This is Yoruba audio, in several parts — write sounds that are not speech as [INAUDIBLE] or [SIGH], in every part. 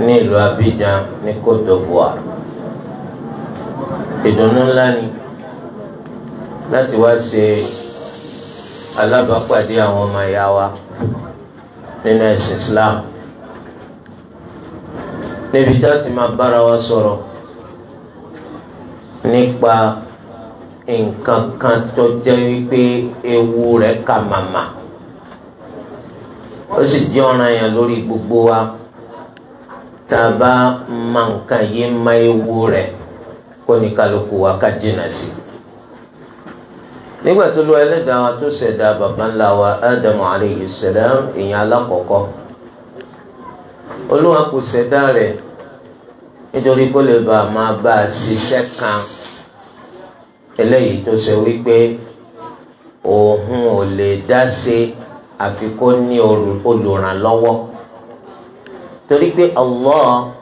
ní ìlú Abidjan ní Côte d'Ivoire ìdùnnú ńlá ni láti wá ṣe alábàápàdé àwọn ọmọ ìyá wa nínú ẹ̀sìn Islam níbi tá a ti máa bára wa sọ̀rọ̀ nípa nǹkan kan tó jẹ́ wípé ewu rẹ̀ kà màmá ó sì jẹ́ ọ̀ranyàn lórí gbogbo wa. taba a bá ma nǹkan yìí kó ní kálukú wa ká jìnnà sí i. nígbà tó lọ ẹlẹ́dàá wa tó ṣẹ̀dá baba ńlá wa ádámù alayhi salam èèyàn alákọ̀ọ́kọ́ olúwa kò ṣẹ̀dá rẹ̀ nítorí kó lè bá a máa bá a ṣiṣẹ́ kan eléyìí torí pé Allah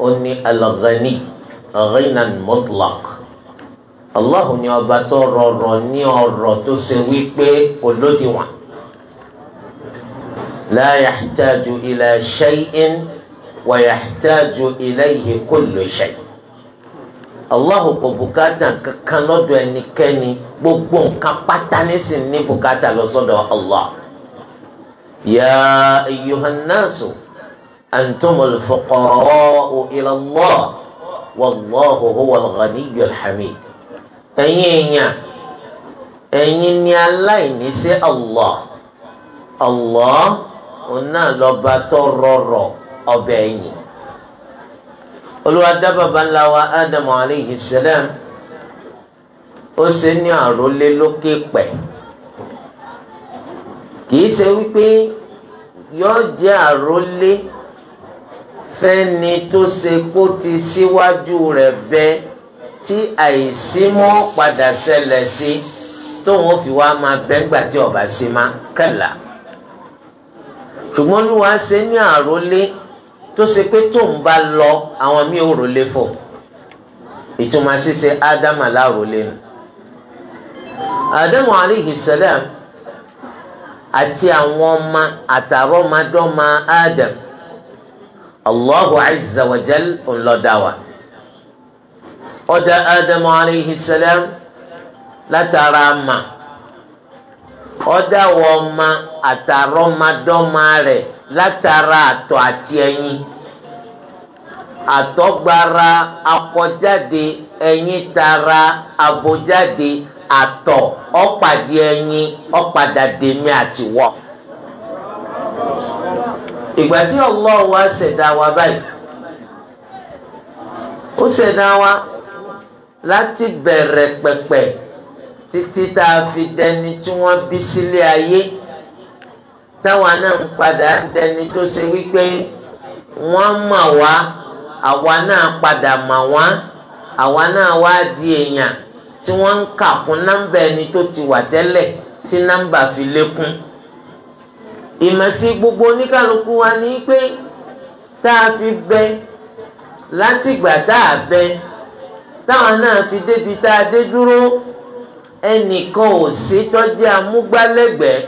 oní al-Ghani ghinan mutlaq Allah ni ọba tó rọrọ ní ọrọ̀ tó ṣe wípé kò lódiwọ̀n la yahtaju ila shay'in wa yahtaju ilayhi kullu shay. Allahu kò bùkátà kankan lọ́dọ̀ ẹnikẹ́ni gbogbo nǹkan pátá nísìnyí ní bùkátà lọ Allah. Ya ayyuhan أنتم الفقراء إلى الله والله هو الغني الحميد أينيا أينيا لا ينسي الله الله ọ̀nà lọ́ba tó rọrọ̀ ọbẹ̀ ẹ̀yìn olùwàdà baba ńlá wa ádámù aleyhi sẹlẹm ó ṣe ní àrólé lókè pẹ̀ kì í ṣe wípé yọ jẹ́ àrólé fẹ́ni tó ṣe kó ti síwájú rẹ̀ bẹ́ tí àìsí mọ́ padà ṣẹlẹ̀ sí tóun ó fi wá máa bẹ́ ńgbà tí ọba ṣe máa kẹ̀là ṣùgbọ́n olúwa ṣe ní àrólé tó ṣe pé tóun bá lọ àwọn míì ò rólé fò ìtumọ̀ ṣíṣe ádámà lárólé nù ádámù alayhi àti àwọn ọmọ àtàrọ́mọdọ́mọ ádámù allahu azza wa jal ńlọdáwà ọdẹ adamu alayhi salam látara ama ọdẹ wọn ma àtàrọmadọma rẹ̀ látara àtọ̀ àti ẹyin àtọ̀gbara akọjáde ẹyin tara abojáde àtọ̀ ọ̀pàdé ẹyin ọ̀padà dèmí àtiwọ́ ìgbà tí Allah wa ṣẹ̀dá wa báyìí ó ṣẹ̀dá wa láti bẹ̀rẹ̀ pẹ̀pẹ̀ títí tá a fi dẹni tí wọ́n bí sílé ayé táwa náà ń padà dẹni tó ṣe wípé wọ́n mọ̀ wá àwa náà padà mọ̀ wá àwa náà wá di èèyàn tí wọ́n ń kà kún nọ́mbà ẹni tó ti wà tẹ́lẹ̀ tí nọ́mbà fi lékún ìmọ̀sí gbogbo oníkàlùkù wa ní pé tá a fi bẹ látìgbà tá a bẹ táwọn náà fi débi tá a dé dúró ẹnìkan ò sí tọ́jú amúgbálẹ́gbẹ̀ẹ́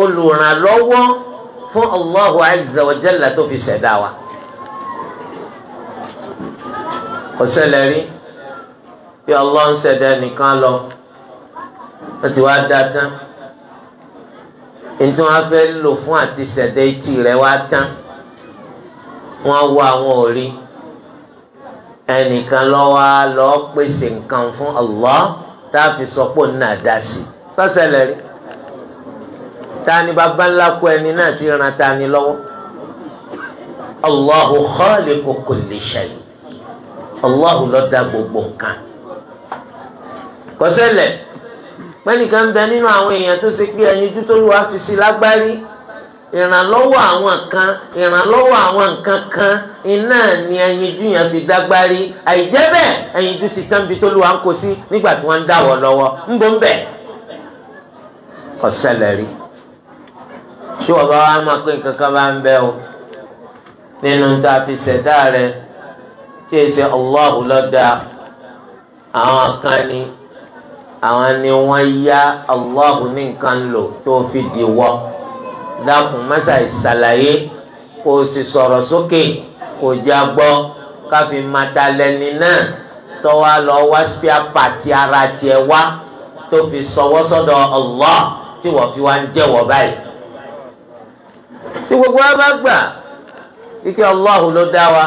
olùrànlọ́wọ́ fún Allahu azza wa jalla tó fi ṣẹ̀dá wa. kò ṣẹlẹ̀ rí bí Allah ń ṣẹ̀dá nìkan lọ wọ́n ti wá dá tán èyí tí wọ́n fẹ́ lò fún àti ṣẹ̀dá etí rẹ̀ wá tán wọ́n wọ àwọn òrí ẹnìkan lọ́wọ́ lọ́ pèsè nǹkan fún Allah tá a fi sọ pé òun náà dá sí i sọ́sẹ̀lẹ̀ rí tani bàbá ńlá kó ẹni náà ti ran tani lọ́wọ́ Allahu khaliqu kulli shay Allahu ló dá gbogbo nǹkan kọ́sẹ̀lẹ̀. pẹ́nìkan ń bẹ nínú àwọn èèyàn tó ṣe pé ẹyin ojú tó lùwà fi sí lágbárí ìrànlọ́wọ́ àwọn kan ìrànlọ́wọ́ àwọn kan iná ni ẹyin ojú yẹn fi dágbárí àìjẹ́ bẹ́ẹ̀ ẹyin ojú ti tán bí tó lùwà ń kó sí nígbà tí wọ́n ń dáwọ́ lọ́wọ́ ń bọ́ ń bẹ̀ kò o nínú tá a fi ṣẹ̀dá rẹ tí èsì Allahu ló dá àwọn kan ni. àwọn ni wọ́n yá Allahu ní nǹkan lò tó fi di wọ́ dákun mẹ́sà ìsàlàyé kò sì sọ̀rọ̀ sókè kò já gbọ́ káfí madalẹ́ni náà tọ́wá lọ wá spia pàtí ara tiẹ̀ wá tó fi sọwọ́ sọ́dọ̀ Allah tí wọ́n fi wá ń jẹ́wọ́ báyìí tí gbogbo wa bá gbà ike Allahu ló dá wa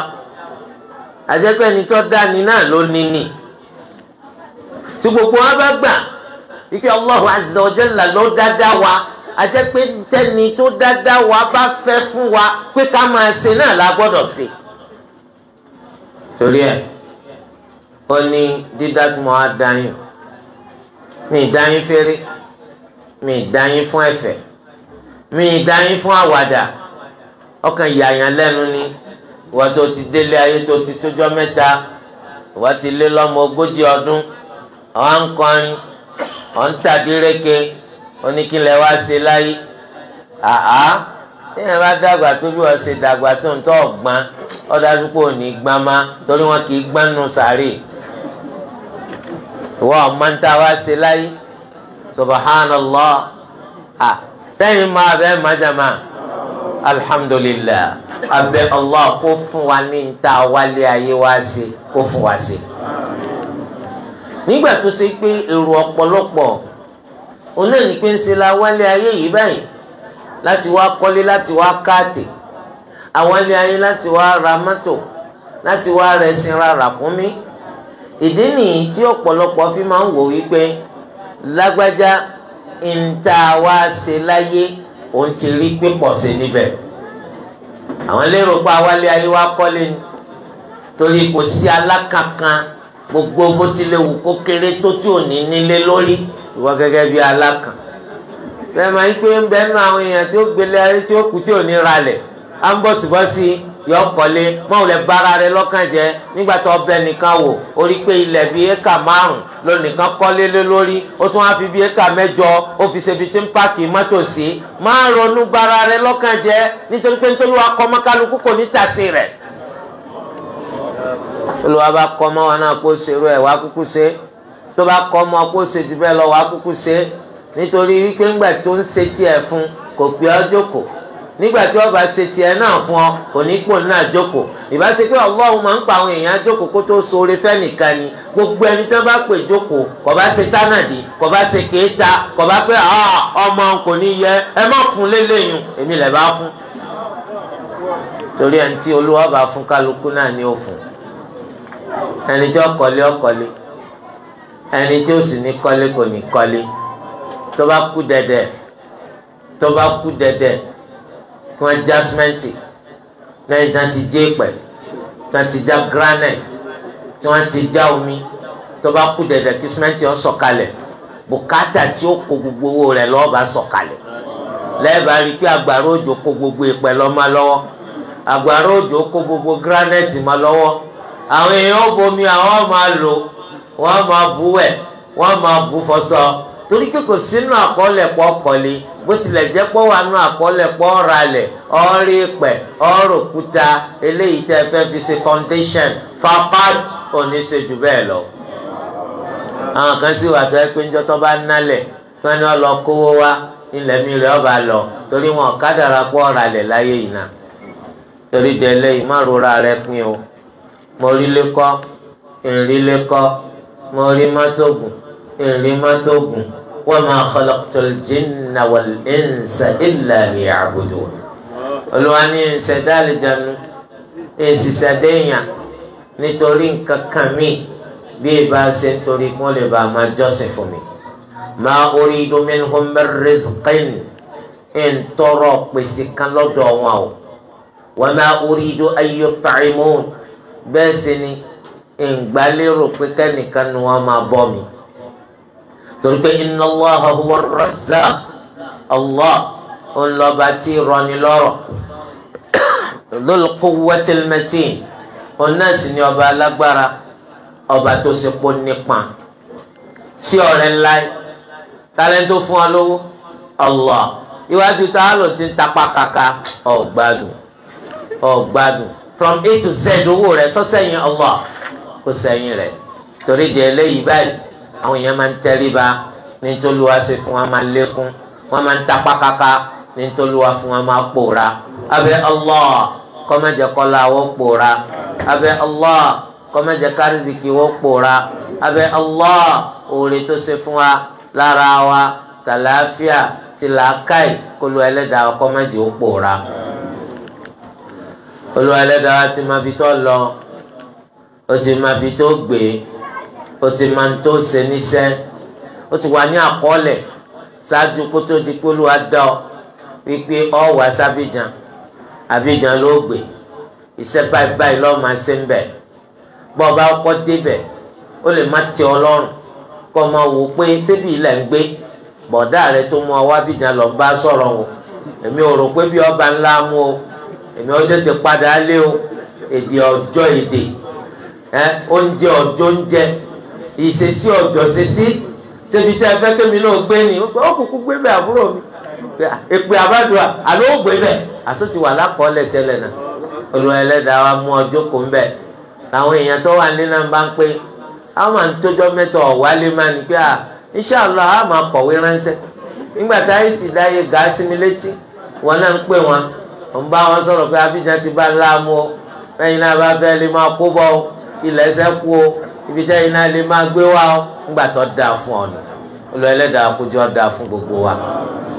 àjẹpẹ́ ni tó dá ni náà ló ní ni. Nini tí gbogbo wọn bá gbà ike Allahu azza wa jalla ló dáadáa wa àjẹ́ pé tẹ́ni tó dáadáa wa bá fẹ́ fún wa pé ká máa ṣe náà la gbọ́dọ̀ ṣe. torí ẹ̀ ó ní dídá tí mo dáyìn mi ìdáyìn fèrè mi ìdáyìn fún ẹ̀fẹ̀ mi ìdáyìn fún àwàdà ọkàn yàyàn lẹ́nu ni ìwà tó ti délé ayé tó ti tójọ́ mẹ́ta ìwà ti lé lọ́mọ ogójì ọdún. àwọn akọrin ọ̀n tàdíreke wá ṣe láyé àá tí yẹn bá dàgbà tó bí wọ́n ṣe dàgbà tó ń tọ́ ọ̀gbọ́n ọ̀dájú pé ní gbọ́n má torí wọn kì í gbọ́n nù sàárè ìwọ ọmọ wá láyé subhanallah ah sẹ́yìn máa bẹ́ẹ̀ májàmá alhamdulillah abẹ́ allah kó fún wa ní ń wálé ayé wá ṣe nígbà tó ṣe pé èrò ọ̀pọ̀lọpọ̀ òun pé ń ṣe la wálé ayé yìí báyìí láti wá kọ́lé láti wá káàtì àwọn ilé ayé láti wá ra mọ́tò láti wá rẹsìn ra ràkúnmí ìdí nìyí tí ọ̀pọ̀lọpọ̀ fi máa ń wò wípé lágbájá ìta wá ṣe láyé òun ti rí pípọ̀ sí níbẹ̀ àwọn lérò pa wálé ayé wá kọ́lé ni torí kò sí alákankan gbogbo bó tilẹ̀ wù kó kéré tó tí ò ní nílé lórí ìwọ gẹ́gẹ́ bí alákàn sẹ́mi yìí pé ń bẹ́ẹ̀ nù àwọn èèyàn tí ó gbélé ayé tí ó kù tí ò ní ralẹ̀ á ń bọ̀ síbọ̀ sí i yọ kọ́lé mọ̀wùlẹ̀ bára rẹ lọ́kàn jẹ́ nígbà tó ọbẹ̀ nìkan wò ó rí pé ilẹ̀ bíi éka márùn ló nìkan kọ́lé lé lórí ó tún wá fi bíi éka mẹ́jọ ó fi ṣe ibi tí ń pààkì mọ́tò sí máa ronú bára rẹ lọ́kàn jẹ́ nítorí pé nítorí wa kọ́ mọ́kálukú kò ní tàsí rẹ̀ olùwà bá kọ́ mọ́ wọn náà kó ṣe irú ẹ̀ wá kúkú ṣe tó bá kọ́ mọ́ kó ṣe jù bẹ́ẹ̀ lọ wá kúkú ṣe nítorí wípé ńgbà tó ń ṣe tiẹ̀ fún kò pé ọ́ jókòó nígbà tí ọba ṣe tiẹ̀ náà fún ọ kò ní kó náà jókòó ìbá ṣe pé ọlọ́run máa ń pa àwọn èèyàn jókòó kó tó ṣoore fẹ́nìkan ni gbogbo ẹni tí wọ́n bá pè jókòó kò bá ṣe tánàdì kò bá ṣe kéèta kò bá pé ọmọ kò ní yẹ ẹ má fún lélẹ́yìn èmi lè bá fún. torí ẹni tí olúwa bá fún kálukú náà ni ó ẹni tí ọkọlé ọkọlé ẹni tí ó sì ní kọ́lé kò ní kọ́lé tó bá kú dẹ̀dẹ̀ tó bá kú dẹ̀dẹ̀ kí wọ́n já símẹ́ǹtì lẹ́yìn tí wọ́n ti já ìpẹ́ tí wọ́n ti já granite tí wọ́n ti já omi tó bá kú dẹ̀dẹ̀ kí símẹ́ǹtì ọ̀ sọ̀kalẹ̀ bùkátà tí ó kó gbogbo owó rẹ̀ lọ́ọ̀bà sọ̀kalẹ̀ lẹ́ẹ̀bà rí i pé àgbàrá òjò kó gbogbo ìpẹ́ lọ́ máa lọ́wọ́ àgbàrá òjò kó gbogbo granite máa lọ́wọ́ àwọn èèyàn bomi àwọn máa lò wọ́n máa bu wẹ̀ wọ́n máa bu fọṣọ torí pé kò sínú àkọọ́lẹ̀ pọ̀ kọ́lé bó tilẹ̀ jẹ́ pọ̀ wà nú àkọọ́lẹ̀ pọ̀ ọ̀rí pẹ̀ ọ̀rọ̀ òkúta eléyìí tẹ́ fẹ́ fi ṣe foundation fapat òní ṣe jù bẹ́ẹ̀ lọ. àwọn kan sì wà tó ẹ pé njọ́ tó bá nálẹ̀ tí wọ́n ní wọ́n lọ kówó wá ilẹ̀ mi rẹ̀ ọba lọ torí wọn kádàrà pọ̀ ralẹ̀ láyé ìná torí délé má rẹ pín o mo rí lẹ́kọ́ ìrí lẹ́kọ́ mo rí mọ́tògùn ìrí mọ́tògùn wa ma khalaqtul jinna wal insa illa liya'budun olùwà ní ìṣẹ̀dá àlìjánu ìṣìṣẹ́dẹ́yàn nítorí nǹkan kan míì bí ibà ṣe ń torí kí wọ́n lè bá a máa jọ́sìn fún mi. ma uridu minhum min rizqin ń tọrọ pèsè kan lọ́dọ̀ wọn o wa ma uridu an yut'imun bẹ́ẹ̀ sì ni ìgbàlérò pé kẹ́nìkan ni wọ́n máa bọ́ mi torí pé inna Allaha huwa ar-Razzaq Allah ńlọba tí rọni lọ́rọ̀ Dhul Quwwatil Matin òun náà sì ni ọba alágbára ọba tó ṣe pọ̀ nípa sí ọ̀rẹ́ ńlá tálẹ́ńtò fún wa lówó Allah iwájú tá a lò ti ń tapá kàkà ọ̀gbádùn ọ̀gbádùn from a to z owó rẹ̀ sọ́sẹ́yìn Allah kó sẹ́yìn rẹ̀ torí di eléyìí báyìí àwọn èèyàn máa ń tẹríba ní tólúwa ṣe fún wa máa lékún wọn máa ń tapá kaka ní tólúwa fún wa máa pòórá abẹ́ Allah kọ́mẹ́jẹ kọ́lá wọ́n pòórá abẹ́ Allah kọ́mẹ́jẹ kárìzìkì wọ́n pòórá abẹ́ Allah òòrè tó ṣe fún wa lára wa tàlàáfíà tìlàákàì kó lu ẹlẹ́dàá kọ́mẹ́jẹ pòórá olúwa ẹlẹ́dàá ti máa bi tó lọ ó ti máa bi tó gbé ó ti máa tó ṣe níṣẹ́ ó ti wà ní àkọọ́lẹ̀ ṣáájú kó tó di pé olúwa dá ọ wípé ọ wà sábìjàn àbíjàn ló gbé iṣẹ́ báyìí báyìí lọ́ọ́ máa ṣe ń bẹ̀ bọ́ ọ bá kọ́ débẹ̀ ó lè má tẹ ọ kọ́ máa wò pé ṣébì ilẹ̀ ń gbé bọ̀dá rẹ tó mú ọ wá bìjàn lọ́ọ́ bá sọ̀rọ̀ o èmi ò rò pé bí ọba ńlá mú o. èmi ọjọ́ ti padà lé o èdè ọjọ́ èdè ẹ oúnjẹ ọjọ́ oúnjẹ ìṣesí ọjọ́ ṣesí ṣébi tí ẹ fẹ́ kémi náà gbé ni ó kúkú gbé bẹ́ẹ̀ àbúrò mi èpè àbádùá àló ó gbé bẹ́ẹ̀ ti wà lákọọ́lẹ̀ tẹ́lẹ̀ náà olùwà ẹlẹ́dàá wa mú ọjọ́ kò ń bẹ̀ làwọn èèyàn tó wà ní náà bá ń pé àwọn máa ń tójọ́ mẹ́ta ọ̀wálé máa ní pé à a máa kọ̀wé ránṣẹ́ nígbà ń bá wọn sọ̀rọ̀ pé Abidjan ti bá láàmú o lẹ́yìn náà bá fẹ́ lè máa kó bọ́ ilẹ̀ ẹsẹ̀ kú o ibi tẹ́yìn náà lè máa gbé wa o ńgbà tó da fún ọ̀nà olú ẹlẹ́dàá àkójọ da fún gbogbo wa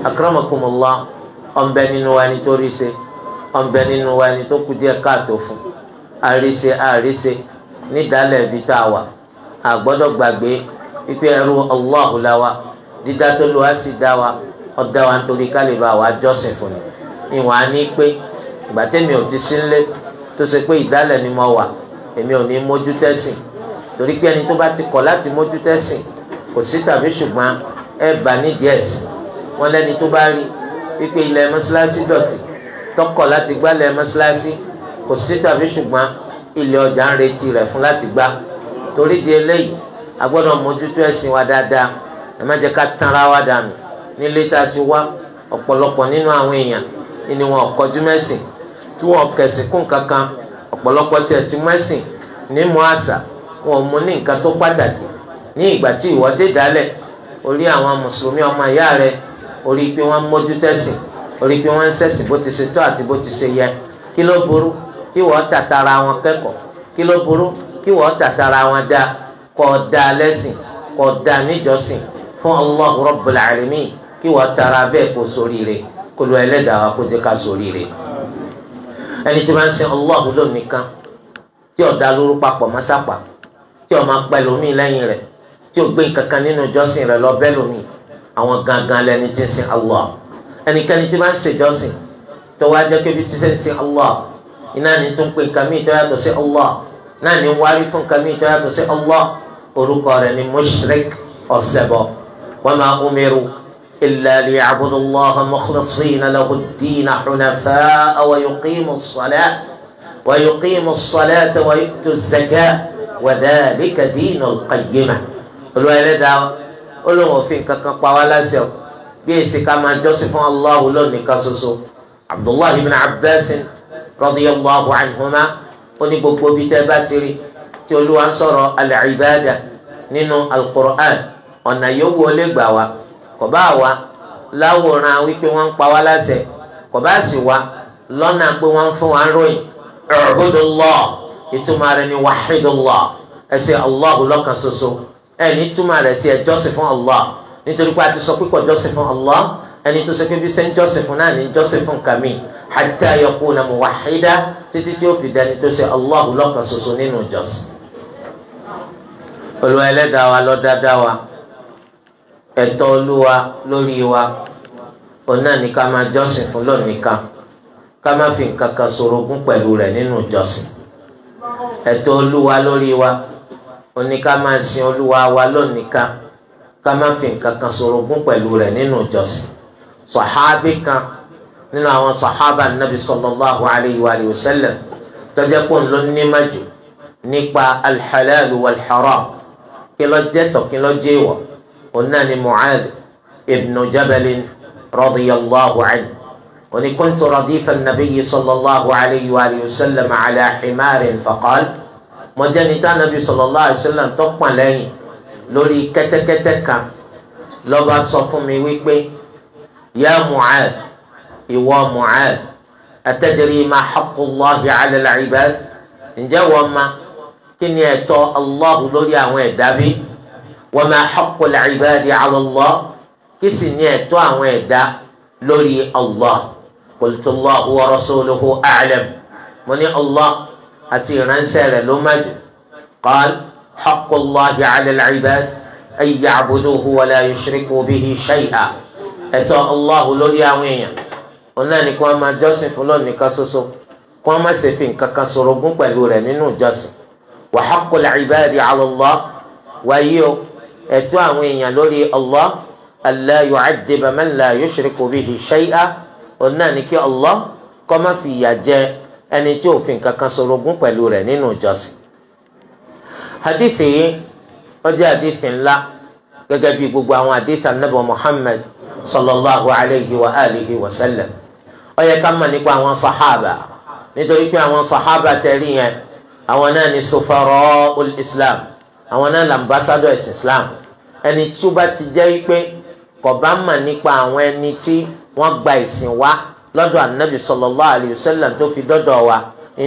akramakumullah ọ̀nbẹ nínú wa nítorí ṣe ọ̀nbẹ nínú wa ní tó kù díẹ̀ káàtó fún àríṣe àríṣe nídàálẹ̀ ibi tá a wà àgbọ́dọ̀ gbàgbé pípẹ́ ẹrú Allahu la wa dídá tó lu á sì dá wa ọ̀dá wa nítorí ká lè bá wa jọ́sìn fún ni ìwà ní pé ìgbà tẹ́mi ò ti sí ńlé tó ṣe pé ìdálẹ̀ ni mo wà èmi ò ní mójú tẹ́sìn torí pé ẹni tó bá ti kọ̀ láti mójú tẹ́sìn kò sí tàbí ṣùgbọ́n ẹ bà nídìí ẹ̀sìn wọn lẹ́ni tó bá rí wípé ilẹ̀ mọ́ṣáláṣí dọ̀tí tọkọ̀ láti gbálẹ̀ mọ́ṣáláṣí kò sí tàbí ṣùgbọ́n ilé ọjà ń retí rẹ̀ fún láti gbá torí di eléyìí a gbọ́dọ̀ mójútó ẹ̀sìn wa dáadáa ẹ má jẹ́ ká tanra wa dànù nílé tá a ti wá ọ̀pọ̀lọpọ̀ nínú àwọn èèyàn ni wọn kọjú mẹ́sìn tí wọn kẹsìn kún kankan ọ̀pọ̀lọpọ̀ tí ẹ̀ ti mẹ́sìn ní mu àṣà wọn ò mú ní nǹkan tó pàtàkì ní ìgbà tí ìwọ́de dálẹ̀ orí àwọn mùsùlùmí ọmọ ìyá rẹ orí pé wọ́n mójú tẹ̀sìn orí pé wọ́n ń ṣẹ̀sìn bó ti ṣe tọ́ àti bó ti ṣe yẹ kí ló burú kí wọ́n tàtara wọn kẹ́kọ̀ọ́ kí ló burú kí wọ́n tàtara wọn dá kọ́ da lẹ́sìn kọ́ da níjọ́sìn fún Allahu Rabbul Alamin kí wọ́n tara bẹ́ẹ̀ kó sóríire kólú ẹlẹ́dàá wa kó jẹ́ ká sórí rẹ̀ ẹni tí wọ́n ń sin Allah lónìkan tí ọ̀dà lóru papọ̀ mọ́sápà tí ọmọ apẹ́ lomi lẹ́yìn rẹ̀ tí ó gbé kankan nínú ìjọsìn rẹ̀ lọ bẹ́ẹ̀ lomi àwọn gangan lẹni tí ń sin Allah ẹnikẹ́ni tí wọ́n ń sin ìjọsìn tó wá jẹ́ kébi tí ń sin Allah iná ni tó ń pè nǹkan míì sí Allah náà ni wárí fún nǹkan míì sí Allah orúkọ rẹ̀ ni mushrik ọ̀sẹ̀bọ̀ wa ma umiru. إلا ليعبدوا الله مخلصين له الدين حنفاء ويقيموا الصلاة ويقيموا الصلاة ويؤتوا الزكاة وذلك دين القيمة الوالدة ألغوا فيك ولا سيو بيسي كما جوسف الله لوني كاسوسو عبد الله بن عباس رضي الله عنهما قولي ونبوكو بتباتري تولوا صرو العبادة نينو القرآن ونيوه لقبوا kò bá wa láwòrán wípé wọ́n ń pa wá láṣẹ kò bá sì wa lọ́nà pé wọ́n ń fún wa ń ròyìn Ubudullah ìtumọ̀ rẹ̀ ni wahidullah ẹ ṣe Allahu lọ́kan ṣoṣo ẹ ní túmọ̀ rẹ̀ sí ẹ jọ́sìn fún Allah nítorí pé a ti sọ pé kò jọ́sìn fún Allah ẹni tó sọ pé bí sẹ́ ń jọ́sìn fún náà ní jọ́sìn fún kàmí hatta yakuna muwahhida títí tí ó fi dání tó ṣe Allahu lọ́kan ṣoṣo nínú ìjọsìn. Olúwa ẹlẹ́dàá wa ló dá wa ẹ̀tọ́ olúwa lórí wa òun náà ní ká máa jọ́sìn fún lóun nìkan ká má fi nǹkan kan ṣorogún pẹ̀lú rẹ̀ nínú ìjọsìn ẹ̀tọ́ olúwa lórí wa òun ní ká máa sin olúwa wa lóun nìkan ká má fi nǹkan kan ṣorogún pẹ̀lú rẹ̀ nínú ìjọsìn sàhábì kan nínú àwọn sàhábà nàbì sallallahu alayhi wa sallam tọjá pọ̀ ń lọ ní májò nípa alḥalal wàlḥaram kí ló jẹ́ tọ́ kí ló jẹ́ ìwọ̀ onani mu'adh ibn jabal radiyallahu anhu oni kuntu radifa nabiyyi sallallahu alayhi wa sallam ala himarin faqal mo jẹ́ ní tá nàbí sallallahu alayhi wa sallam tó pọ̀n lẹ́yìn lórí kẹ́tẹ́kẹ́tẹ́ kan ló bá sọ fún mi wípé ya mu'adh ìwọ mu'adh atadri ma haqqullahi ala al-ibad ǹjẹ́ wọ́n ma kí ni ẹ̀tọ́ allah lórí àwọn ẹ̀dá bíi wa ma haqqul ibadi ala Allah kí sì ní ẹ̀tọ́ àwọn ẹ̀dá lórí Allah qultu Allahu wa rasuluhu a'lam mo ní Allah àti ìránṣẹ́ rẹ̀ ló má jù qal haqqul Allahi ala al-ibad an ya'buduhu wa la yushriku bihi shay'a ẹ̀tọ́ Allah lórí àwọn èèyàn òun náà ni kí wọ́n máa jọ́sìn fún Ọlọ́run nìkan ṣoṣo kí wọ́n má ṣe fi nǹkan pẹ̀lú rẹ̀ nínú ìjọsìn wa haqqul ibadi ala wáyé o ẹ̀tọ́ àwọn èèyàn lórí Allah alla yu'adhdhiba man la yushriku bihi shay'a òun náà ní kí Allah kó má fi ìyà jẹ ẹni tí òfin kankan sorogún pẹ̀lú rẹ̀ nínú ìjọsìn. hadithi yìí ó jẹ́ hadithi ńlá gẹ́gẹ́ bí gbogbo àwọn hadithi anabi Muhammad sallallahu alayhi wa alihi wa sallam ó yẹ ká mọ̀ nípa àwọn sahaba nítorí pé àwọn sahaba tẹ̀lé yẹn àwọn náà ni sufara'ul islam àwọn náà làǹbásádọ̀ ẹ̀sìn islam. islam ẹni tí ó bá ti jẹ́ pé kò bá mà nípa àwọn ẹni tí wọ́n gba ìsìn wá lọ́dọ̀ anabi sallallahu alayhi wa sallam tó fi dọ́dọ̀ wa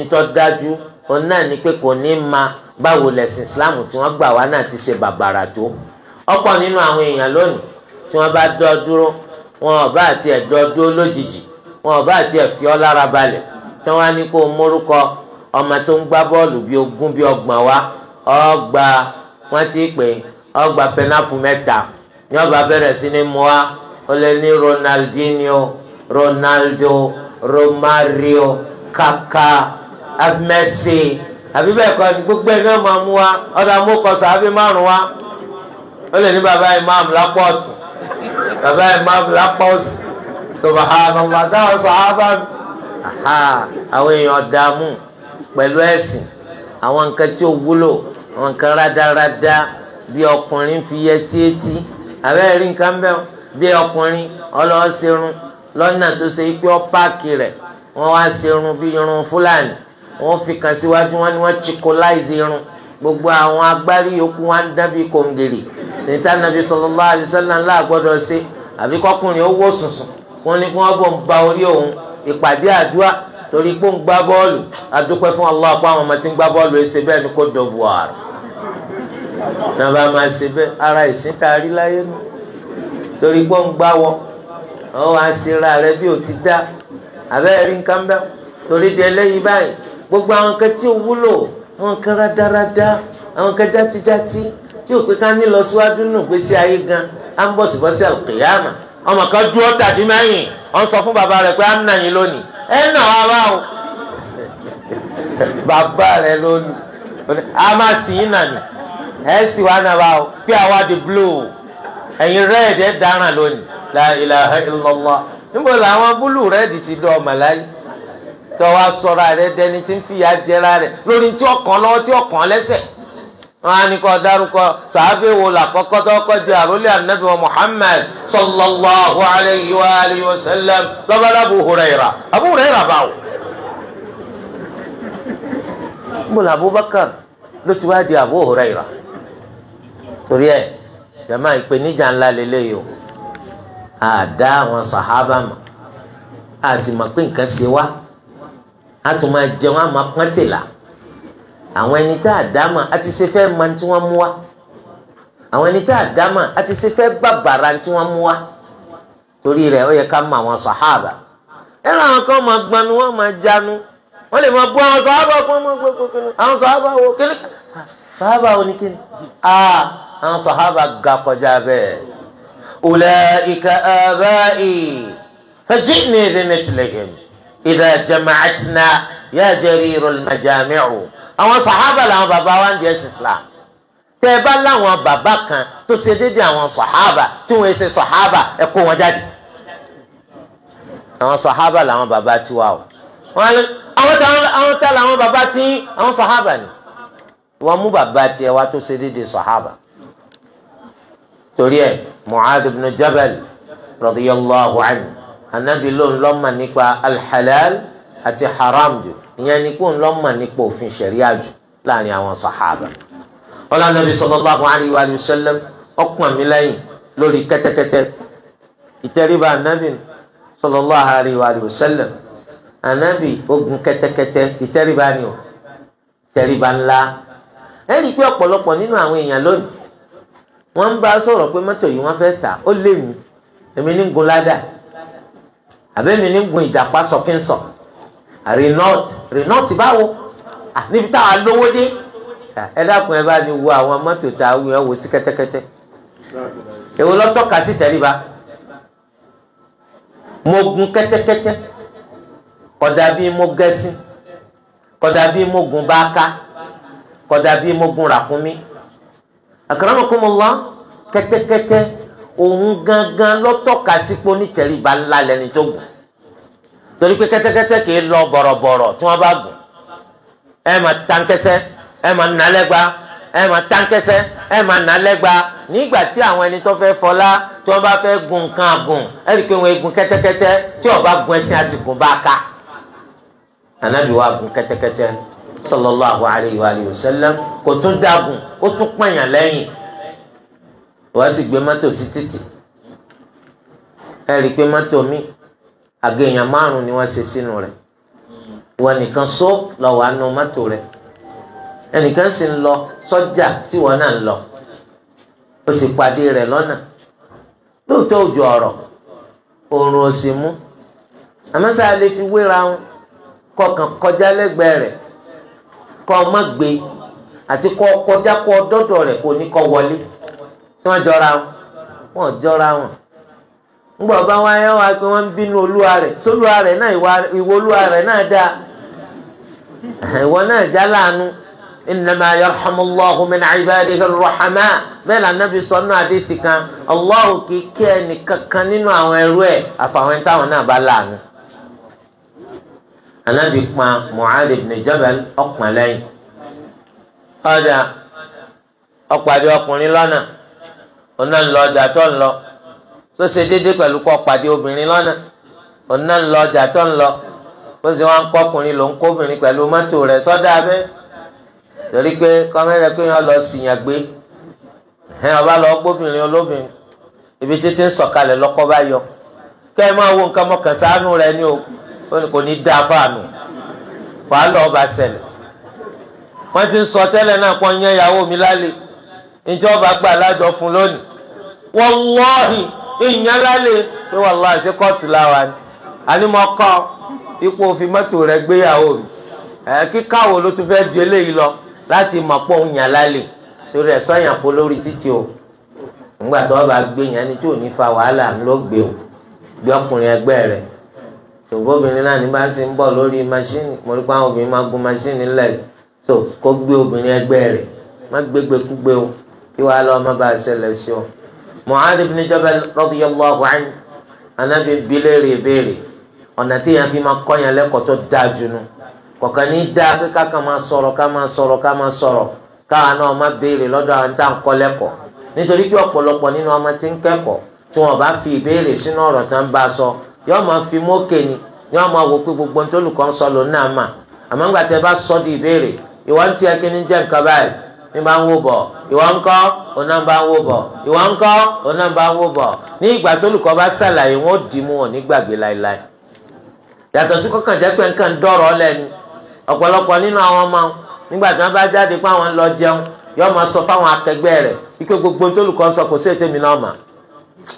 ntọ́ dájú òun náà ni pé kò ní ma báwo lẹ̀sìn islam tí wọ́n gbà wá náà ti ṣe bàbàrà tó ọ̀pọ̀ nínú àwọn èèyàn lónìí tí wọ́n bá dọ́ dúró wọn ò bá tiẹ̀ dọ́ dúró lójijì wọn ò bá tiẹ̀ fi ọ́ lára balẹ̀ tí wọ́n á ní kó mórúkọ ọmọ tó ń gbá bọ́ọ̀lù bíi ogún bíi ọgbọ̀n wa ọgbà wọ́n ti pè é ọgbà pẹnápù mẹ́ta ní ọba bẹ̀rẹ̀ sí ní mua ó lé ní Ronaldinho Ronaldo Romario Kaka Messi àbí bẹ́ẹ̀ kọ́ ni gbogbo ẹ̀ náà máa mú wa ọ̀dà mọ́kọ́sọ àbí márùn wa ó lè ní baba imam lápá ọ̀tún baba imam lápá òsì subahánàlá sáwọn sàhábà àwọn èèyàn dààmú pẹ̀lú ẹ̀sìn àwọn nǹkan tí ó wúlò àwọn nǹkan rádaràda. Rada bí ọkùnrin fi yẹ tiétí àbẹ́rẹ́ rí nǹkan bẹ́ẹ̀ bí ọkùnrin ọlọ́ọ̀ṣerun lọ́nà tó ṣe pé ọ páàkì rẹ̀ wọ́n wá ṣerun bí irun fúlàní wọ́n fi kàn síwájú wọn ni wọ́n chikoláìsì irun gbogbo àwọn agbárí yòókù wọn ń dábì kòǹgèrè níta nàbí sallallahu alaihi wasallam ńlá gbọ́dọ̀ ṣe àbí kọkùnrin ó wò sùnsùn wọn ni kí wọ́n bọ̀ ń ba orí òun ìpàdé àdúrà torí pé ń gbá bọ́ọ̀lù adúpẹ́ fún Allah àpá àwọn ọmọ tí ń gbá bọ́ọ̀lù ẹsẹ̀ bẹ́ẹ̀ ni Côte d'Ivoire náà bá máa ṣe bẹ́ẹ̀ ara ìsìn tá a rí láyé nù torí gbọ́ ń gbá wọ àwọn wàá ṣe ra rẹ bí o ti dá àbẹ́rẹ́ rí nǹkan bẹ́ẹ̀ torí di ẹlẹ́yìí báyìí gbogbo àwọn nǹkan tí ò wúlò àwọn nǹkan rádaràda àwọn nǹkan játíjátí tí ò pé ká ní lọ síwájú nù gbèsè ayé gan á ń bọ̀ síbọ̀ sí àlùkìyàmà ọmọ kan dúró tàbí mẹ́yìn ọ ń sọ fún bàbá rẹ̀ pé á ń nà lónìí ẹ nà wá o [LAUGHS] bàbá rẹ̀ lónìí a máa sì yín nà ẹ sì wá náà bá o pé àwa di blue ẹ̀yin red ẹ̀ dáràn lónìí la ilaha illallah níbo làwọn búlù red ti dọ̀ màláyé tọ́wọ́ sọ̀rọ̀ rẹ dẹni tí ń fìyà jẹra rẹ lórí tí ọkàn lọ́wọ́ tí ọkàn lẹ́sẹ̀ wọn á ní kó dárúkọ sàábé wo làkọ́kọ́ tọ́kọ́ di àrólé anabi wa muhammad sallallahu alayhi wa alayhi wa sallam lọ́bàdà abu huraira abu huraira báwo. níbo làbúbakar ló ti wá di abu huraira torí ẹ jama ìpèníjà ńlá lélẹyìí o a dá àwọn sàhábà mọ̀ a sì mọ̀ pé nǹkan ṣe wá a tún máa jẹun a máa pọ́n tìlà àwọn ẹni tá a dá mọ̀ a ti ṣe fẹ́ mọ̀ tí wọ́n mú wá àwọn ẹni tá a dá mọ̀ a ti ṣe fẹ́ bàbàrà tí wọ́n mú wá torí rẹ̀ ó yẹ ká mọ̀ àwọn sàhábà ẹnu àwọn kan máa gbanu wọ́n máa jánu wọ́n lè máa bú àwọn sàhábà kó máa gbé àwọn sàhábà wo kíni sàhábà wo ni kíni ah àwọn sàhábà ga kọjá bẹ́ẹ̀ ulaika aba'i fajini bimitlihim idha jama'atna ya jarirul majami'u àwọn sàhábà làwọn bàbá wa ń jẹ́ islam tẹ́ ẹ bá láwọn bàbá kan tó ṣe déédéé àwọn sàhábà tí wọ́n ṣe sàhábà ẹ kó wọn jáde àwọn sàhábà làwọn bàbá tiwa o àwọn tá làwọn bàbá tí àwọn sàhábà ni wọ́n mú bàbá tiẹ̀ wá tó ṣe déédéé sàhábà torí ẹ̀ mu'adh ibn jabal radiyallahu anhu anabi ló ń lọ́mọ nípa alḥalal àti haram jù ìyẹn ni kó ń lọ́mọ nípa òfin ṣẹ̀ríà jù láàrin àwọn sàhábà ọlọ́run anabi sallallahu alayhi wa sallam ọkùn mi lẹ́yìn lórí kẹ́tẹ́kẹ́tẹ́ ìtẹríba anabi sallallahu alayhi wa sallam anabi ogun kẹ́tẹ́kẹ́tẹ́ ìtẹríba ni o ìtẹríba ńlá ẹ̀ pé ọ̀pọ̀lọpọ̀ nínú àwọn èèyàn lónìí wọ́n ń bá a sọ̀rọ̀ pé mọ́tò yìí wọ́n fẹ́ tà ó lé mi èmi ní gun ládà àbẹ́mi ní gun ìjàpá sọ̀kínsọ̀ Renault Renault báwo níbi táwa lówó dé ẹ dákun ẹ bá ní wo àwọn mọ́tò tá a wù ẹ́ wò sí kẹ́tẹ́kẹ́tẹ́ èwo lọ́tọ́ka sí tẹríba mo gun kẹ́tẹ́kẹ́tẹ́ kódà bíi mo gẹ́sìn kódà bíi mo gun báka kódà bíi mo gun ràkúnmí. akara kẹ́tẹ́kẹ́tẹ́ òun gangan lọ́tọ̀ka sípò nítẹríba ńlá lẹni tó gùn torí pé kẹ́tẹ́kẹ́tẹ́ kì lọ bọrọbọrọ tí wọ́n bá gùn ẹ máa tankẹ́sẹ́ ẹ máa nalẹ́gba ẹ máa tankẹ́sẹ́ ẹ máa nalẹ́gba nígbà tí àwọn ẹni tó fẹ́ fọlá tí wọ́n bá gun nǹkan àgùn ẹ rí i pé tí ọba àsìkò bá sallallahu alayhi wa sallam kò tún dágùn ó tún pààyàn lẹ́yìn wọ́n sì gbé mọ́tò sí títì ẹ rí i pé mọ́tò mi àgẹ̀yàn márùn-ún ni wọ́n ṣe sínú rẹ̀ wọ́n nìkan só lọ́wọ́ àánú mọ́tò rẹ̀ ẹnìkan sì ń lọ sọ́jà tí wọ́n náà ń lọ ó sì pàdé rẹ̀ lọ́nà lóòótọ́ òjò ọ̀rọ̀ oòrùn ò sì mú àmọ́ sáà lè fi wéra kọkàn kọjá lẹ́gbẹ̀ẹ́ rẹ̀ kọ́ ọ ati gbé àti kọ́ kọjá kọ́ dọ́dọ̀ rẹ̀ kò ní kọ́ wọlé tí wọ́n jọra wọn wọn jọra wọn ngbọ̀ bá wọn pé wọ́n ń bínú olúwa rẹ̀ sólúwa rẹ̀ náà ìwọ olúwa rẹ̀ náà dá ìwọ náà já láàánú innama min ibadihi la kan Allahu kìí ẹnì kankan nínú àwọn ẹrú àfàwọn táwọn náà bá láàánú. anabi kpa mu'adh ibn jabal ọkpọn lẹ́yìn ọjà ọkpàdé ọkùnrin lọ́nà ọ̀nà ńlọ ọjà tó ńlọ tó ṣe déédé pẹ̀lú obìnrin lọ́nà ọ̀nà ńlọ ọjà tó ńlọ ó sì wọn kọ́ ọkùnrin ló ń kó obìnrin pẹ̀lú mọ́tò sọ́dọ̀ abẹ́ torí pé kọ́mẹ́rẹ́ pé wọ́n lọ sìyàn gbé ẹ̀ ọba lọ gbóbìnrin olóbìnrin ibi títí ń sọ̀kalẹ̀ lọ́kọ́ bá yọ kẹ́ ẹ máa wo nǹkan o. ó ní kò ní dá fáànù wàhálà ọba ṣẹlẹ̀ wọ́n ti ń sọ tẹ́lẹ̀ náà kó yẹn ìyàwó mi lálẹ́ ìjọba gbà lájọ fún lónìí wọ́wọ́ọ̀hì ìyẹn lálẹ́ pé wàhálà àti kóòtù láwa ni àní mo kọ́ ipò òfin mọ́tò rẹ̀ gbéyàwó mi kíkàwó ló tún fẹ́ ju eléyìí lọ láti mọ̀ pọ̀ ń yàn lálẹ́ torí ẹ̀ sọ́yàn kó lórí títì o ńgbà ọba bá gbé yẹn ni tí ò ní fa wàhálà ńlọgbẹ́ o gbé ọkùnrin ẹgbẹ́ rẹ̀ ṣùgbọ́n obìnrin náà ní bá ń sin bọ̀ lórí mashini mo rí pé àwọn obìnrin máa gun mashini lẹ̀ so kó gbé obìnrin ẹgbẹ́ rẹ̀ má gbégbé kúgbé o kí wàá lọ má bàa ṣẹlẹ̀ sí o. ha ibn Jabal radiyallahu anhu anabi bilérì ìbéèrè ọ̀nà tí yẹn fi máa kọ́yàn lẹ́kọ̀ọ́ tó dáa kọ̀ọ̀kan ní dáa pé máa sọ̀rọ̀ ká máa sọ̀rọ̀ ká máa sọ̀rọ̀ náà má béèrè lọ́dọ̀ àwọn tá à ń kọ́ lẹ́kọ̀ọ́ nítorí pé ọ̀pọ̀lọpọ̀ nínú ọmọ fi ìbéèrè sínú ọ̀rọ̀ tán bá a sọ yọọ ma fi mókè ni yọọ ma wò pé gbogbo ohun tó sọ lòun náà mà àmọ́ ńgbà bá sọ di ìbéèrè ìwọ ni nǹkan báyìí ní bá ń wò bọ̀ ìwọ ń kọ́ bá ń wò bọ̀ ìwọ ń kọ́ bá ń wò bọ̀ ní ìgbà tó bá wọn ó mú wọn nígbàgbé láéláé yàtọ̀ sí kọ́kàn jẹ́ pé sọ fáwọn akẹgbẹ́ rẹ̀ gbogbo tó sọ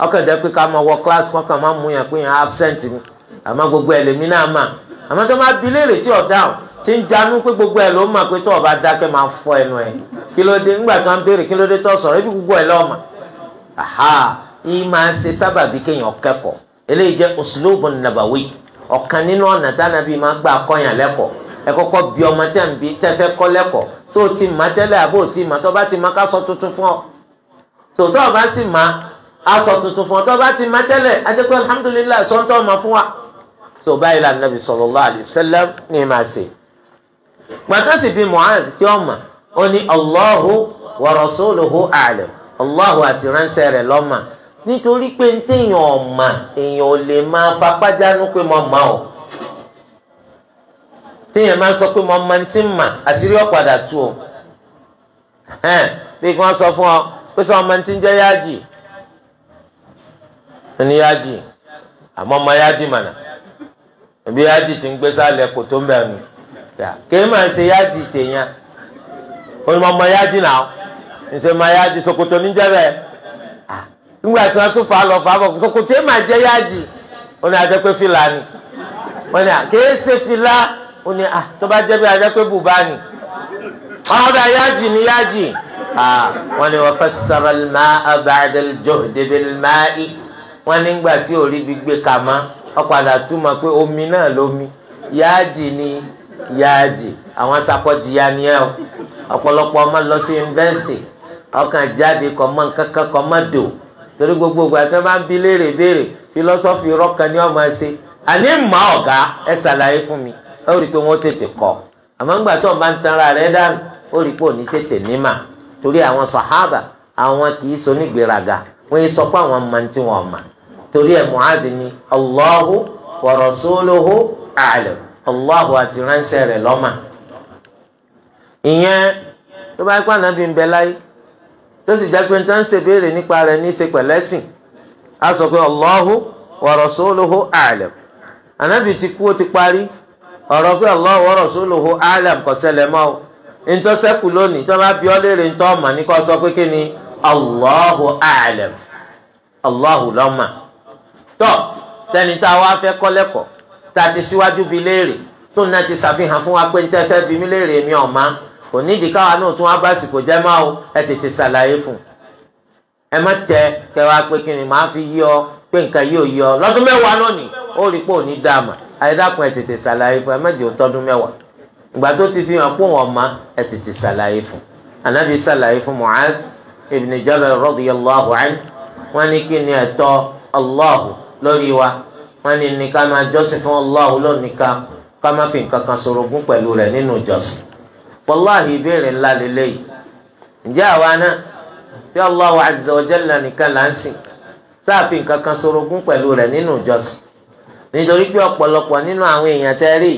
ọkọ̀jẹ́ pé ká máa wọ kíláàsì wọn kàn máa mú yàn pé yàn absent ni àmọ́ gbogbo ẹ̀ lèmi náà mà tó máa bi léèrè tí ti ń janú pé gbogbo ẹ̀ ló mà pé tó ọba dákẹ́ máa fọ ẹnu ẹ̀ kí ló dé ńgbà tó ń béèrè kí ló dé tó sọ̀rọ̀ ebi gbogbo aha yìí máa ń ṣe sábàbí kéèyàn kẹ́kọ̀ọ́ eléyìí jẹ́ ele nabawi ọ̀kan nínú ọ̀nà máa lẹ́kọ̀ọ́ ẹ kọ́kọ́ bí ọmọ bí kọ́ lẹ́kọ̀ọ́ tó o ti mà tẹ́lẹ̀ àbó o ti mà tó bá ti mà ká sọ tuntun fún ọ tòótọ́ ọba sì aṣọ tuntun fún ọ tó bá ti má tẹ́lẹ̀ adékọ́ alhamdulilayi sọ́ńtọ́ ọmọ fún wa tó báyìí la nàbì sallallahu alayhi wa sallam ní ma ṣe. gbàtọ́sì bíi Mu'adh tí ó mà ó ní Allahu wa rasuluhu a'lam Allahu àti ránṣẹ́ rẹ̀ lọ́mà nítorí pé ń téèyàn ọ̀mà èèyàn ò lè máa fapájánú pé mo mọ̀ ọ́ téèyàn máa sọ pé mo mọ̀ ti ń mà àṣírí ọ̀padà tú o bí wọ́n sọ fún ọ pé sọ ọmọ ti ń jẹ́ yáàjì ẹni yáàdì àmọ́ ọmọ yáàdì mànà ẹbí yáàdì ti ń gbé sálẹ̀ kò tó ń bẹ̀rù mi kéé máa ń ṣe yáàdì tèèyàn ó ní ọmọ yáàdì náà ń ṣe máa yáàdì ṣòkòtò níjẹ́ bẹ́ẹ̀ nígbà tí wọ́n tún fà á lọ fà á bọ̀ ṣòkòtò ẹ̀ máa jẹ́ yáàdì ó ní adé fìlà ni wọ́n ní kéé ṣe fìlà ó ní tó bá jẹ́ bí adé pé bùbá ni ọ̀dà yáàdì ni yáàdì wọ́n ní wọ́n fassara al-ma'a ba'da al-juhd bil wọ́n nígbà tí ò rí ibi gbé ka má ọ̀padà pé omi náà lómi yáàjì ni yáàjì àwọn sakọ́jì ya ni ẹ o ọ̀pọ̀lọpọ̀ ọmọ lọ sí yunifásitì ọkàn jáde kọ́mọ kankan kọ́mọ dò torí gbogbo ìgbà tí wọ́n bá ń bi léèrè béèrè fílọ́sọ́fì rọ́ọ̀kan ni wọ́n máa ṣe àní mọ́ ọ̀gá ẹ ṣàlàyé fún mi ó rí i pé wọ́n tètè kọ́ àmọ́ ńgbà tó ń bá ń tanra rẹ̀ dànù ó rí i pé òní tètè nímà torí àwọn sàhábà àwọn kì í so nígbèraga wọ́n yé sọ pé àwọn máa ń tí wọ́n máa torí ẹ̀ mu'adh ni allahu wa rasuluhu allahu ati ránṣẹ́ lọma lọ́mà ìyẹn tó bá pa ànábì ń bẹ láyé tó sì jẹ́ pé ń ṣe béèrè nípa rẹ̀ ní ṣe pẹ̀lẹ́sìn a sọ pé allahu wa rasuluhu ànábì ti kú ó ti parí ọ̀rọ̀ pé allahu tọ́ tẹni tá a wá fẹ́ kọ́ lẹ́kọ̀ọ́ tá a ti síwájú bi léèrè tó náà ti ṣàfihàn fún wa pé ń tẹ́fẹ́ bi mí léèrè mi káwa náà tún wá bá sìkò o ẹ tètè ṣàlàyé fún ni màá fi yí ọ pé nǹkan yìí ò yí ọ lọ́dún mẹ́wàá náà nì ó rí pé mà àyẹ̀dàkùn ẹ tètè ṣàlàyé fún ẹ má ìgbà tó ti fi hàn pé ẹ tètè ṣàlàyé fún anabi ṣàlàyé fún Mu'adh ibn Jabal radiyallahu anhu wọn ní kí ni lórí wa wọ́n ní ní ká máa jọ́sìn fún Allah lónìkan ká má fi nǹkan kan ṣorogún pẹ̀lú rẹ̀ nínú ìjọsìn wàláhì ìbéèrè ńlá lélẹ́yìí wa jalla nìkan là ń sìn sáàfin nǹkan kan ṣorogún pẹ̀lú rẹ̀ nínú ìjọsìn nítorí pé ọ̀pọ̀lọpọ̀ nínú àwọn èèyàn tẹ́ rí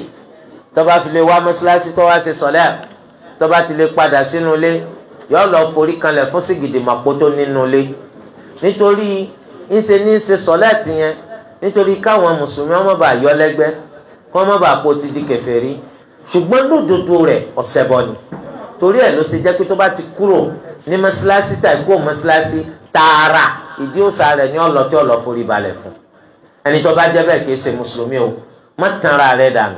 tó fi lè wá mọ́ṣáláṣí tó wá ṣe sọ̀lẹ́ ti lè padà sínú ilé lọ forí kanlẹ̀ fún ńṣe ní ṣe sọ̀lẹ́ẹ̀tì yẹn nítorí káwọn mùsùlùmí ọmọ bá yọ lẹ́gbẹ́ kọ́ ọmọ bá kó ti di kèfèrí ṣùgbọ́n lódodo rẹ̀ ọ̀sẹ̀bọ ni torí ẹ̀ ló ṣe jẹ́ pé tó bá ti kúrò ní mọ́ṣáláṣí tàbí kó mọ́ṣáláṣí tààrà ìdí òòṣà rẹ̀ ní ọlọ́tí ọlọ́ forí balẹ̀ fún ẹni tó bá jẹ́ bẹ́ẹ̀ kì í ṣe mùsùlùmí o má tanra rẹ̀ dànù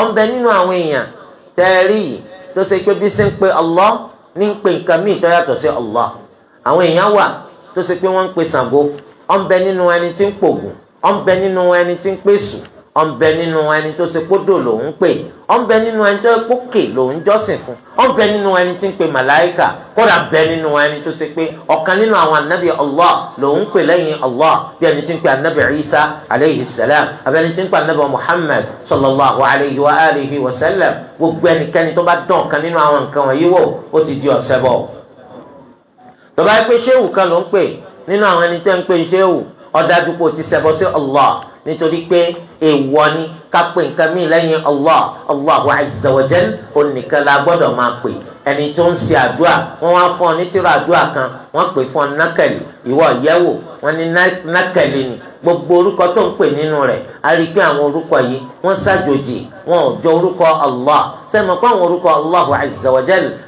ọ̀nbẹ nínú àwọn èèyàn tẹ́ẹ̀rí tó ṣe pé bí ṣe ń pe Allah ní ń pe nǹkan míì tó yàtọ̀ sí Allah àwọn èèyàn wà tó ṣe pé wọ́n ń pe Ṣàngó ọ̀nbẹ nínú ẹni tí ń pògùn ọ̀nbẹ nínú ẹni tí ń pèsù ọ̀nbẹ nínú ẹni tó ṣe kódò lòún pè ọ̀nbẹ nínú ẹni tó pókè lòún jọ́sìn fún ọ̀nbẹ nínú ẹni tí ń pe màláìkà kódà bẹ nínú ẹni tó ṣe pé ọ̀kan nínú àwọn anabi Allah lòún pè lẹ́yìn Allah bí ẹni tí ń pe anabi Isa alayhi salam abẹni tí ń pe anabi Muhammad sallallahu alayhi wa alihi wa sallam gbogbo ẹnikẹ́ni tó bá dán ọ̀kan nínú àwọn nǹkan wọ̀nyí wò ó ti di ọ̀sẹ̀ bọ̀ tó bá yẹ pé ṣéwù kan ló ń pè nínú àwọn ẹni tẹ́ ń pè ṣéwù ọ̀dájú pé o ti ṣẹbọ sí Allah nítorí pé èèwọ̀ ni ká pè nǹkan míì lẹ́yìn Allah Allahu azza wa jal onìkan la gbọ́dọ̀ máa pè ẹni tó ń ṣe àdúà wọn wá fún ọ ní tírà àdúà kan wọn pè fún ọ nákẹlì ìwọ yẹwò wọn ní nákẹlì ni gbogbo orúkọ tó ń pè nínú rẹ̀ a rí i pé àwọn orúkọ yìí wọn ṣàjòjì wọn ò jọ orúkọ allah sẹmọ pé àwọn orúkọ allahu azza wa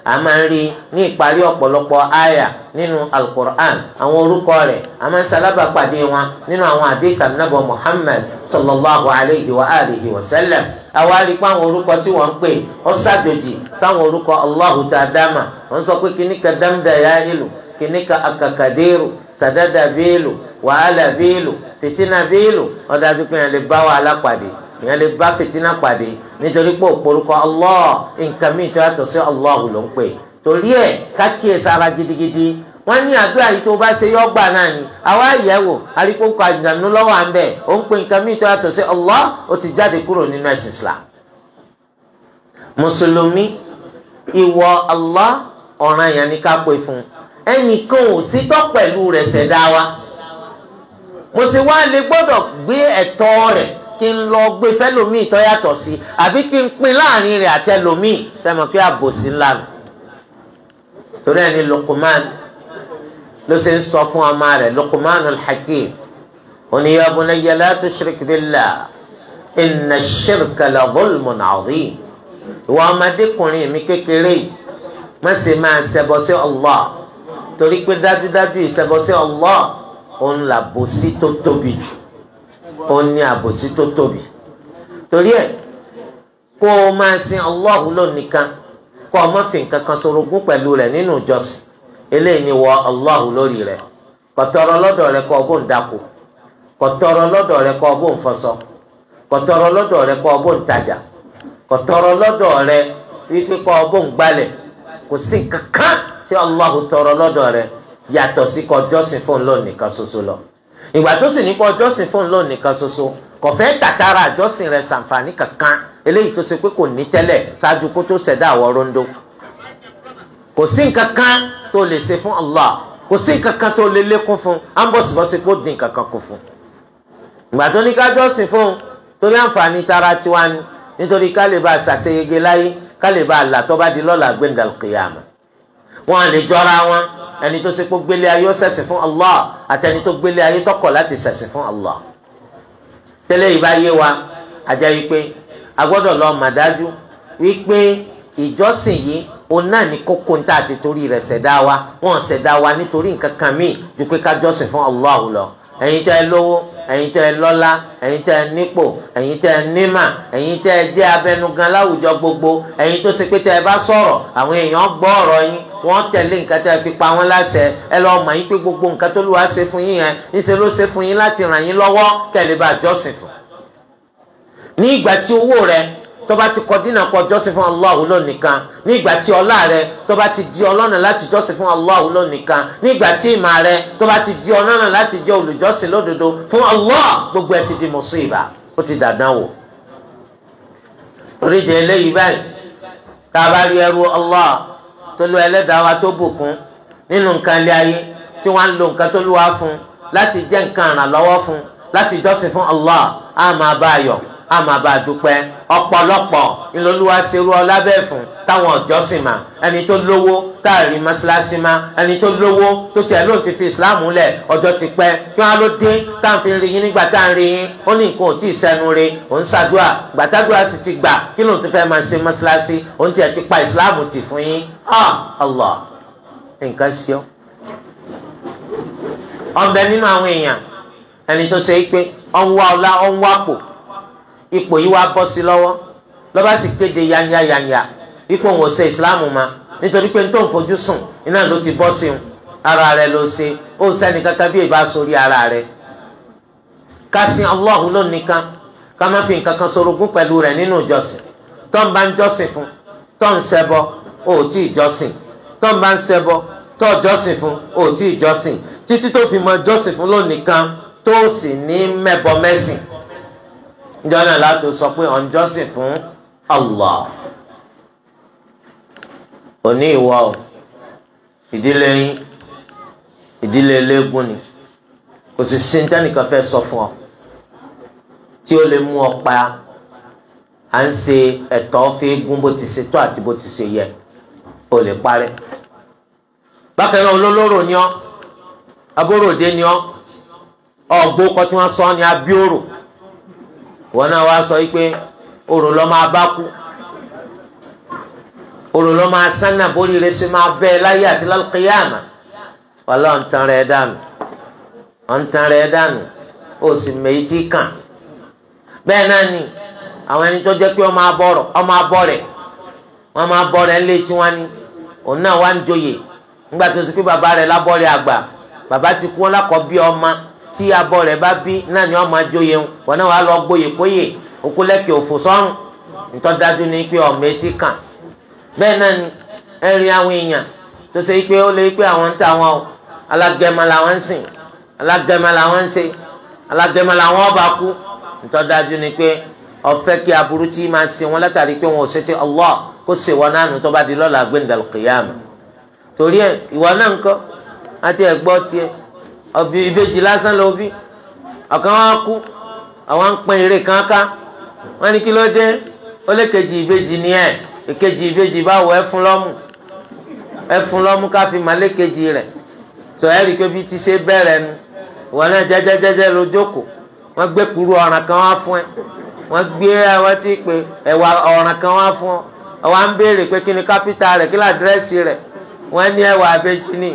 a máa ń rí ní ìparí ọ̀pọ̀lọpọ̀ àyà nínú alukur'an àwọn orúkọ rẹ̀ a máa ń sálábà pàdé wọn nínú àwọn àdéhùn nàbọ muhammad sallallahu alayhi wa alihi wa sallam àwa rí i pé àwọn orúkọ tí wọ́n ń pè ọ́ ṣàjòjì sáwọn orúkọ Allahu tá a dáàmà wọ́n sọ pé kìnnìkà dámdà yá ìlú kìnnìkà akàkàdérò sàdádà bíèlò wàhálà bíèlò fìtínà bíèlò ọ̀dà bíi pé yẹn lè bá wàhálà pàdé yẹn lè bá fìtínà pàdé nítorí pé òpòrúkọ Allah nǹkan mìíràn tó yàtọ̀ sí Allah ló ń pè torí ẹ̀ ká kíyèsára gidigidi wọ́n ní àdúrà yìí tó bá ṣe yọ gbà náà ni àwa àyẹ̀wò àríkókò àjànú lọ́wọ́ à ń bẹ̀ ó ń pe nǹkan míì tó yàtọ̀ sí Allah ó ti jáde kúrò nínú ẹ̀sìn Islam mùsùlùmí ìwọ Allah ọ̀ràn yẹn ni ká pè fún ẹnìkan ò sí tọ́ pẹ̀lú rẹ̀ ṣẹ̀dá wa mo sì wá lè gbọ́dọ̀ gbé ẹ̀tọ́ rẹ̀ kí n lọ gbé fẹ́lòmíì tó yàtọ̀ sí àbí kí n pín láàrin rẹ̀ àtẹlòmíì sẹ́mi pé àbòsí ńlá mi torí ẹni Luqman ló ṣe ń sọ fún ọmọ rẹ̀ Luqmanul Hakim òní ya bunayya la tushrik billah inna ash-shirka la dhulmun adhim ìwọ ọmọdékùnrin mi kékeré má ṣe máa ṣẹbọ sí Allah torí pé dájúdájú ìṣẹbọ sí Allah òun làbòsí tó tóbi jù òun ní àbòsí tó tóbi torí ẹ̀ kó o máa sin Allah lónìí kan kó o má fi nǹkan kan sorogún pẹ̀lú rẹ̀ nínú ìjọsìn eléyìí ni wọ Allahu lórí rẹ̀ kò lọdọ lọ́dọ̀ kọ bó dako kò lọdọ lọ́dọ̀ kọ bó fọsọ fọṣọ lọdọ tọrọ kọ bó ń tajà kò tọrọ lọ́dọ̀ wípé kọ bó ń gbalẹ̀ kò sí kankan tí Allahu tọrọ lọdọ rẹ̀ yàtọ̀ sí kó jọ́sìn fún un lónìí kan lọ ìgbà tó sì ní kó jọ́sìn fún un lónìí kan ṣoṣo kò fẹ́ tàtàrà àjọsìn rẹ̀ ṣàǹfààní kankan eléyìí tó ṣe pé kò ní tẹ́lẹ̀ ṣáájú kó tó ṣẹ̀dá àwọ̀ rondo kò sí nǹkan tó lè ṣe fún Allah kò sí nǹkan kan tó lè lékún fún à ń bọ̀ dín nǹkan kan fún. ìgbà tó ní kájọ́ sìn fún torí àǹfààní tara tiwa ni nítorí ká lè bá ṣàṣeyege láyé ká lè bá àlà tó bá di lọ́la gbẹ̀ngàn kìyàmà. wọn à lè jọra wọn ẹni tó ṣe pé gbélé ayé ó ṣẹ̀sìn fún Allah àtẹni tó gbélé ayé tọkọ̀ láti ṣẹ̀sìn fún Allah. tẹ́lẹ̀ yìí bá yé wa àjẹ́ wípé agbọ́dọ̀ lọ màdájú wípé ìjọsìn yìí òun náà ní kókó níta àti torí rẹ̀ ṣẹ̀dá wa wọ́n ṣẹ̀dá wa nítorí nǹkan kan míì ju pé ká jọ́sìn fún Allah lọ ẹ̀yin tẹ́ ẹ lówó ẹ̀yin tẹ́ ẹ lọ́lá ẹ̀yin tẹ́ ẹ nípò ẹ̀yin tẹ́ ẹ nímà ẹ̀yin tẹ́ ẹ jẹ́ abẹnugan láwùjọ gbogbo ẹ̀yin tó ṣe pé tẹ́ ẹ bá sọ̀rọ̀ àwọn èèyàn gbọ́ ọ̀rọ̀ yín wọ́n tẹ̀lé nǹkan tẹ́ ẹ fi pa wọ́n láṣẹ ẹ lọ́ọ́ mọ̀ yín pé gbogbo nǹkan tó lù wá ṣe fún yín yẹn ńṣe ló ṣe fún yín láti ràn yín lọ́wọ́ kẹ́lẹ́ bá jọ́sìn fún. ní ìgbà tí owó rẹ tọba ti kọ dínà kọ jọ́sìn fún Allahu lónìkan nígbà tí ọlá rẹ tọba ti di ọlọ́nà láti jọ́sìn fún Allahu lónìkan nígbà tí ìmà rẹ tọba ti di ọlọ́nà láti jẹ́ olùjọ́sìn lódodo fún Allah gbogbo ẹ ti di mùsíbà ó ti dàdán wò. oríṣi eléyìí báyìí tá a bá rí ẹrú Allah tó lu ẹlẹ́dàá wa tó bùkún nínú nǹkan ilé ayé tí wọ́n á lo nǹkan tó lù wá fún láti jẹ́ nǹkan ìrànlọ́wọ́ fún láti jọ́sìn fún Allah á a máa bá a dúpẹ́ ọ̀pọ̀lọpọ̀ ńlọlúwa ṣerú ọlá bẹ́ẹ̀ fún táwọn ọ̀jọ́sìn mà ẹni tó lówó táàrí mọ́ṣáláṣí ma ẹni tó lówó tó tiẹ̀ lóò ti fi ìsìláàmù lẹ̀ ọjọ́ ti pẹ́ kí wọ́n á ló dé tá à ń fi rí yín nígbà tá à ń rí yín ó ní nǹkan ò tí ì sẹ́nu rí ò ṣàdúrà gbàtàdúrà sì ti gbà kí ló ń fẹ́ máa ṣe mọ́ṣáláṣí ó tiẹ̀ ti pa ìsìláàmù tì fún yín ah Allah nǹkan ṣe ọ́ ọ̀nbẹ nínú àwọn èèyàn ẹni tó ṣe é pé ọ̀nwá ọlá ọ̀nwá pò ipò yìí wá bọ́ sí lọ́wọ́ lọ́ba sì kéde yanyayanya ipò òun ò ṣe ìsìláàmù ma nítorí pé nítorí fojú sùn iná ló ti bọ́ sí un ara rẹ ló ṣe ó sẹ́ni kankan bí ìbá sórí ara rẹ ká sin Allah ló nìkan ká má fi nǹkan kan sorogún pẹ̀lú rẹ̀ nínú ìjọsìn tó ń bá ń jọ́sìn fún tó ń ṣẹbọ ó tí ì jọ́sìn tó ń bá ń ṣẹbọ tó jọ́sìn fún ó tí ì jọ́sìn títí tó fi mọ jọ́sìn fún lónìkan tó sì ní mẹ́bọ mẹ́sìn njọ́ náà látò sọ pé ọ̀n fún Allah òní ìwọ o ìdílé yín ìdílé eléégún ni kò sì sí nítẹ́nìkan fẹ́ sọ fún ọ tí ó lè mú ọ pa à ń ṣe ẹ̀tọ́ fi gún bó ti ṣe tó àti bó ti ṣe yẹ o lè parẹ́ bákan náà olólóró ni ọ abóròdé ni ọ ọgbó kọtí wọn sọ ni abióró. wọn náà wá sọ pé orò lọ máa bá kú orò lọ máa sánà ṣe máa bẹ ẹ láyé àti lálùkìyàmà wàhálà ń tan dànù ń tan dànù ó sì mèyí kàn bẹ́ẹ̀ náà àwọn ẹni tó jẹ́ pé ọmọ abọ́rọ̀ ọmọ abọ́rẹ̀ wọn máa bọ́rẹ̀ tí wọ́n ní òun náà wá ń joyè nígbà tó ti pé bàbá àgbà bàbá tí abọ́ rẹ̀ bá bí náà ni wọ́n máa jóye ń wọn náà wàá lọ gbóyè kóyè okú lẹ́kẹ̀ẹ́ òfò sọ́run ntọ́dájú ni pé ọ̀mọ etí kàn bẹ́ẹ̀ náà ni ẹ rí àwọn èèyàn tó ṣe pé ó lè pé àwọn ń ta wọn o alágẹmọ làwọn ń sìn alágẹmọ làwọn ń ṣe alágẹmọ làwọn ọba kú ntọ́dájú ni pé ọ̀fẹ́ kí aburú tí máa ṣe wọn látàrí pé wọn ò ṣètò Allah kó ṣe wọn náà nù tó bá di lọ́la gbẹ̀ndàlùkìyàmù torí ẹ ìwọ náà ń kọ́ àti ẹ̀gbọ́ tiẹ̀ ọbí ìbejì lásán ló bí ọ̀kan wá kú àwọn ń pín eré kan ká ní kí ló dé ó lé kejì ni ẹ fún lọ́mù ẹ fún ká fi màlẹ́ kejì rẹ tó bí ti ṣe bẹrẹ nu wọ́n gbé kuru ọ̀ràn kan wá fún ẹ gbé ọ̀ràn kan wá fún béèrè pé kí ni kápítà kí ni àdírẹ́sì ní ni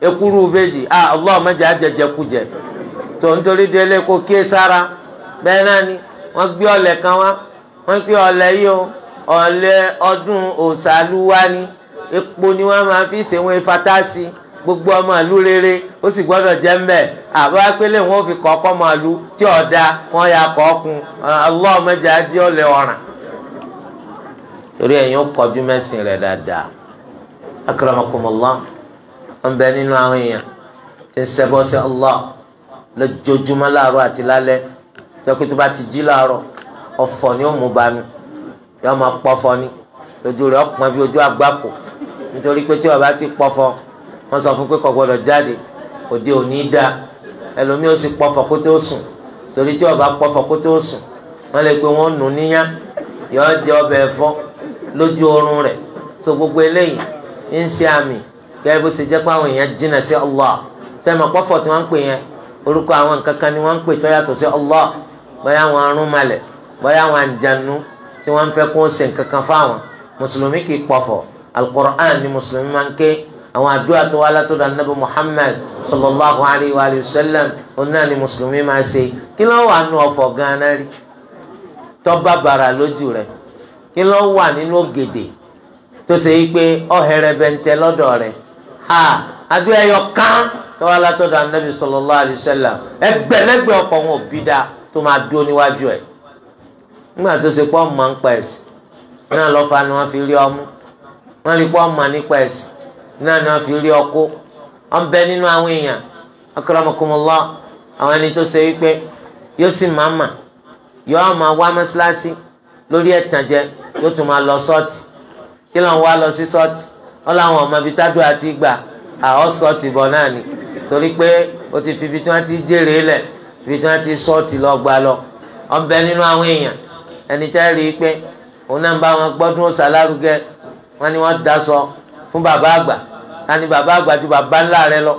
ekuru ubeji a ah, allah mẹjẹ ajẹjẹ kujẹ tó nítorí délé kó kíé sára bẹ́ẹ̀ náà ni wọ́n gbé ọ̀lẹ̀ kan wá wọ́n gbé ọ̀lẹ̀ yìí o ọ̀lẹ̀ ọdún òsàlùwà ni epo ni wọ́n máa fi ṣèwọn ìfatásí gbogbo ọmọ ìlú rere ó sì gbọ́dọ̀ jẹ mbẹ àbá pélé wọ́n fi kọ ọkọ tí ọdá ya kọ ọkùn ah, allah mẹjẹ torí ń bẹ nínú àwọn èèyàn tí ń ṣẹbọ sí Allah lójoojúmọ́ láàárọ̀ àti lálẹ́ tẹkí tó bá ti jí láàárọ̀ ọ̀fọ̀ ni ó mú bá mi yọọ máa pọfọ ni lójú rẹ̀ ọpọn bí ojú àgbákò nítorí pé tí wọn bá ti pọfọ wọn sọ fún pé kò gbọ́dọ̀ jáde òde òní dá ẹlòmíì ó sì pọfọ kó tó sùn torí tí wọn pọfọ kó tó sùn wọn lè pe wọn nù níyà yọọ jẹ ọbẹ̀ ẹ̀fọ́ lójú oorun rẹ̀ tó gbogbo eléyìí ń ṣe àmì gẹ́gẹ́ bó ṣe jẹ́ pé àwọn èèyàn jìnnà sí Allah sẹ́mi ọ̀pọ̀fọ̀ tí wọ́n ń pè yẹn orúkọ àwọn nǹkan kan ni wọ́n ń pè tó yàtọ̀ sí Allah bóyá àwọn arúnmalẹ̀ bóyá àwọn àǹjànú tí wọ́n ń fẹ́ kó ṣe nǹkan kan fáwọn mùsùlùmí kì í pọ̀fọ̀ alukur'an ni mùsùlùmí máa ń ké àwọn àdúrà tó wá látọ̀dọ̀ anabi muhammad sallallahu alayhi wa sallam onáà ni mùsùlùmí máa ṣe kí ló wà nù ọ̀fọ̀ gan-an rí tọ́ba bàrà lójú rẹ̀ kí ló wà nínú ògèdè tó ṣe yí pé ọ̀hẹ́rẹ́ bẹ́ntẹ́ lọ́dọ̀ rẹ̀ Aa àdúrà ẹyọ kán tọ́wọ́ alátọ́dọ̀ anabi sallallahu alaihi ẹgbẹ̀lẹ́gbẹ̀ ọkọ̀ wọn ò bí dáa tó máa dúró níwájú ẹ̀ nígbà tó ṣe pọ́ mọ̀ nípa ẹ̀sìn náà lọ́fà ni wọ́n fi rí ọmú wọ́n rí pọ́ nípa ni wọ́n fi rí wọ́n bẹ nínú àwọn èèyàn àwọn lọ wọn làwọn ọmọ ibi tádùn àti gbà àwọn sọ tìbọ̀ náà ni torí pé o ti fi ibi tí wọ́n ti jèrè lẹ̀ ibi tí wọ́n ti sọ ti lọ gba lọ ọbẹ nínú àwọn èèyàn ẹni tẹ́ rí i pé òun náà ń bá wọn gbọ́dún ó sàlárugẹ wọn ni wọ́n daṣọ fún bàbá àgbà tani bàbá àgbà ju bàbá ńlá rẹ lọ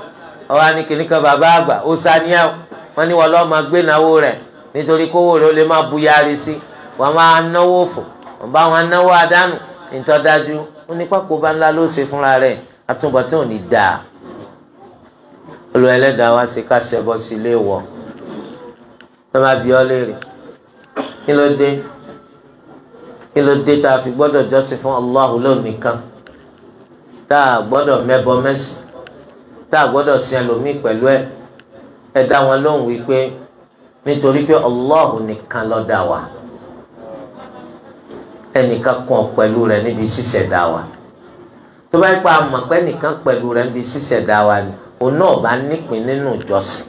ọwọ́ àni kìnnìkan bàbá àgbà ó sáníà wọn ni wọn lọ́ọ́ máa gbé náwó rẹ̀ nítorí kówó rẹ̀ ó lè má buyari sí wọn máa náwó fò wọn bá wọn náwó àdánù ìtọ́dájú onípàkó bá ńlá ló ṣe fúnra rẹ̀ àtúbọ̀tán ò ní dáa olú ẹlẹ́dàá wá sí ká ṣẹbọ sí ilé wọ ẹ má bí ọ léèrè kí ló dé kí ló dé tá a fi gbọ́dọ̀ jọ́sìn fún Allah lónìí kan tá a gbọ́dọ̀ mẹ́bọ mẹ́sìn tá a gbọ́dọ̀ sin ẹlòmíì pẹ̀lú ẹ ẹ dá wọn lóhùn wípé nítorí pé Allah nìkan ló dá wa ẹnìkan kan pẹ̀lú rẹ̀ níbi ṣíṣẹ̀dá wa tó bá pa àmọ̀ pé ẹnìkan pẹ̀lú rẹ̀ níbi ṣíṣẹ̀dá wa ni òun náà bá nípìn nínú ìjọsìn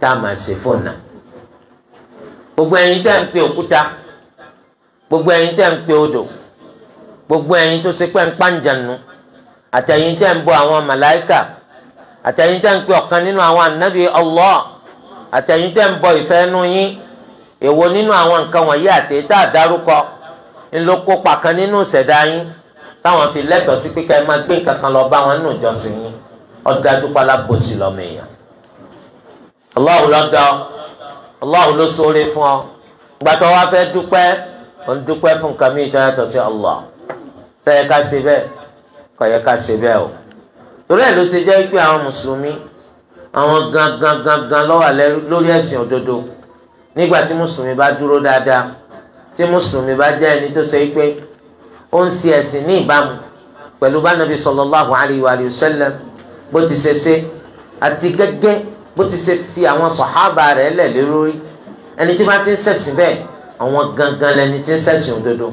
tá a máa ṣe fún náà gbogbo ẹ̀yin tẹ́ ń pe òkúta gbogbo ẹ̀yin tẹ́ ń pe odò gbogbo ẹ̀yin tó ṣe pé ń pàǹjànù àtẹ̀yin tẹ́ ń bọ àwọn màláìkà àtẹ̀yin tẹ́ ń pe ọ̀kan nínú àwọn ànábì Allah àtẹ̀yin tẹ́ ń bọ ìfẹ́ nú yín èwo nínú àwọn nǹkan wọ̀nyí àti tá ńlọ kópa kan nínú ìṣẹ̀dá yín táwọn fi lẹ́tọ̀ọ́ sí pípa ẹ máa gbé nǹkan kan lọ bá wọn nínú ìjọsìn yín ọ̀dájú pálábòsì lọ́mọ èèyàn. Allahu ló dá ọ ló ṣoore fún ọ gbàtọ́ wa fẹ́ dúpẹ́ ò dúpẹ́ fún nǹkan mi ìjọ yàtọ̀ sí Allah tẹ́yẹ ká ṣe bẹ́ẹ̀ kọ̀ yẹ ká ṣe bẹ́ẹ̀ o. torí ẹ̀ ló ṣe jẹ́ pé àwọn mùsùlùmí àwọn gangan gangan ló wà lórí ẹ̀sìn òdodo nígbà tí mùsùlùmí bá dúró dáadáa tí mùsùlùmí bá jẹ́ ẹni tó ṣe é pé ó ń ṣe ẹ̀sìn ní ìbámu pẹ̀lú bá nàbí sallallahu alayhi wa sallam bó ti ṣe ṣe àti gẹ́gẹ́ bó ti ṣe fi àwọn sàhábà rẹ̀ lẹ̀ lórí ẹni tí bá ti ń ṣẹ̀sìn bẹ́ẹ̀ àwọn gangan lẹni tí ń ṣẹ̀sìn òdodo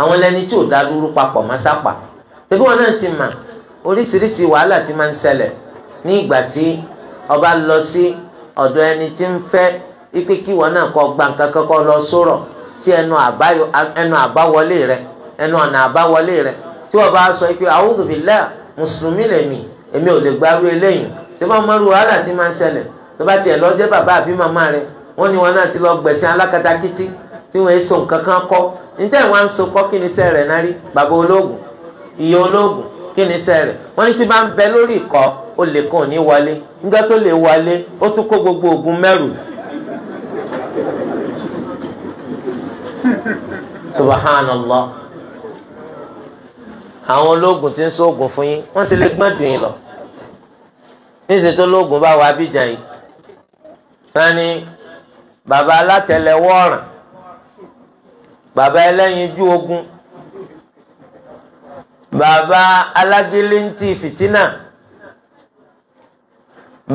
àwọn lẹni tí ò dá dúró papọ̀ mọ́ sápà ṣebí wọn náà ti mà oríṣiríṣi wàhálà ti máa ń ṣẹlẹ̀ ní ìgbà tí ọba lọ sí ọ̀dọ̀ ẹni tí ń fẹ́ ikú náà kọ́ gbàǹkankan lọ sórọ̀ tí ẹnu àbáyọ ẹnu àbáwọlé rẹ ẹnu ọ̀nà àbáwọlé rẹ tí wọ́n bá sọ pé a'udhu billah mùsùlùmí lèmi èmi ò lè gbárù eléyìí ṣé bá mọ́rú wàhálà ti máa ń ṣẹlẹ̀ tó bá tiẹ̀ bàbá àbí màmá rẹ wọ́n ní wọn náà ti lọ gbẹ̀sìn alákatakítí tí wọ́n èso nǹkan kan kọ́ níta so kọ́ kí ni sẹ́ rẹ̀ bàbá ológun ìyá ológun kí ni sẹ́ rẹ̀ wọlé nígbà tó lè wọlé ó tún subhanallah àwọn ológun tí ń sóògùn fún yín wọ́n sì lè gbọ́n dùn yín lọ níṣẹ́ tó lóògùn bá wà Abidjan yìí wọ́n ní bàbá alátẹ̀lẹ́wọ́ ọ̀ràn bàbá ẹlẹ́yinjú ogun bàbá alágéléntì fìtínà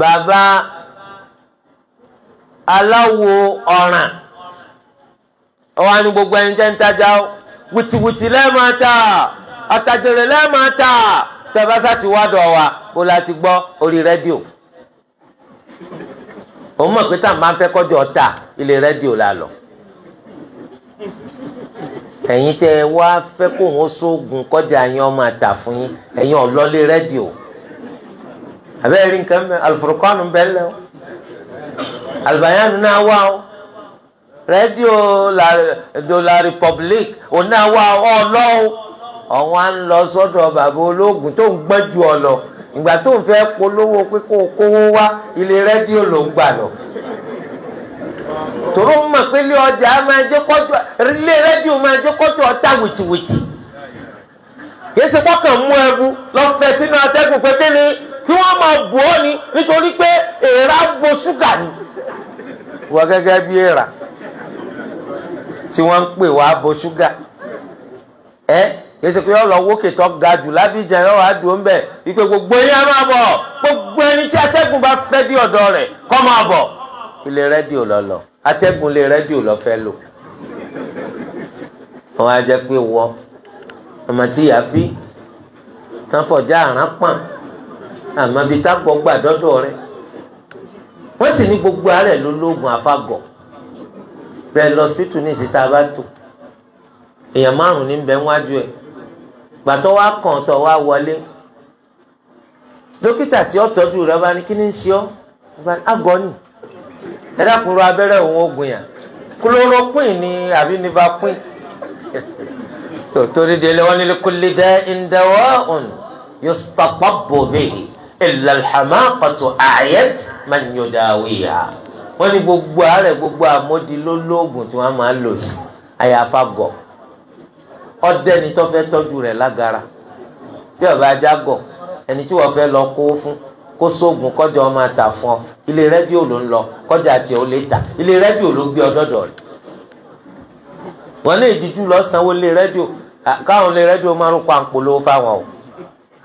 bàbá aláwo ọ̀ràn ọwọ́ àánú gbogbo ẹni tẹ́ ń tajà ó wìtìwìtì lẹ́ẹ̀máa tà àtàjèrè lẹ́ẹ̀máa tà tẹ́fẹ́sà ti wá dọ̀ wa ó la ti gbọ́ orí rédíò òun mọ̀ pé táwọn máa ń fẹ́ kọ́jọ́ ọ̀tà ilé rédíò la lọ ẹ̀yin tẹ́ ẹ wá fẹ́ kó òun sóògùn kọjá yẹn ọmọ àtà fún yín ẹ̀yin ọ̀lọ́lé rédíò àbẹ́rẹ́ nǹkan mẹ́ Al-Furqan bẹ́ẹ̀ lẹ́wọ́ Al-Bayan náà wá rédíò la republic òun náà wà ọlọ́wọ́ ọ̀wọ́n á ń lọ sọ́dọ̀ bàbá ológun tó ń gbẹ́jú ọ ìgbà tó ń fẹ́ polówó pé kó kówó wá ilé rédíò ló ń gbà lọ tòró mọ̀ pé ilé ọjà máa jẹ́ kọ́jú ilé máa jẹ́ kọ́jú ọ̀tá wìtìwìtì ni kí wọ́n máa ni ni wọ́n gẹ́gẹ́ bí èèrà. tí wọ́n ń pè wá bo ṣúgà ẹ yẹsẹ pé ọlọ wókè tó ga jù lábìjà yọ wá dùn bẹ ìpè gbogbo yẹn máa bọ̀ gbogbo ẹni tí atẹ́gùn bá fẹ́ dí ọ̀dọ̀ rẹ̀ kó máa bọ̀ ilé rédíò lọlọ atẹ́gùn ilé rédíò lọ fẹ́ lò wọn á jẹ pé wọ ọmọ tí ìyá bí tán fọjá àrán pàn tá a gbọ́ gbà dọ́dọ̀ rẹ̀ wọ́n sì ní gbogbo ara ẹ̀ ló lóògùn bẹ́ẹ̀ lọ sípítù ní ìsìta bá tò èèyàn márùn ní bẹ́ẹ̀ wájú ẹ̀ gbàtọ́ wá kàn tó wá wọlé dókítà tí ó tọ́jú rẹ bá ní kí ni ń ṣe ọ́ àgọ́ ni ẹ dákun ro òun oògùn yàn chloroquine ni àbí nivaquine [LAUGHS] torí délé wọn nílé kulli da'in dawa'un yustatabbu bihi illa al-hamaqatu a'yat man yudawiha wọ́n ní gbogbo àárẹ̀ gbogbo àmódi ló lóògùn tí wọ́n máa lò sí àyàfa gọ̀ ọdẹ ni tó fẹ́ tọ́jú rẹ̀ lágara bí ọba ajá gọ̀ ẹni tí wọ́n fẹ́ lọ kó fún kó sóògùn kọjá ọmọ àtà fún ọ ilé rẹ́díò ló ń lọ kọjá tiẹ̀ ó lè tà ilé rẹ́díò ló gbé ọdọ́dọ̀ rẹ̀ wọ́n ní ìdíjú lọ sanwó ilé rẹ́díò káwọn ilé rẹ́díò máa ń kó àpolówó fáwọn o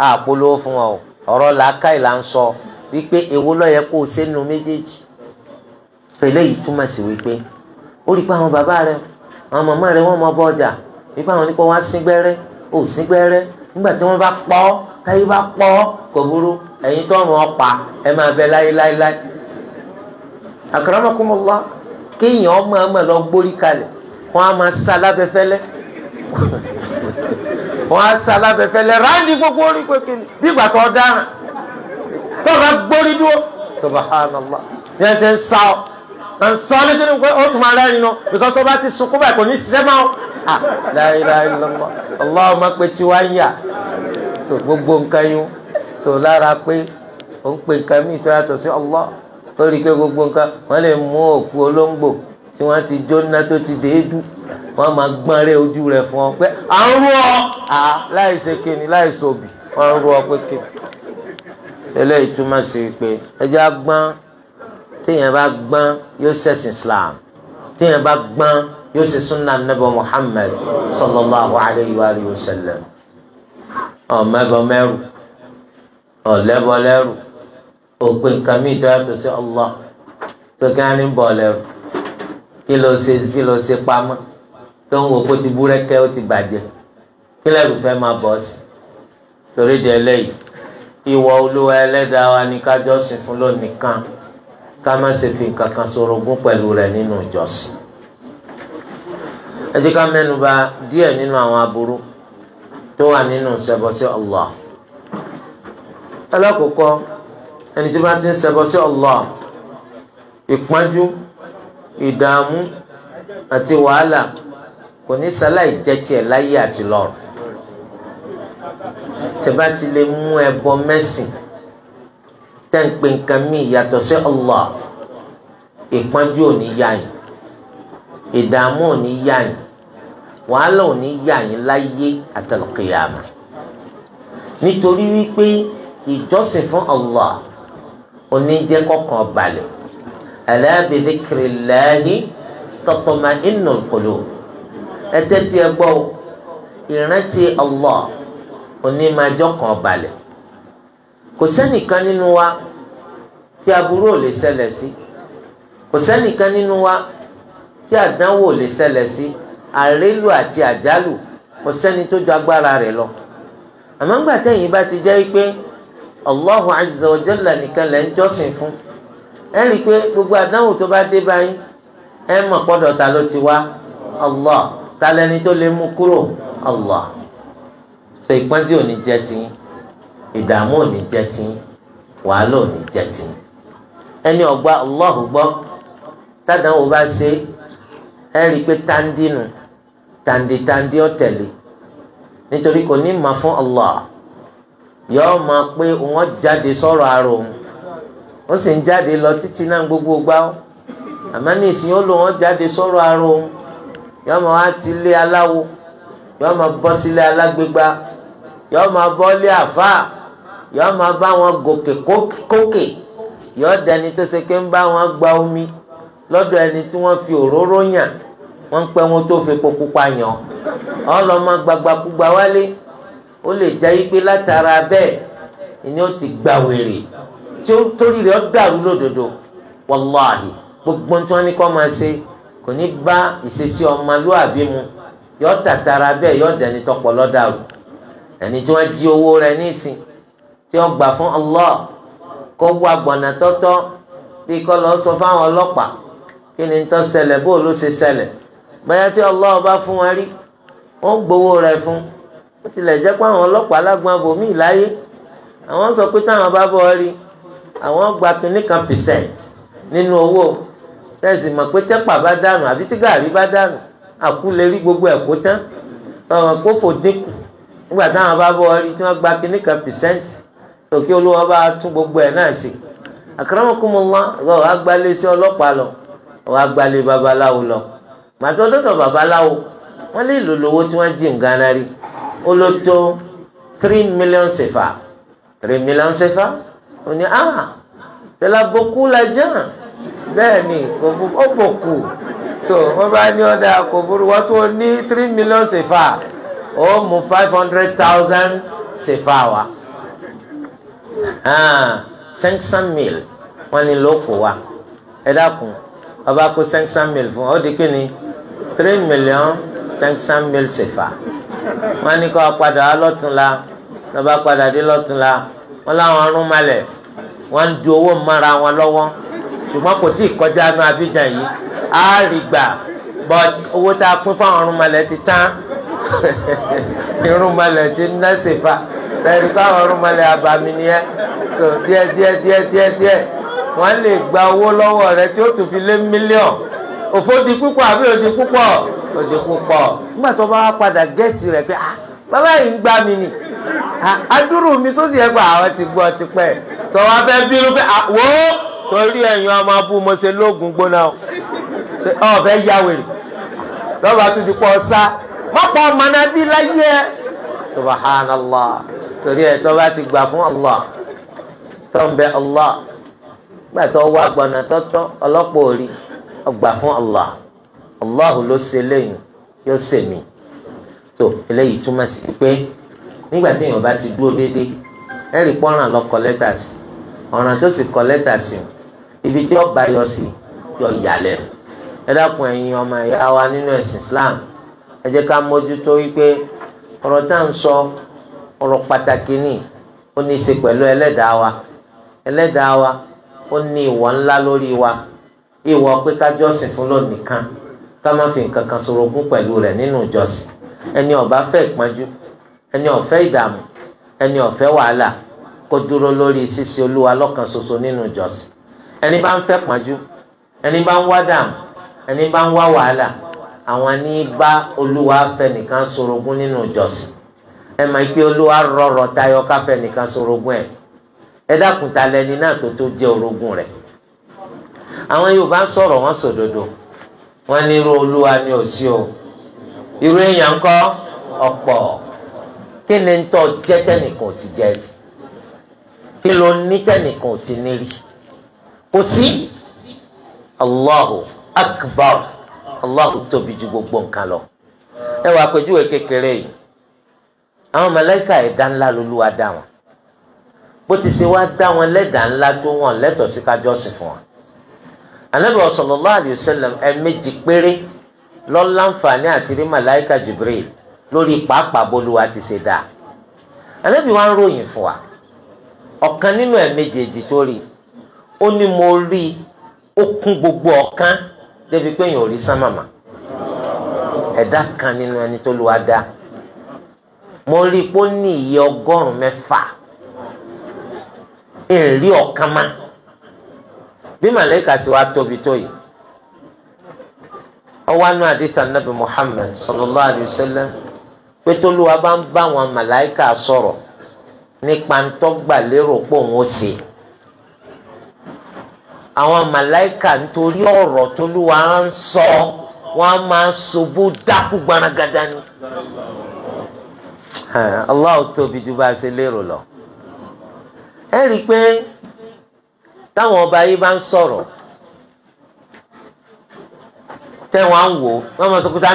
àpolówó fún wọn o ọ̀rọ̀ làákàyè là ń sọ wípé èwo ló yẹ kó o sẹ́nu méjèèjì fẹlẹ́ yìí túmọ̀ sí wípé ó rí i pé àwọn bàbá rẹ àwọn màmá rẹ wọ́n mọ bọ́ ọjà wípé àwọn nípa wá sín gbẹ́rẹ́ ò sín gbẹ́rẹ́ nígbà tí wọ́n bá pọ́ táyé bá pọ́ kò burú ẹ̀yin ọ̀pá ẹ máa bẹ láéláéláé àkàràmọ́kùnmọ́lá kéèyàn ọmọ ọmọ lọ gbórí kalẹ̀ wọ́n á máa sá lábẹ́fẹ́lẹ́ wọ́n á sá lábẹ́fẹ́lẹ́ ráńdì gbogbo orí kékeré bí ìgbà tó tó sọ́ọ́lì tó ní pé ó tún máa rẹ́rìn náà because ọba ti sunkún báyìí kò ní ṣiṣẹ́ máa ah láìláì lọ́mọ ọlọ́run máa pe tiwa ń yà so gbogbo nǹkan yín so lára pé ó ń pe nǹkan míì tó yàtọ̀ sí ọlọ́ ó rí i pé gbogbo nǹkan wọ́n lè mú òkú olóńgbò tí wọ́n ti jóná tó ti déédú wọ́n máa gbọ́n rẹ ojú rẹ fún ọ pé à ń rú ọ ah, láì ṣe kíni láì ṣòbì wọ́n ń rú ọ pé kíni eléyìí túmọ̀ sí pé ẹja téèyàn bá gbọ́n yóò ṣẹ̀sìn islam téèyàn bá gbọ́n yóò ṣe sunna nabọ muhammed sallallahu alayhi wa sallam ọmọbọ mẹrù ọlẹbọ lẹrù òpè nǹkan mi ìdọ́ yàtọ̀ sí Allah tó kí wọ́n ní bọ̀ lẹ́rù kí ló ṣe sí ló ṣe pamọ́ tó ń wo kó ti búrẹ́kẹ́ ó ti bàjẹ́ kí lẹ́rù fẹ́ máa bọ̀ sí torí di eléyìí ìwọ olúwa ẹlẹ́dàá wa ní kájọ́sìn fún lónìí kan. Kama má ṣe fi nǹkan kan ṣorogún pẹ̀lú rẹ̀ nínú ìjọsìn. ẹ jẹ́ ká mẹ́nuba díẹ̀ nínú àwọn aburú tó wà nínú Allah. alákòókò ẹni tí bá ti ń ṣẹbọ sí Allah ìpọ́njú ìdààmú àti wàhálà kò ní sáláì jẹ́ tiẹ̀ láyé àti lọ́run. tẹ́ bá ti lè mú ẹbọ mẹ́sìn tẹ́ǹpé nǹkan míì yàtọ̀ sí Allah ìpọ́njú ò ní yá yín ìdààmú ò ní yá yín wàhálà ò ní yá yín láyé àtàlùkìyàmà nítorí wípé ìjọsìn fún Allah oníjẹ́ kọ̀kan balẹ̀ ala bi dhikrillahi tatma'innul qulub ẹ tẹ́tí ẹ gbọ́ ìrántí Allah onímọ̀jọ́ kan balẹ̀ kò sẹ́nìkan nínú wa tí aburú ò lè ṣẹlẹ̀ sí kò sẹ́nìkan nínú wa tí àdánwò ò lè ṣẹlẹ̀ sí àrélù àti àjálù kò sẹ́ni tó ju agbára rẹ̀ lọ àmọ́ ńgbà tẹ̀yìn bá ti jẹ́ pé Allahu azza wa jalla nìkan lẹ́ ń jọ́sìn fún ẹ rí i pé gbogbo àdánwò tó bá dé báyìí ẹ mọ̀ pọ́dọ̀ ta ló ti wá Allah ta lẹni tó lè mú kúrò Allah ṣe ìpọ́njú òní jẹ́ tiyín. ìdààmú ò ní jẹ́ tí wàhálà ò ní jẹ́ tí ẹni ọgbà Allah gbọ́ tádàáwò bá ṣe ẹ rí i pé táǹdì nù táǹdì táǹdì ó tẹ̀lé nítorí kò ní ma fún Allah yọọ ma pé wọ́n jáde sọ̀rọ̀ àrò òun ó sì ń jáde lọ títí náà gbogbo gbá ó àmọ́ ní ìsìn ó lò jáde sọ̀rọ̀ àrò òun yọọ ma wá ti lé aláwo yọọ ma bọ́ sílé alágbègbà yọọ ma bọ́ lé àfáà. yọ máa bá wọn gòkè kókè yọ dẹni tó ṣe pé ń bá wọn gba omi lọ́dọ̀ ẹni tí wọ́n fi òróró yàn wọ́n ń pẹ́ wọn tó fi kókó pa yàn ọ́ lọ́ máa gbagbakúgba wálé ó lè jẹ́ ipe látara bẹ́ẹ̀ ni ó ti gba wèrè tí ó torí rẹ̀ ó dàrú lódodo wàláhì gbogbo tí wọ́n ní kó máa ṣe kò ní bá ìṣesí ọmọlúàbí mu yọ tàtara bẹ́ẹ̀ yọ dẹni tọpọ̀ lọ́dàrú ẹni tí wọ́n jí owó rẹ̀ nísìn tí ó gbà fún Allah kó wá gbọ̀nà tọ́tọ́ bí kò lọ sọ fáwọn ọlọ́pàá kí ni tó ṣẹlẹ̀ bó ló ṣe ṣẹlẹ̀ bóyá tí Allah bá fún wọn rí wọ́n gbowó rẹ̀ fún ó tilẹ̀ jẹ́ pé àwọn ọlọ́pàá lágbọ́n bòmí láyé àwọn sọ pé táwọn bá bọ́ rí àwọn gba kínní kan percent nínú owó tẹ̀sí mọ̀ pé tẹ́pà bá dànù àbí tí gàrí bá dànù àkú lè rí gbogbo ẹ̀ kó tán ọ̀ràn kó fò dínkù nígbà táwọn bá bọ́ rí tí wọ́n gba kínní percent òkè olúwa bá tún gbogbo ẹ̀ náà sí akramakumullah ọ̀gá ọ̀gá gbalé sí ọlọ́pàá lọ ọ̀gá gbalé babaláwo lọ màtọ́ dọ́dọ̀ babaláwo wọ́n lè lò lówó tí wọ́n jí nǹkan náà rí ó ló tó three million sefa three million sefa ó ní ah tẹ̀lá bokú la jẹ́ bẹ́ẹ̀ ni kò bokú so wọ́n bá ní ọ̀dà kò burú wọ́n tó ní three million sefa ó mú five hundred thousand sefa wa cinq cent mille wọ́n ní ló kó wa ẹ dákun ọba kó cinq cent mille fún ọ ó di kí ni three million cinq cent mille sefa wọ́n ní kó padà wá lọ́túnla lọ́ba padà dé lọ́túnla wọ́n láwọn ọrùn malẹ̀ wọ́n ń du owó mọ́ra wọn lọ́wọ́ ṣùgbọ́n kò tí ì kọjá ní Abidjan yìí á rí gbà but owó tá a pín fún àwọn ọrùn malẹ̀ ti tán [LAUGHS] irun malẹ̀ ti ń ná sefa. tẹ̀rí káwọn ọ̀rùnmọ̀lẹ̀ àbàmì ẹ so díẹ̀ díẹ̀ díẹ̀ díẹ̀ díẹ̀ wọn lè gba owó lọ́wọ́ rẹ tí ó tún fi lé mílíọ̀n òfò di púpọ̀ àbí òdi púpọ̀ òdi púpọ̀ nígbà tó bá padà gẹ̀ẹ́sì rẹ pé bàbá yìí ń gbá a nì adúrú mi sósì ẹ̀ gbà àwọn ti gbọ́ pé torí ọmọ abú mo ṣe lóògùn gbóná yá wèrè tún ti torí ẹ̀ tó bá ti gbà fún Allah tó ń bẹ Allah gbà tó wá gbọ̀nà tọ́tọ́ ọlọ́pàá òrí ọgbà fún Allah Allah ló ṣe lẹ́yìn yóò ṣe mí tó eléyìí túmọ̀ sí pé nígbà tí èèyàn bá ti dúró déédéé ẹ̀rí pọ́nrán lọ kọ lẹ́tà sí ọ̀ràn tó sì kọ lẹ́tà sí ibi tí ọba yọ sí yọ yàlẹ̀ ẹ dákun ẹ̀yin ọmọ ìyá wa nínú ẹ̀sìn Islam ẹ jẹ́ ká mójútó wípé ọ̀rọ̀ tá à ń sọ. So, ọ̀rọ̀ pàtàkì ni ó ní í ṣe pẹ̀lú ẹlẹ́dàá wa ẹlẹ́dàá wa ó ní ìwọ̀ ńlá lórí wa ìwọ̀ pé ká jọ́sìn fún lọ nìkan ká má fi nǹkan kan ṣorogún pẹ̀lú rẹ̀ nínú ìjọsìn ẹni ó bá fẹ́ ìpọ́njú ẹni ó fẹ́ ìdààmú ẹni ó fẹ́ wàhálà kó dúró lórí ṣíṣe olúwa lọ́kan ṣoṣo nínú ìjọsìn ẹni bá ń fẹ́ ìpọ́njú ẹni bá ń wá dààmú ẹni bá ń wá wàhálà àwọn ní bá olúwa fẹ́ nìkan ṣorogún nínú ìjọsìn ẹ máa pé olúwa rọrọ tayọ káfẹ́ nìkan sorogun ẹ̀ ẹ dákun ta lẹni náà tó tó jẹ́ orogún rẹ̀ àwọn Yorùbá ń sọ̀rọ̀ wọn sòdodo wọn ní irú olúwa ni ò sí o irú èèyàn ń kọ́ ọ̀pọ̀ kí ni ń tọ́ jẹ́ tẹnìkan ò ti jẹ́ kí ló ní tẹnìkan ò ti ní rí kò sí Allahu akbar Allahu tóbi ju gbogbo nǹkan lọ ẹ wàá pẹ̀jú kékeré yìí. àwọn màláíkà ẹ̀dá ńlá lolúwa dá wọn bó ti ṣe wá dá wọn lẹ́dàá ńlá tó wọn lẹ́tọ̀ọ́ sí ká jọ́sìn fún wọn. Ànábì sallallahu alayhi wa sallam ẹ̀ẹ̀mejì péré lọ́láǹfààní àti rí màláíkà Jibril lórí pàápàá bolúwa ti ṣe dáa Ànábì wa ń ròyìn fún wa ọ̀kan nínú ẹ̀ẹ̀mejèèjì tó rí ó ní mo rí ó kún gbogbo ọ̀kan débi pé èèyàn ò rí sánmàmà ẹ̀dá kan nínú ẹni tó lu wa dáa. mo rí i pé ó ní iye ọgọ́rùn-ún mẹ́fà ìrírí ọ̀kan má bí màlẹ́kà sì wá tóbi tó yìí ọwọ́ sallallahu bá ń bá àwọn màláìkà sọ̀rọ̀ nípa ntọ́gbà lérò pé òun àwọn màláìkà nítorí ọ̀rọ̀ tóluwa ń sọ wọ́n Allah tóbi ju bá a ṣe lọ ẹ pé táwọn ọba yìí bá ń sọ̀rọ̀ tẹwọn à ń wò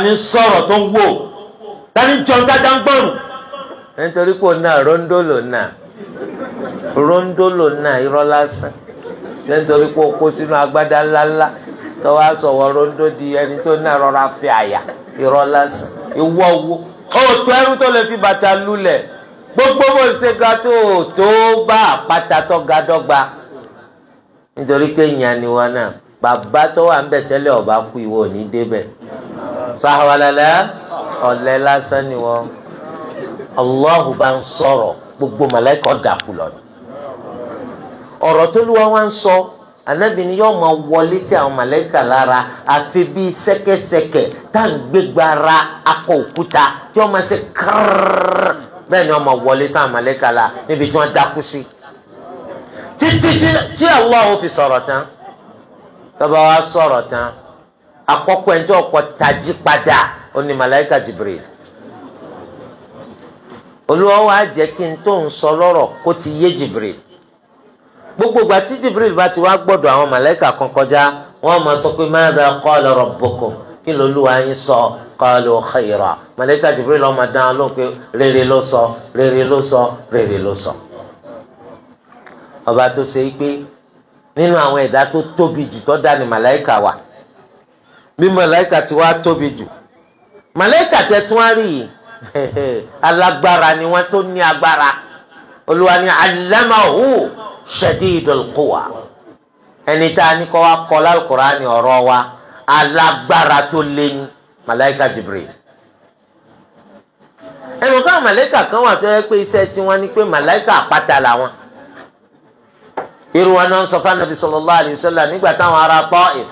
ní sọ̀rọ̀ tó ń wò tani jọ ń náà rondolo náà rondolo náà irọ́ lásán o kó sínú ńláńlá tọ́wọ́ rondo di ẹni tó náà rọra fi àyà irọ́ lásán ó tó ẹrú tó lè fi bàtà lulẹ̀ gbogbo bó ṣe ga tó tó bá àpáta tó ga dọ́gba nítorí pé ìyàn ni wọn náà bàbá tó ọba kú ìwọ ní débẹ̀ sàwàlálẹ́ gbogbo mọ̀lẹ́kọ̀ dàkú anabi ni yóò máa wọlé sí àwọn màlẹ́kà lára àfi bíi sẹ́kẹ́sẹ́kẹ́ tá à ń gbégbára akọ òkúta tí wọ́n máa ṣe kárrrr bẹ́ẹ̀ ni wọ́n máa wọlé sí àwọn màlẹ́kà lára níbi tí wọ́n dákú sí. títí tí Allah ò fi sọ̀rọ̀ tán tọ́ba wa sọ̀rọ̀ tán àkọ́kọ́ ẹni tí wọ́n kọ́ tají padà ó ní màlẹ́kà Jibril olúwa wa kí n tó ń sọ lọ́rọ̀ kó ti yé Jibril gbogbo ìgbà tí jibril bá ti wá gbọ́dọ̀ àwọn màlẹ́kà kan kọjá wọ́n máa sọ pé madha qala rabbukum kí lolúwa yín sọ qalu khaira màlẹ́kà jibril ọmọ dáhùn ló ń pe rere ló sọ rere ló sọ rere ló sọ. ọba tó ṣe é pé nínú àwọn ẹ̀dá tó tóbi jù tó dá ní màlẹ́kà wà bí màlẹ́kà ti wá tóbi jù màlẹ́kà tẹ̀ tún á rí yìí [LAUGHS] alágbára ni wọ́n tó ní agbára olúwa ni allamahu shadidul quwa ẹni tá a ní kọ́ wa kọ́ lálùkùránì ọ̀rọ̀ wa alágbára tó lé ní malaika jibril ẹnu káwọn malaika kan wà tó yẹ pé iṣẹ́ tiwọn ni pé malaika àpáta làwọn irú wọn náà ń sọ fún anabi sallallahu alaihi wasallam nígbà táwọn ará Taif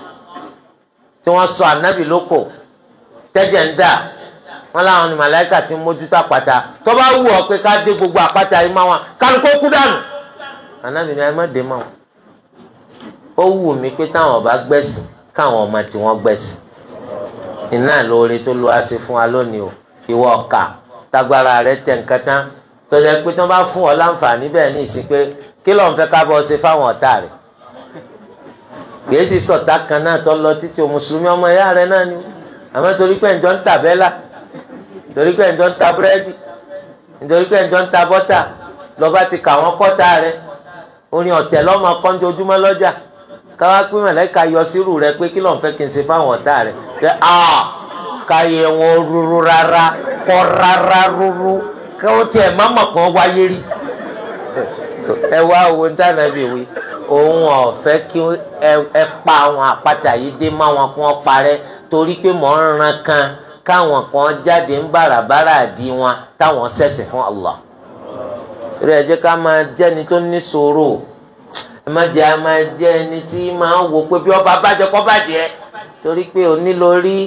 tí wọ́n sọ anabi lóko tẹjẹ ń dà wọn láwọn ni malaika ti mójútó àpáta tó bá wù ọ́ pé ká dé gbogbo àpáta yìí máa wọn kálukó kú dànù anábì ni ẹ má dé mọ́ ó wù mí pé táwọn ọba gbẹ̀sìn káwọn ọmọ tí wọ́n gbẹ̀sìn iná lóore tó lu àṣẹ fún wa lónìí o ìwọ ọkà tagbara rẹ tẹ nǹkan tán tọ́jà pé tí wọ́n bá fún ọ láǹfààní bẹ́ẹ̀ ní ìsìn pé kí ló ń fẹ́ ká bọ́ ṣe fáwọn ọ̀tá rẹ̀ gbèsè sọ̀tá kan náà tó lọ títí o mùsùlùmí ọmọ ìyá rẹ̀ náà ni àmọ́ torí pé ǹjọ́ ń ta bẹ́là torí pé ǹjọ́ ń ta búrẹ́dì nítorí pé ǹjọ́ ń ta bọ́tà lọ́ba ti kà wọ́n kọ́ta rẹ̀ orin ọ̀tẹ̀ lọ́mọ kọ́ńjọ ojúmọ́ lọ́jà káwá pé mọ̀lẹ́ka yọ sírù rẹ pé kí lọ́n fẹ́ kí n ṣe fáwọn ọ̀tá rẹ pé a káyé wọn rúru rárá kọ́ rárá rúru kí tiẹ̀ má mọ̀ kàn wáyé rí ẹ wá owó dánàbí wí òun ọ̀fẹ́ kí ẹ pa àwọn wọn parẹ́ torí pé mọ̀ ń ran kan káwọn kan jáde ń bàràbàrà di wọn táwọn fún Allah. rẹ̀ jẹ́ ká máa jẹ́ ẹni tó ní sùúrù ẹ má jẹ́ a máa jẹ́ ẹni tí máa wò pé bí ọba bàjẹ́ kọ́ bàjẹ́ torí pé òní lórí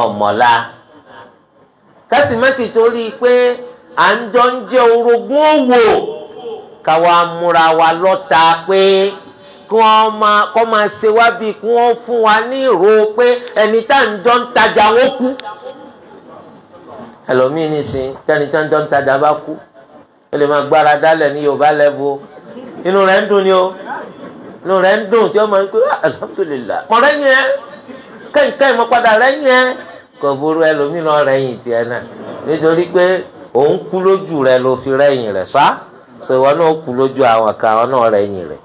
ọ̀mọ̀la kásìmẹ́tì torí pé à ń jọ ń jẹ́ orogún òwò káwa múra wa lọ́ta pé kí wọ́n máa kọ́ máa ṣe wá bíi kí wọ́n fún wa ní ìró pé ẹni tá ń jọ ń tajà wọ́n kú ẹlòmíín nìsín tẹ́ni ń jọ ń tajà bá kú ẹ lè máa gbára dálẹ̀ ní yorùbá lẹ́bù inú rẹ̀ ń dùn ni o inú rẹ̀ ń dùn tí ó máa ń pè ah, alhamdulilah mọ̀ rẹ̀ yẹn kẹ́hìnkẹ́hìn mọ́ padà rẹ̀ yẹn kò burú ẹlòmíràn rẹ̀ yìn tiẹ̀ náà nítorí pé òun kú lójú rẹ̀ ló fi rẹ̀yìn rẹ̀ sá so ìwọ náà kú lójú àwọn kan àwọn náà rẹ̀yìn rẹ̀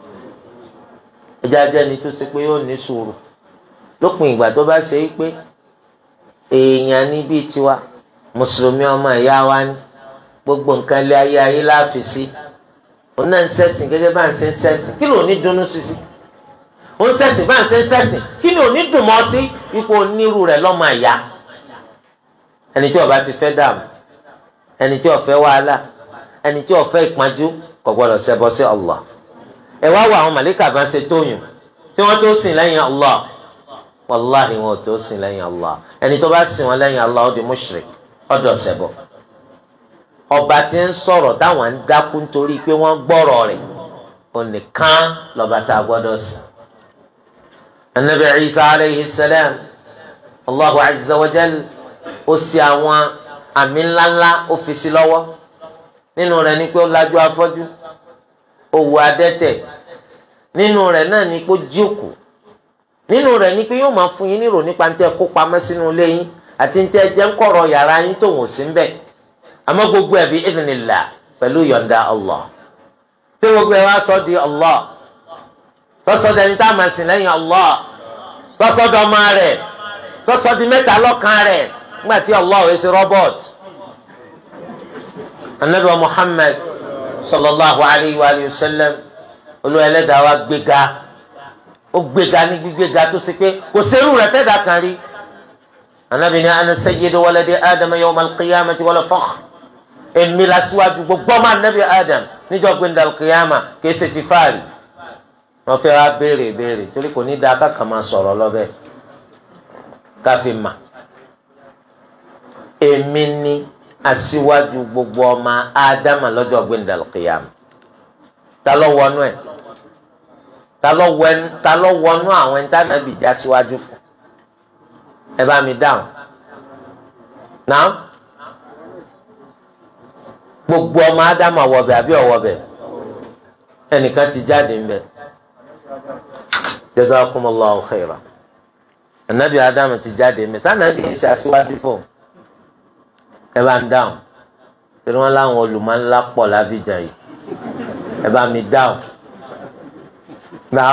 ẹjẹ ajẹni tó ṣe pé yóò ní sùúrù lópin ìgbà tó bá ṣe é pé èèyàn ní tiwa mùsùlùmí ọmọ ìyá wa ni gbogbo nǹkan lé ayé ayé láàfin sí òun náà ń ṣẹ̀sìn gẹ́gẹ́ bá ń ṣe ń ṣẹ̀sìn kí ló ní dunnú sí sí ó ń ṣẹ̀sìn bá ń ṣe ń ṣẹ̀sìn kí ló ní dùn mọ́ sí ipò onírú rẹ̀ lọ́mọ àyà ẹni tí ó bá ti fẹ́ dààmú ẹni tí ó fẹ́ wàhálà ẹni tí ó fẹ́ ìpọ́njú kò gbọ́dọ̀ ṣẹbọ sí Allah ẹ wá wo àwọn màlíkà bá ń ṣe tóyún tí wọ́n tó sìn lẹ́yìn Allah wàláhì wọn ò tó sìn lẹ́yìn Allah ẹni tó bá sìn wọn lẹ́yìn Allah ó di mushrik ó dọ̀ ṣẹbọ ọba tí ń sọ̀rọ̀ táwọn ń dákú nítorí pé wọ́n gbọ́rọ̀ rẹ̀ onìkan lọ́ba tá a gbọ́dọ̀ sìn. anabi isa aleyhi salam allahu azza wa jal ó sì àwọn àmì ńláńlá ó fi sí lọ́wọ́ nínú rẹ̀ ni pé ó lajú afọ́jú ó wo adẹ́tẹ̀ nínú rẹ̀ náà ni pé ó jí òkú nínú rẹ̀ ni pé yóò máa fún yín nírò nípa ń tẹ́ kó pamọ́ sínú ilé yín àti ń tẹ́ jẹ́ ń kọ̀rọ̀ yàrá yín tòun ò sí ń bẹ̀ àmọ́ gbogbo ẹ̀ bí ìdìnnìlà pẹ̀lú yọ̀ǹda Allah tí gbogbo ẹ̀ wá sọ di Allah sọ́sọ́ dẹni tá a máa sìn lẹ́yìn Allah sọ́sọ́ dọ́mọ rẹ̀ sọ́sọ́ di mẹ́ta lọ́kàn rẹ̀ nígbà tí Allah wẹ̀ sí robot anabi wa Muhammad sallallahu alayhi wa sallam olúwa ẹlẹ́dàá wa gbéga ó gbéga ní gbígbéga tó ṣe pé kò sẹ́rù rẹ̀ tẹ́dà kan rí anabi ni ana adama yawmal èmi la síwájú gbogbo ọmọ anabi adam níjọ́ gbẹndà kìyàmà kìí ṣe ti fáàlì wọn fẹ́ wá béèrè béèrè torí kò ní dáa kákan máa sọ̀rọ̀ lọ́bẹ̀ káfí mà èmi ni aṣíwájú gbogbo ọmọ ádámà lọ́jọ́ gbẹndà kìyàmà ta ló wọnú ẹ̀ ta ló wọnú àwọn ẹni táwọn ẹbí já síwájú fún ẹ bá mi dáhùn náà gbogbo ọmọ ádámù ọwọbẹ àbí ọwọbẹ ẹnìkan ti jáde ń bẹ jazakumullahu khairan anabi ádámù ti jáde ń bẹ sanabi yìí ṣe aṣíwájú fún ẹ bá ń dáhùn tí wọn láwọn olùmọ̀ ńlá pọ̀ yìí ẹ mi dáhùn náà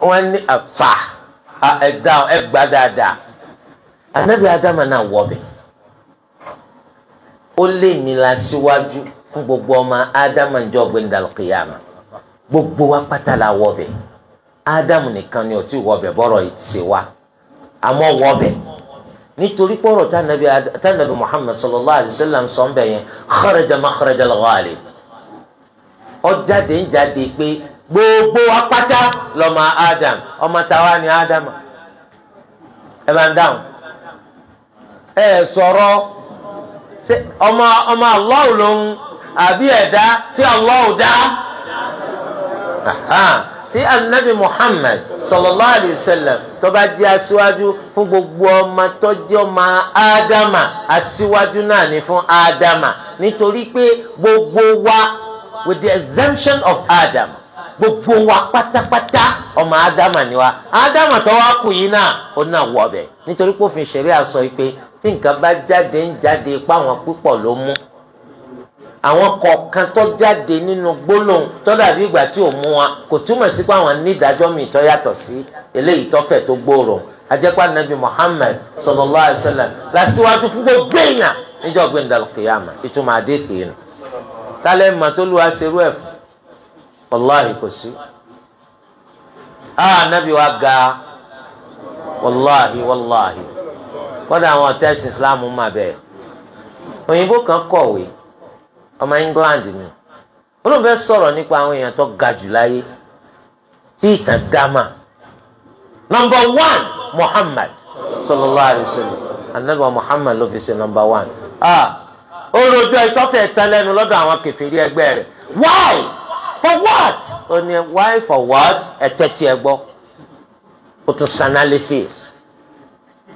wọn ní àfà ẹ dáhùn ẹ gbá dáadáa anabi ádámù náà wọbẹ ó lé mi la síwájú fún gbogbo ọmọ ádámà ń jọ gbẹndàlùkìyàmà gbogbo wa pátá la wọbẹ ádámù nìkan ni ó ti wọbẹ bọrọ ìtìsí wa àmọ́ wọbẹ nítorí pọ̀rọ̀ tánàbí muhammed sallallahu alayhi wa sallam sọ ń bẹ̀ yẹn kharaja makharaja al-ghalib ó jáde ń jáde pé gbogbo wa pátá lọ́mọ adam ọmọ táwa ni ádámà ẹ bá ń dáhùn ẹ sọ̀rọ̀ ọmọ ọmọ Allah lòun àbí ẹ̀dá tí Allah dá tí anabi Muhammad sallallahu alayhi tó bá jẹ́ aṣíwájú fún gbogbo ọmọ tó jẹ́ ádámà aṣíwájú náà ni fún ádámà nítorí pé gbogbo wa with the exemption of Adam gbogbo wa pátápátá ọmọ ádámà ni wa ádámà tó wá kù yìí náà ó náà wọ ọbẹ nítorí pé òfin ṣẹlẹ àṣọ yìí pé tí nǹkan bá jáde ń jáde páwọn púpọ̀ ló mú àwọn kọ̀ọ̀kan tó jáde nínú gbólóhùn tó dàbí ìgbà tí ò mú wa kò túmọ̀ sí páwọn ní nídàájọ́ mi tó yàtọ̀ sí eléyìí tó fẹ̀ tó gbòòrò ajẹ́pá nàbí làṣíwájú fún gbogbo èèyàn níjọ́ ìtumọ̀ tálẹ̀ tó lu aṣerú kọ́dà àwọn ọ̀tẹ́sìn islam mà bẹ́ẹ̀ òyìnbó kan kọ̀wé ọmọ england ni olóńfẹ́ sọ̀rọ̀ nípa àwọn èèyàn tó ga jù láyé tí ìtàn dáma nọmba one muhammad sallallahu alayhi wa sallam anabi muhammad ló fi ṣe nọmba one ah olójú ìtọ́fẹ̀ tán lẹ́nu lọ́dọ̀ àwọn kẹfìrí ẹgbẹ́ rẹ̀ why for what ó ní why for what ẹ̀ tẹ́tí ẹ gbọ́ ó tún sanalysis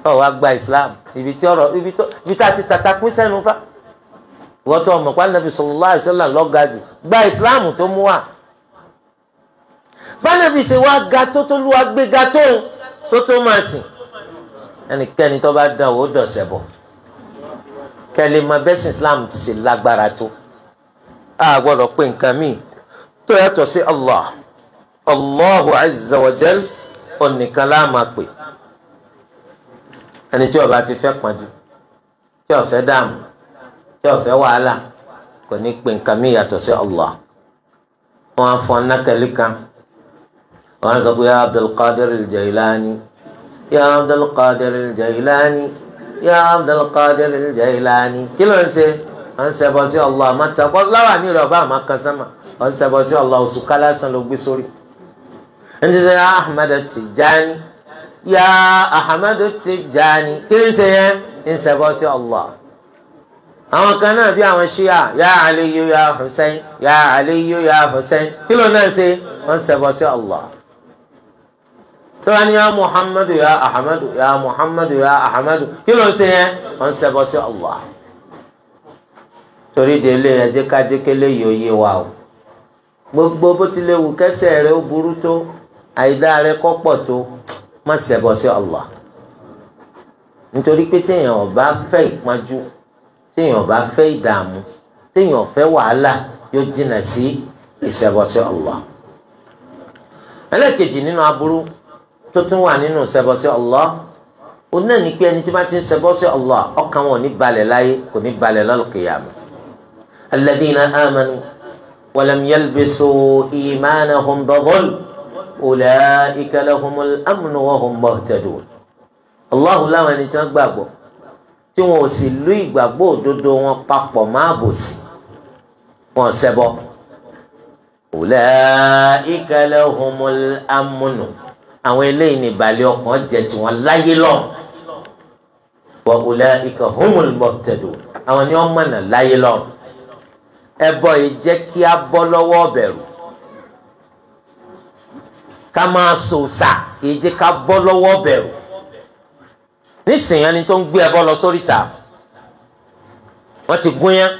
ọ wá gba islam ibi tí ọ̀rọ̀ ibi tó ibi tá a ti tata pín sẹ́nu fa wọ́n tó ọmọ pa nàbì sallallahu alaihi wasallam lọ́ga jù gba islam tó mú wa bánàbì ṣe wá ga tó tó lúwa gbé ga tó tó tó máa sìn ẹnikẹ́ni tó bá dán owó dọ̀sẹ̀ bọ̀ kẹ́lẹ́ mọ bẹ́sìn islam ti ṣe lágbára tó a gbọ́dọ̀ pé nǹkan míì tó yàtọ̀ sí allah allahu azza wa jal onìkan la máa ẹni tí ọba ti fẹ́ pọ̀jù tí ó fẹ́ dààmú tí ó fẹ́ wàhálà kò ní pè nǹkan mí yàtọ̀ sí Allah wọn á fọ nákàlí kan wọn á sọ pé ya Abdulqadir al-Jailani ya Abdulqadir al-Jailani ya Abdulqadir al-Jailani kí ló ń ṣe wọn ń ṣẹbọ sí Allah àmọtàkọ láwà ní ìrọba àmọkànsámà wọn ń ṣẹbọ sí Allah oṣù kálásán ló gbé sórí ẹni tí sẹ ah, Ahmad Tijani ya Ahmadu Tijani kí ni ṣe yẹn ń ṣẹbọ sí Allah àwọn kan náà bí àwọn ṣíà ya Aliyu ya Hussein ya Aliyu ya Hussein kí ló náà ṣe wọ́n ṣẹbọ sí Allah tọ́wọ́n ya muhammadu ya ahamadu ya muhammadu ya ahamadu kí ló ń ṣe yẹn wọ́n ń ṣẹbọ sí allah torí délé ẹjẹ kájékélé yóò wa o gbogbo bó tilẹ̀ wù kẹsẹ̀ rẹ ó burú tó àìdá rẹ kọ́pọ̀ tó má ṣẹbọ sí Allah nítorí pé téèyàn ò bá fẹ́ ìpọ́njú téèyàn ò bá fẹ́ ìdààmú téèyàn ò fẹ́ wàhálà yóò jìnnà sí ìṣẹbọ sí Allah ẹlẹ́ẹ̀kejì nínú aburú tó tún wà nínú ìṣẹbọ sí Allah òun náà ní pé ẹni tí bá ti ń ṣẹbọ sí ọkàn wọn ò ní balẹ̀ láyé kò ní balẹ̀ lálùkìyàmù alladhina amanu walam yalbisu imanahum bi ulaika lahumul amnu wa hum muhtadun Allahu láwọn ẹni tí wọ́n gbàgbọ́ tí wọn ò sì lú ìgbàgbọ́ òdodo wọn papọ̀ má bòsí wọn ṣẹbọ ulaika lahumul amnu àwọn eléyìí ní ìbàlẹ̀ ọkàn jẹ́ tiwọn láyé lọ wa ulaika humul muhtadun àwọn ni wọ́n mọ̀nà láyé lọ ẹbọ yìí jẹ́ kí a bọ́ lọ́wọ́ bẹ̀rù ká máa sòòsà kìí jẹ́ ká bọ́ lọ́wọ́ bẹ̀rù nísìnyí ẹni tó ń gbé ẹbọ lọ sóríta wọ́n ti gúnyán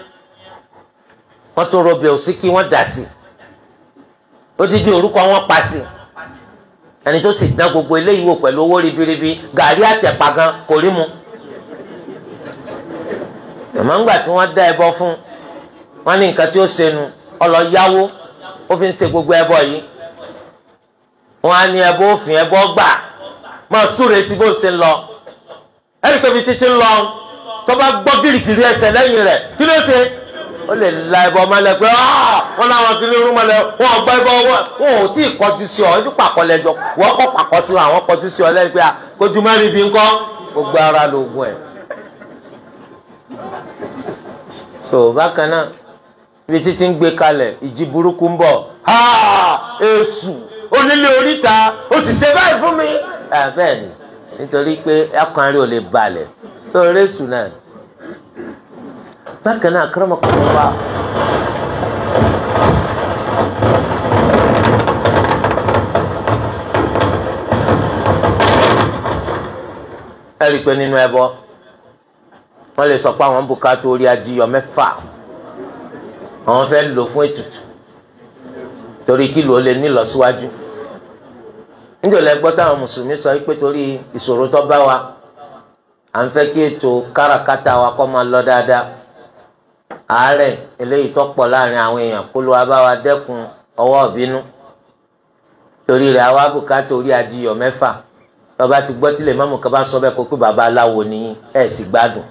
wọ́n tún rọbì òsíkí wọ́n dà sí odidi orúkọ wọn pa sí ẹni tó sì dán gbogbo eléyìí wò pẹ̀lú owó ribiribi gàrí àtẹ̀pà gan kò rí mu àmọ́ ńgbà tí wọ́n dá ẹbọ fún wọ́n ní nǹkan tí ó ṣe nu ó lọ yáwó ó fi ń ṣe gbogbo ẹbọ yìí wọn á ní ẹbọ òfin ẹbọ gbà máa súre sí bó ń ṣe ń lọ ẹni tó fi títí ń lọ tó bá gbọ́ gírígírí ẹsẹ̀ lẹ́yìn rẹ̀ kí ló ṣe ó lè la ẹbọ mọ́lẹ̀ pé wọn láwọn kiri irun mọ́lẹ̀ wọn gbọ́ ẹbọ wọn ò tí ì kọjú sí ọ ẹni pàkọ́ lẹ́jọ́ wọ́n kọ́ pàkọ́ sí ọ àwọn kọjú sí ọ lẹ́yìn pé kojú mẹ́rin bí ń gbogbo ara lóògùn ẹ̀. so bákan náà ibi títí ń gbé kalẹ̀ ìjì burúkú ń bọ̀ ha èṣù onílé oríta ó sì ṣe báyìí fún mi. bẹ́ẹ̀ ni nítorí pé ọkàn rẹ ò lè balẹ̀ tó rẹ́sù náà. bákan náà kọ́mọkọ́mọ wa. ẹ rí i pé nínú ẹbọ wọ́n lè sọ pé àwọn bùkátà orí adìyọ mẹ́fà àwọn fẹ́ẹ́ lò fún ètùtù torí kí ló lè nílọsíwájú. Si níjọlẹ gbọ́ táwọn mùsùlùmí sọ pé torí ìṣòro tó bá wa à ń fẹ́ kí ètò káràkátà wa kó máa lọ dáadáa àárẹ̀ eléyìí tó pọ̀ láàrin àwọn èèyàn kó ló wá bá wa dẹ́kun ọwọ́ ìbínú torí rẹ̀ àwa bùkátà orí adìyọ mẹ́fà bàbá ti gbọ́ tí lè má mú sọ bẹ́ẹ̀ kó pé bàbá aláwo ni ẹ̀ sì gbádùn.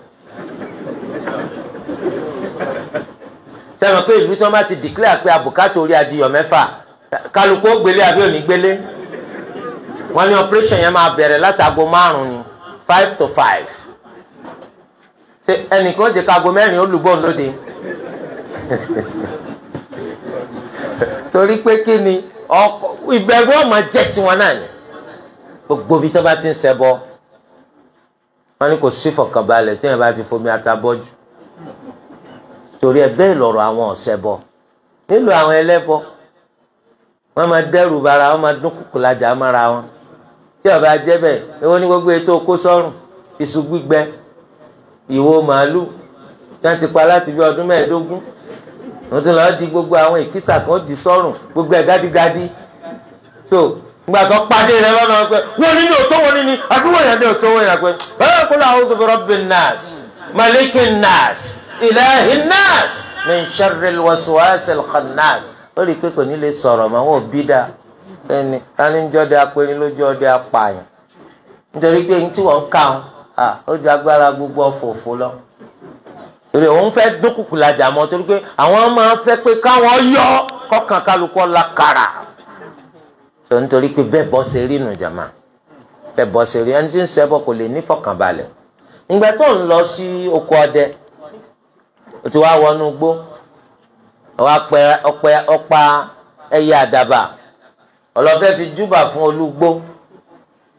sẹ́wọ̀n pé ìlú tí wọ́n bá ti dìklẹ́ àpé àbùkátà orí adìyọ mẹ́fà kálukú ó gbélé àbí òní wọ́n ní operation yẹn máa bẹ̀rẹ̀ látago márùn ni five to five ṣe ẹnìkan jẹ kago mẹ́rin olùgbọ́n lóde [LAUGHS] torí pé kí ni ìbẹ̀rù ọmọ jẹ́ tiwọn náà ni gbogbo ibi tó bá ti ń ṣẹbọ wọ́n ní kò sí fọkànbalẹ̀ tí yẹn bá ti fomi atabọ́jú torí ẹ bẹ́ẹ̀ lọ̀rọ̀ àwọn ọ̀ṣẹbọ nílò àwọn ẹlẹ́bọ wọ́n máa dẹ́rù bara wọ́n máa dún kùkù lájà mára wọn tí ọba jẹ́ bẹ́ẹ̀ èwo ni gbogbo ètò kó sọ́rùn iṣu gbígbẹ ìwo màálù tí wọ́n ti pa láti bí ọdún mẹ́ẹ̀ẹ́dógún wọ́n ti lọ́ọ́ di gbogbo àwọn ìkísà kan di sọ́rùn gbogbo ẹ̀ gádígádí so ìgbà tó pàdé rẹ lọ́nà pé wọ́n ní ní òtó wọn ní ní àdúgbò yẹn ní òtó wọn yẹn pé báyọ̀ kó làwọn tó fẹ́ràn bin nas malikin nas ilahin nas min sharril waswasil khannas ó rí i pé kò ní lè sọ̀rọ̀ mọ́ wọn ò bí dáa. ẹni tani a jọdẹ lójú ọdẹ apààyàn nítorí pé ní tí wọ́n kà ń ó agbára gbogbo lọ torí òun fẹ́ dókùkù lajà mọ torí pé àwọn máa fẹ́ pé káwọn yọ kọkàn kálukú ọ̀la kàrà tó nítorí pé bẹ́ẹ̀ bọ́ ṣe rí jàmá ṣe rí ẹni tí ń kò lè ní ìgbà tó ń lọ sí oko ọdẹ o ti ọpa ẹyẹ àdàbà ọlọ́fẹ́ fi júbà fún olúgbó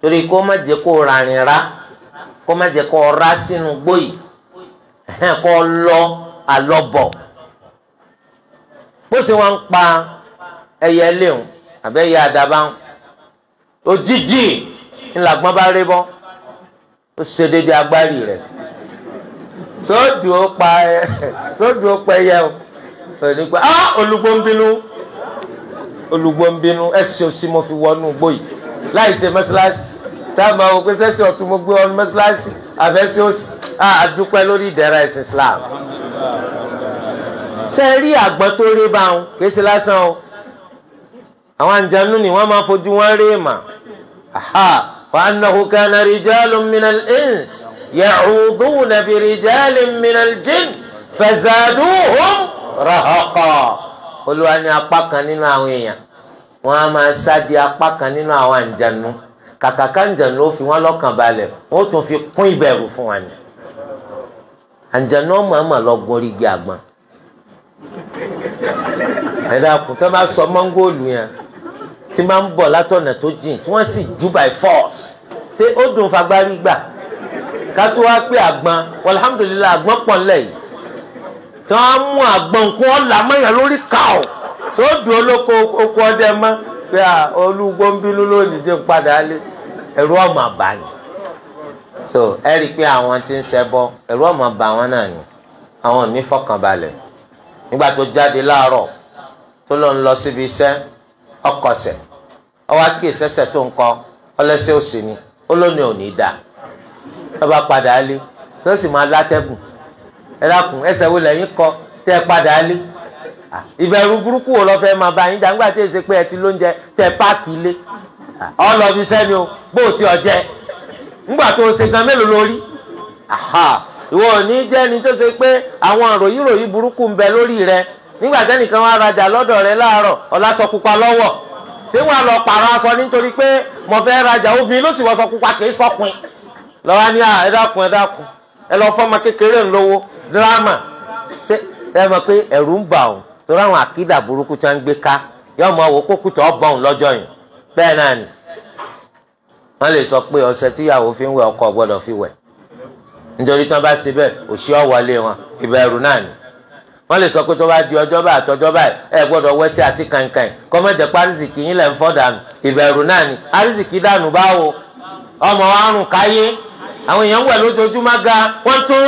torí kó má jẹ́ kó ràrìn rá kó má jẹ́ kó rá sínú gbó yìí kó lọ àlọ́bọ̀ bó sì wọ́n ń pa ẹyẹ léwu àbẹ́yẹ àdàbà òjijì ńlàgbọ́n bá rí bọ́ ó ṣe déédéé agbárí rẹ̀ sódùú ó pa [LAUGHS] ẹyẹ o ò ní pa á olùgbòǹbìlú olùgbò ń bínú ẹsẹ òsì mo fi wọnú igbó yìí láì ṣe mọ́ṣáláṣí táàmù àwọn òpin sẹ́sẹ̀ ọ̀tún mo gbé wọn mọ́ṣáláṣí àbẹ́sẹ̀ òsì àdúpẹ́ lórí ìdẹ̀ra ẹ̀sìn Islam. ṣé ẹ rí àgbọn tó rí bá wọn kì í ṣe lásán o àwọn àǹjánú ni wọ́n máa fojú wọn rí mà wa annahu kana rijalun minal ins ya'uduna bi rijalin minal jinn fazaduhum rahaqa. olúwa ní apá kan nínú àwọn èèyàn wọn a máa sádi apá kan nínú àwọn àǹjànú kàkà kàǹjànú ó fi wọn lọ́kàn balẹ̀ wọn ó tún fi kún ìbẹ̀rù fún wa ni àǹjànú ọmọ ọmọ lọ gorí igi àgbọn ẹ̀dá kù tó bá sọ mọ́ngòlù yẹn tí máa ń bọ̀ látọ̀nà tó jìn tí wọ́n sì jù by force ṣé ó dùn fagbárí gbà ká tó wá pé àgbọn alhamdulilayi àgbọn pọ̀ ńlẹ̀ yìí. tí wọ́n á mú àgbọn kún ọ̀là mọ́yàn lórí ká ọ̀ tó dùn olóko oko ọdẹ mọ́ pé olúgbó ń bínú lónìí dé padà lé ẹ̀rú ọmọ àbáyé so ẹ rí i pé àwọn tí ń ṣẹbọ ẹ̀rú ọmọ àbá wọn náà ni àwọn mi fọkànbalẹ̀ nígbà tó jáde láàárọ̀ tó lọ ń lọ síbi iṣẹ́ ọkọ̀ọ̀sẹ̀ ọwọ́ kí ìṣẹ́ṣẹ́ tó ń kọ ọlẹ́sẹ̀ òsì ni ó lónìí ò ní dáa bá padà lé tó máa látẹ́gùn ẹ dákun ẹsẹ̀ wo lẹ́yìn kọ tẹ́ padà lé ìbẹ̀rù burúkú wo lọ fẹ́ máa bá yín dàgbà tí èsì pé ẹ ti lóúnjẹ tẹ́ páàkì lé ọlọ́bi sẹ́ni o bó o sì ọ̀jẹ́ ńgbà tó o ṣe gan mélòó lórí ìwọ ní jẹ́ ni tó ṣe pé àwọn ròyìn burúkú ń bẹ rẹ nígbà tẹ́nìkan wá rajà lọ́dọ̀ rẹ láàárọ̀ pupa ṣé lọ pààrọ̀ aṣọ nítorí pé rajà obìnrin ló sì wọ́ sọ pupa kì í sọkùn lọ́wọ́ ní ẹ lọ fọmọ kékeré ńlọwọ dírámà ṣé ẹ mọ̀ pé ẹ̀rù ń bà òun torí àwọn àkídà burúkú tí wọ́n ń gbé ká mọ àwọn bẹ́ẹ̀ náà wọ́n lè sọ pé tíyàwó fi ń ọkọ fi nítorí tí bá ṣe wọn ìbẹ̀rù náà ni wọ́n lè sọ pé tó bá di ọjọ́ bá àtọ́jọ́ báyìí ẹ àti àwọn èèyàn wẹ̀ lójoojúmọ́ ga wọ́n tún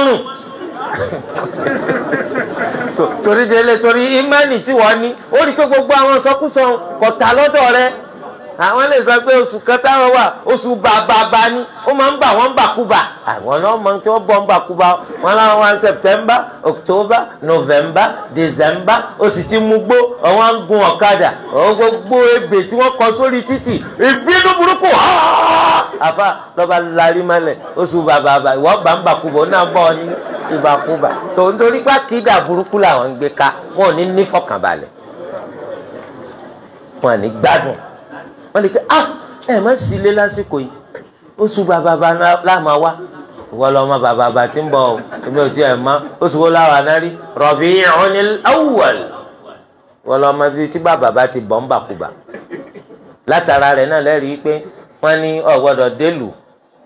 rùn torí délé torí ìmánì tí wọ́n ní ó rí pé gbogbo àwọn sọkúsọ kọ̀tà lọ́dọ̀ rẹ̀ àwọn lè sọ pé oṣù kan táwọn wà oṣù bàbàbà ni ó máa ń bà wọ́n bàkúbà àwọn náà máa ń tí wọ́n bọ̀ ń bàkúbà wọn láwọn wá September October November December oṣù tí mú gbó ọwọ́n ń gun ọ̀kadà ọwọ́n gbogbo ebè tí wọ́n kọ sórí títì ìbínú burúkú àfa lọ́ba larí mọ́lẹ̀ oṣù bàbàbà ìwọ́n gbà ń bàkúbà ó náà bọ̀ ní ìbàkúbà tó nítorí pàkídà burúkú làwọn ń gbé ká wọn ò ní ní fọkànbalẹ̀ wọn ò wọ́n lè pe ah ẹ̀ má sì lé lásìkò yìí ó sùn bàbá bá láàmà wá ìwọ lọmọ bàbá bá ti ń bọ̀ ọ́ èmi ò tí ẹ̀ má ó sùn wọ́n láwà náà rí Rabi'ul Awwal ìwọ lọmọ bíi tí bàbá bá ti bọ̀ ń bàkúbà látara rẹ̀ náà lẹ́rìí pé wọ́n ní ọ̀ gbọ́dọ̀ délùú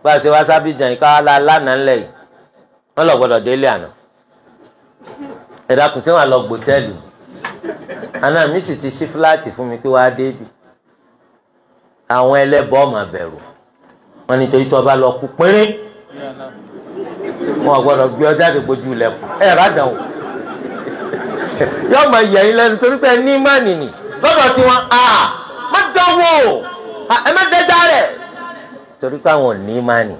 bá a ṣe wá sábìjàn yìí káwá lánàá ńlẹ̀ yìí wọ́n lọ gbọ́dọ̀ délé àná ẹ̀dá kùsẹ́ wọn lọ gbòtẹ́ẹ̀lì àná mi sì ti ṣí àwọn ẹlẹ́bọ ọmọ bẹ̀rù wọn nítorí tó bá lọ kú pínrín wọn gbọ́dọ̀ gbé ọ jáde gbójú ẹ rà o yóò máa yẹ yín lẹ́nu torí pé ní ìmánì ni lọ́dọ̀ tí wọ́n a má dánwò ẹ má dẹ́dá rẹ̀ torí pé àwọn ò ní ìmánì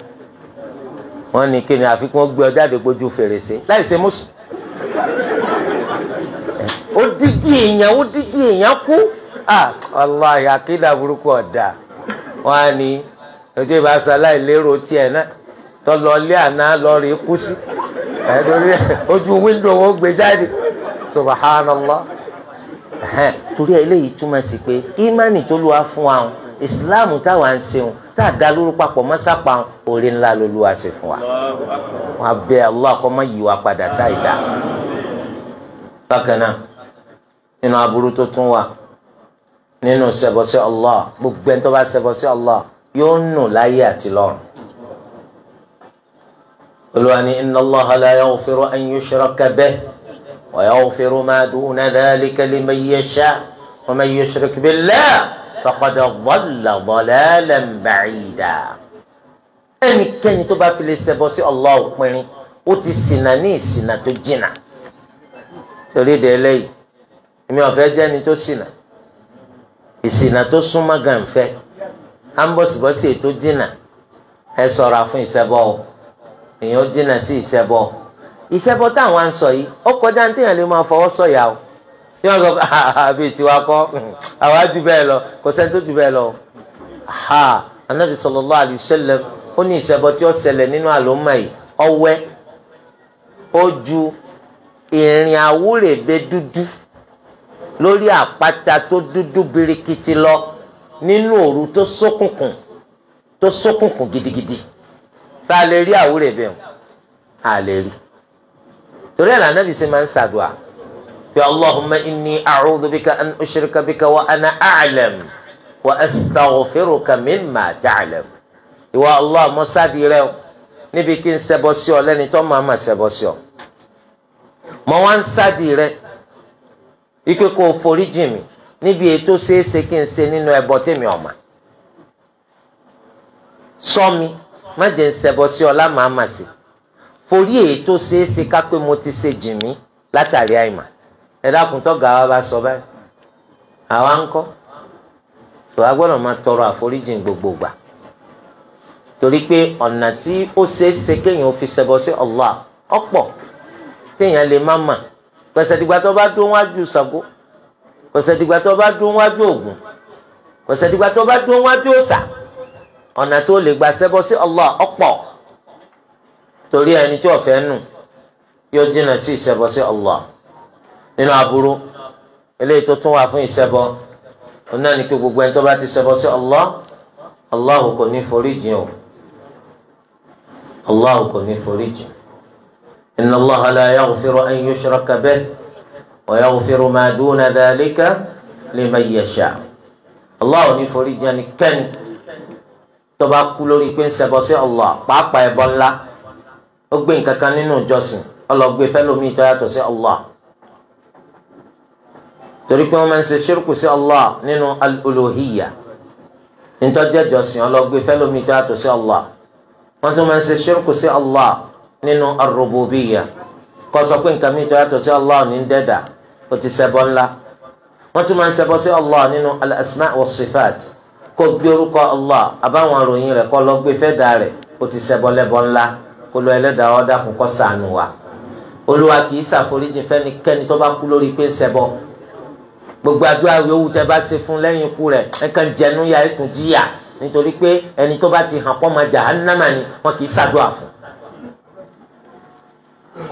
wọ́n ní kí ni àfikún gbé ọ jáde gbójú fèrèsé láì ṣe mùsùlùmí ó dídí èèyàn ó dídí èèyàn kú ah wàláhì àkídà burúkú ọ̀dà wọn á ní ojú ìbá sáláì lérò tiẹ̀ náà tọ́lọ ilé àná lọ́ọ̀rì kú sí ẹ̀ẹ́dọ́rí ojú wíńdò wọn gbé jáde subhanallah torí eléyìí túmọ̀ sí pé ìmánì tó lù wá fún wa ń ìsìláàmù táwa ń ṣeun tá a dá lóru papọ̀ mọ́sápá ń orí ńlá ló lù wá fún wa wọn abẹ́ Allah kó má yí padà sáì dá bákan náà nínú aburú tó tún wà nínú ṣẹbọ sí Allah gbogbo ẹni tó bá ṣẹbọ sí Allah yóò nù láyé àti lọ́run. Olúwa ní inna Allaha la yaghfiru an yushraka bihi wa yaghfiru ma duna dhalika liman yasha wa man yushrik billahi faqad dhalla dhalalan ba'ida. Ẹnikẹ́ni tó bá fi lè ṣẹbọ sí òpinrin ó ti ṣìnà ní ìṣìnà tó jìnà. Torí de èmi ò jẹ́ni tó ṣìnà. ìsìnà tó súnmọ́ gan mfe ètò jìnnà ẹ ṣọ́ra fún ìṣẹ́bọ o èèyàn jìnnà sí táwọn kọjá ní máa fọwọ́ sọ̀yà o tí wọ́n sọ àbí tiwa kọ́ àwa ju bẹ́ẹ̀ lọ kò sẹ́ni tó lọ ha anabi sallallahu alayhi wa sallam ó ní ìṣẹ́bọ tí ó ṣẹlẹ̀ nínú àlómà yìí ọwẹ́ ó ju ìrìn lórí àpáta tó dúdú birikiti lọ nínú òru tó ṣókùnkùn tó ṣókùnkùn gidigidi sá a lè rí àwúrẹ̀ bẹ́ẹ̀ o a lè rí torí ẹ̀ lànà bìí ṣe máa ń ṣàdùà pé allahumma inni a'udhu bika an ushrika bika wa ana a'lam wa astaghfiruka mimma ta'lam ìwà allah mọ́sáàdì rẹ níbi kí n ṣẹbọ sí ọ lẹ́ni tó máa ma ṣẹbọ sí ọ mọ́ wá ń sáàdì rẹ. ike kò foríjì mi níbi ètò ṣeéṣe kí n ṣe nínú ẹbọ tèmi ọmọ sọ mi má jẹ́ ń ṣẹbọ sí ọ lámàámà sí forí ètò ṣeéṣe ká pé mo ti ṣe jì mí látàrí àìmà ẹ dákun tó gàá wa bá sọ báyìí àwa ń kọ́ tó a gbọ́dọ̀ máa tọrọ àforíjì gbogbo gbà torí pé ọ̀nà tí ó ṣeéṣe kéèyàn fi ṣẹbọ sí Allah ọ̀pọ̀ téèyàn lè má mà. pẹ̀sẹ̀ dìgbà tó bá dún wájú Ṣàngó pẹ̀sẹ̀ dìgbà tó bá dún wájú Ògún pẹ̀sẹ̀ dìgbà tó bá dún wájú Ọ̀ṣà ọ̀nà tó lè gba ṣẹbọ sí Allah ọ̀pọ̀ torí ẹni tí ó fẹ́ nù yóò jìnnà sí ìṣẹbọ sí Allah nínú aburú eléyìí tó tún wà fún ìṣẹbọ òun náà ní gbogbo ẹni tó bá ti ṣẹbọ sí Allah Allah kò ní foríjìn o Allah kò ní foríjìn. إن الله لا يغفر أن يشرك به ويغفر ما دون ذلك لمن يشاء الله نفرج كن tọba kú lórí pé ń ṣẹbọ sí Allah pàápàá ẹbọ ńlá ó gbé nǹkan kan nínú ìjọsìn ọlọgbẹ fẹlómi tó yàtọ̀ sí Allah torí pé wọn máa ń ṣe ṣírkù sí Allah nínú al-uluhiyya nítọjẹ ìjọsìn ọlọgbẹ fẹlómi tó yàtọ̀ sí Allah wọn tún máa ń ṣe ṣírkù sí Allah nínú ar-rububiyyah kó sọ pé nǹkan mìíràn yàtọ̀ sí Allah ní dẹ́dà ó ti ṣẹbọ ńlá wọ́n tún máa ń ṣẹbọ sí Allah nínú al-asma' was-sifat kó gbé orúkọ Allah àbáwọn ròyìn rẹ̀ kó lọ gbé fẹ́dà rẹ̀ ó ti ṣẹbọ lẹ́bọ ńlá kó lọ ẹlẹ́dàá ọ̀dà kó kó ṣàánú wa olúwa kì í ṣàforíjì fẹ́nikẹ́ni tó bá kú lórí pé ń ṣẹbọ gbogbo àdúrà yòówù tẹ́ bá ṣe fún lẹ́yìn ikú rẹ̀ ẹnìkan jẹnu ya ẹtùn jìyà nítorí pé ẹni tó bá ti hàn pọ́ máa jahannama ni wọ́n kì í ṣàdúrà fún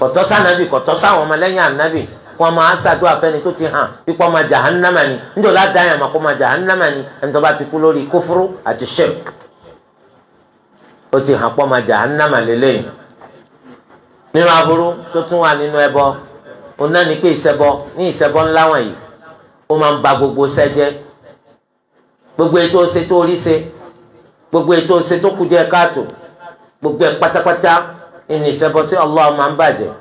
kọ̀tọ́ kọtọsa kọ̀tọ́ sáwọn ọmọlẹ́yìn ànàbì wọn máa ṣàdúrà fẹ́ni tó ti hàn ipò ọmọ jahannama ni níjọba dáhùn àmọ́ kó ọmọ jahannama ni ẹni bá ti kú lórí kófúrú àti shirk ó ti hàn pọ́ ọmọ jahannama lélẹ́yìn nínú aburú tó tún wà nínú ẹbọ òun náà ní pé ìṣẹbọ ní ìṣẹbọ ńlá wọ̀nyí ó máa ń ba gbogbo sẹ́jẹ́ gbogbo ètò ṣe tó rí ṣe gbogbo ètò ṣe tó kù díẹ̀ káàtó gbogbo ẹ̀ pátápátá إني سبس الله من بعده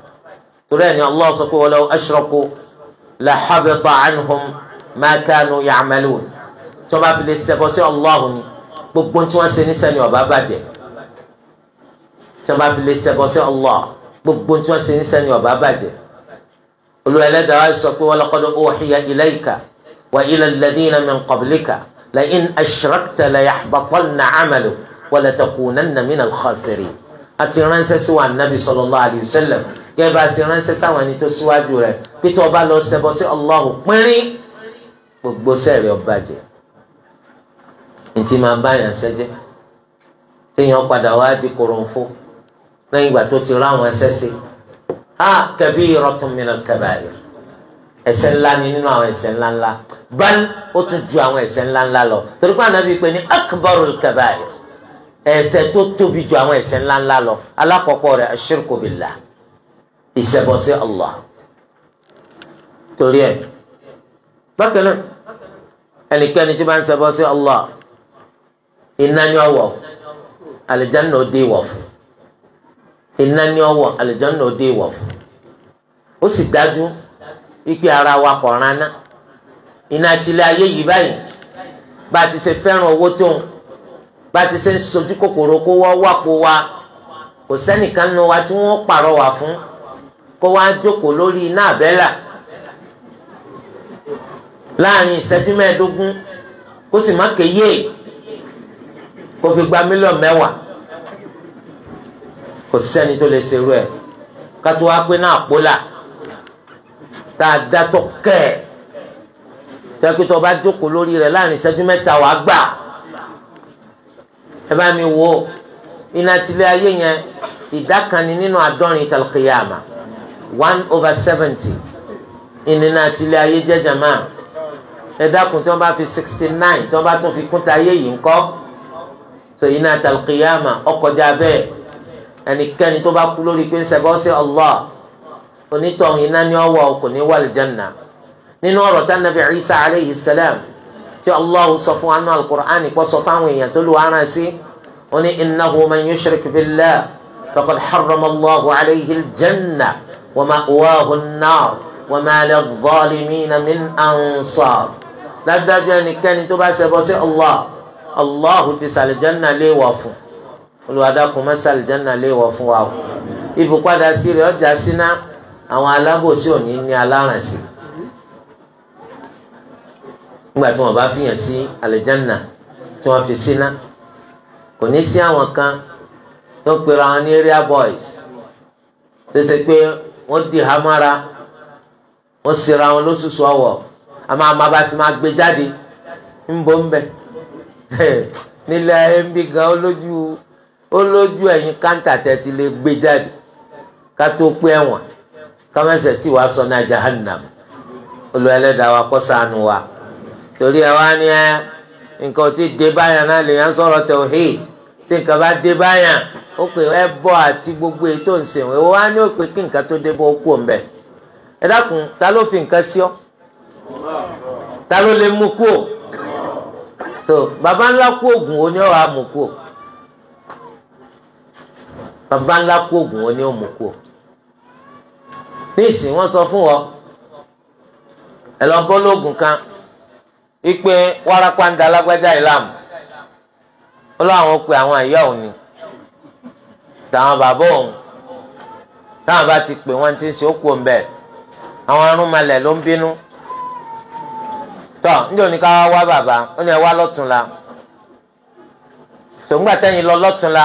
تراني الله سبحانه ولو أشركوا لحبط عنهم ما كانوا يعملون ثم بل سبس الله ببنت وسني سني وبابده ثم بل سبس الله ببنت وسني سني وبابده قلوا لا دعاء سبحانه ولقد أوحي إليك وإلى الذين من قبلك لئن أشركت ليحبطن عملك ولتكونن من الخاسرين àti ránṣẹ́ sí wa nàbì sallallahu alayhi wa sallam gẹ́gẹ́ bá a ti ránṣẹ́ sáwọn ẹni tó síwájú rẹ̀ pété ọba lọ ṣẹbọ sí Allahu pínrín gbogbo sẹ́ẹ̀rì ọba jẹ ntí máa bá yàn sẹ́jẹ́ téèyàn padà wá di koronfo lẹ́yìn ìgbà tó ti ráwọn ẹ̀ṣẹ̀ sí a kabiratun minal kabair ẹ̀ṣẹ̀ ńlá ni nínú àwọn ẹ̀ṣẹ̀ ńláńlá bal ó tún ju àwọn ẹ̀ṣẹ̀ ńláńlá lọ torí pé ànábì ẹ̀ṣẹ̀ tó tóbi ju àwọn ẹ̀ṣẹ̀ ńláńlá lọ alákọ̀ọ́kọ́ rẹ̀ ashirku billah ìṣẹbọsí Allah torí ẹ bákan náà ẹnikẹ́ni tí bá ń ṣẹbọsí Allah iná ni ọwọ́ alìjáná òde ìwọ̀ fún iná ni ọwọ́ alìjáná òde ìwọ̀ fún ó sì dájú wípé ara wa kọ̀ rana iná ayé yìí báyìí bá a ti ṣe fẹ́ràn owó tó ń bá ti ṣe ń sojú kòkòrò kó wá wá kó wa kò sẹ́nìkan nu wa tí wọ́n pàrọwà fún kó wá jókòó lórí iná àbẹ́là láàrin ìṣẹ́jú mẹ́ẹ̀ẹ́dógún kó sì má kéye kó fi gba mílíọ̀nù mẹ́wàá kò sẹ́ni tó lè ṣerú ẹ̀ ká tó wá pé náà pólà tá a dátọ́ kẹ́ ẹ̀ tẹ́kítọ́ bá jókòó lórí rẹ̀ láàrin ìṣẹ́jú mẹ́ta wàá gbà ẹ bá mi wò ó iná tilẹ̀ ayé yẹn ìdá kan ni nínú àádọ́rin talqiyama one over seventy ìnìnà tilẹ̀ ayé jẹ́ jàmá ẹ dákun tí wọ́n bá fi sixty nine tí wọ́n bá tún fi kúnta ayé yìí ńkọ́ tó iná talqiyama ọkọjá bẹ́ẹ̀ ẹnikẹ́ni tó bá kú lórí pé ń ṣẹbọ sí Allah onítọ̀hún iná ni ọwọ́ kò ní wà lìjánná nínú ọ̀rọ̀ tá nàbẹ̀ Isa alayhi salam tí allah sọ fún wa nínú alukur'an kó sọ fáwọn èèyàn tó lù wá rán sí ó ní innahu man yushrik billah faqad harrama allahu alayhi aljanna wa ma'wahu an-nar wa ma lil-zalimina min ansar lágbájú ẹnikẹ́ni tó bá ṣẹbọ sí allah allah ti sàlìjánná léèwọ̀ fún olùwàdàkùn mọ́ sàlìjánná léèwọ̀ fún wa ibùpadà sí rẹ̀ ọjà síná àwọn alábòsí òní ní aláràǹsì. nígbà tí wọn bá fìyàn sí àlìjánà tí wọn fi síná kò ní sí àwọn kan tó ń pera wọn ní area boys tó ṣe pé wọn di hamara wọn sera wọn lóṣooṣù ọwọ àmọ́ àmọ́ bá ti máa gbé jáde ń bọ ń bẹ [LAUGHS] ẹnbí gan olójú olójú káńtà tẹ ti lè torí ẹ wá ní ẹ nǹkan tí dé báyà lè lèèyàn sọ̀rọ̀ tauhid tí nǹkan bá dé ó pè ẹ àti gbogbo ètò ìsìnwé wá ní ó kí nǹkan tó dé bọ́ kú ọ̀nbẹ ẹ dákun ta ló fi nǹkan sí ọ ta ló lè mú kú so baba ńlá kú oògùn ọ̀ àmú kú ọ baba ńlá kú oògùn kú ọ ní ìsìn wọn sọ fún ọ ẹ lọ bọ́ kan. ipe warapa ń da alágbájá ìlàmù ó láwọn pe àwọn àyà òní tàwọn bàbá òun táwọn bá ti pè wọn ti ń ṣe ókú ọ̀nbẹ àwọn arúnmalẹ̀ ló ń bínú tọ́ níjẹ́ òní wá bàbá ó ní ẹ wá lọ́túnla sòǹgbà tẹ́yìn lọ lọ́túnla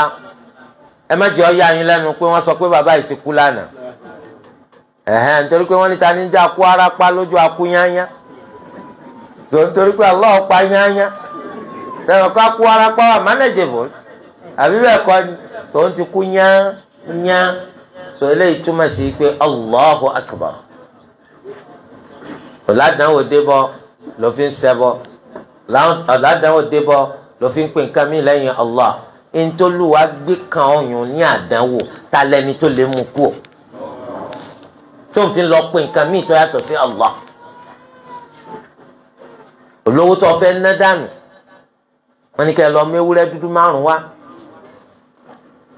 ẹ yá yín lẹ́nu pé wọ́n sọ pé bàbá yìí ti kú lánàá ẹ̀hẹ́n nítorí pé wọ́n níta ní já tó nítorí pé Allah pa yányá sẹ́wọ̀n ká kú ara pa wà manageable àbí bẹ́ẹ̀ kọ́ ni tó ń ti kú yányá tó eléyìí túmọ̀ sí pé Allahu akbar ọ̀làdánwò débọ̀ ló fi ń sẹ́bọ̀ ọ̀làdánwò débọ̀ ló fi ń pè nǹkan mí lẹ́yìn Allah ntoluwa gbé kan ọyàn ní àdánwò ta lẹni tó lè mú kú ọ tó ń fi lọ pé nǹkan míì tó yàtọ̀ sí Allah olówó tó fẹ́ ná dànù wọ́n ní kẹ́ ẹ lọ mú ewúrẹ́ dúdú márùn wá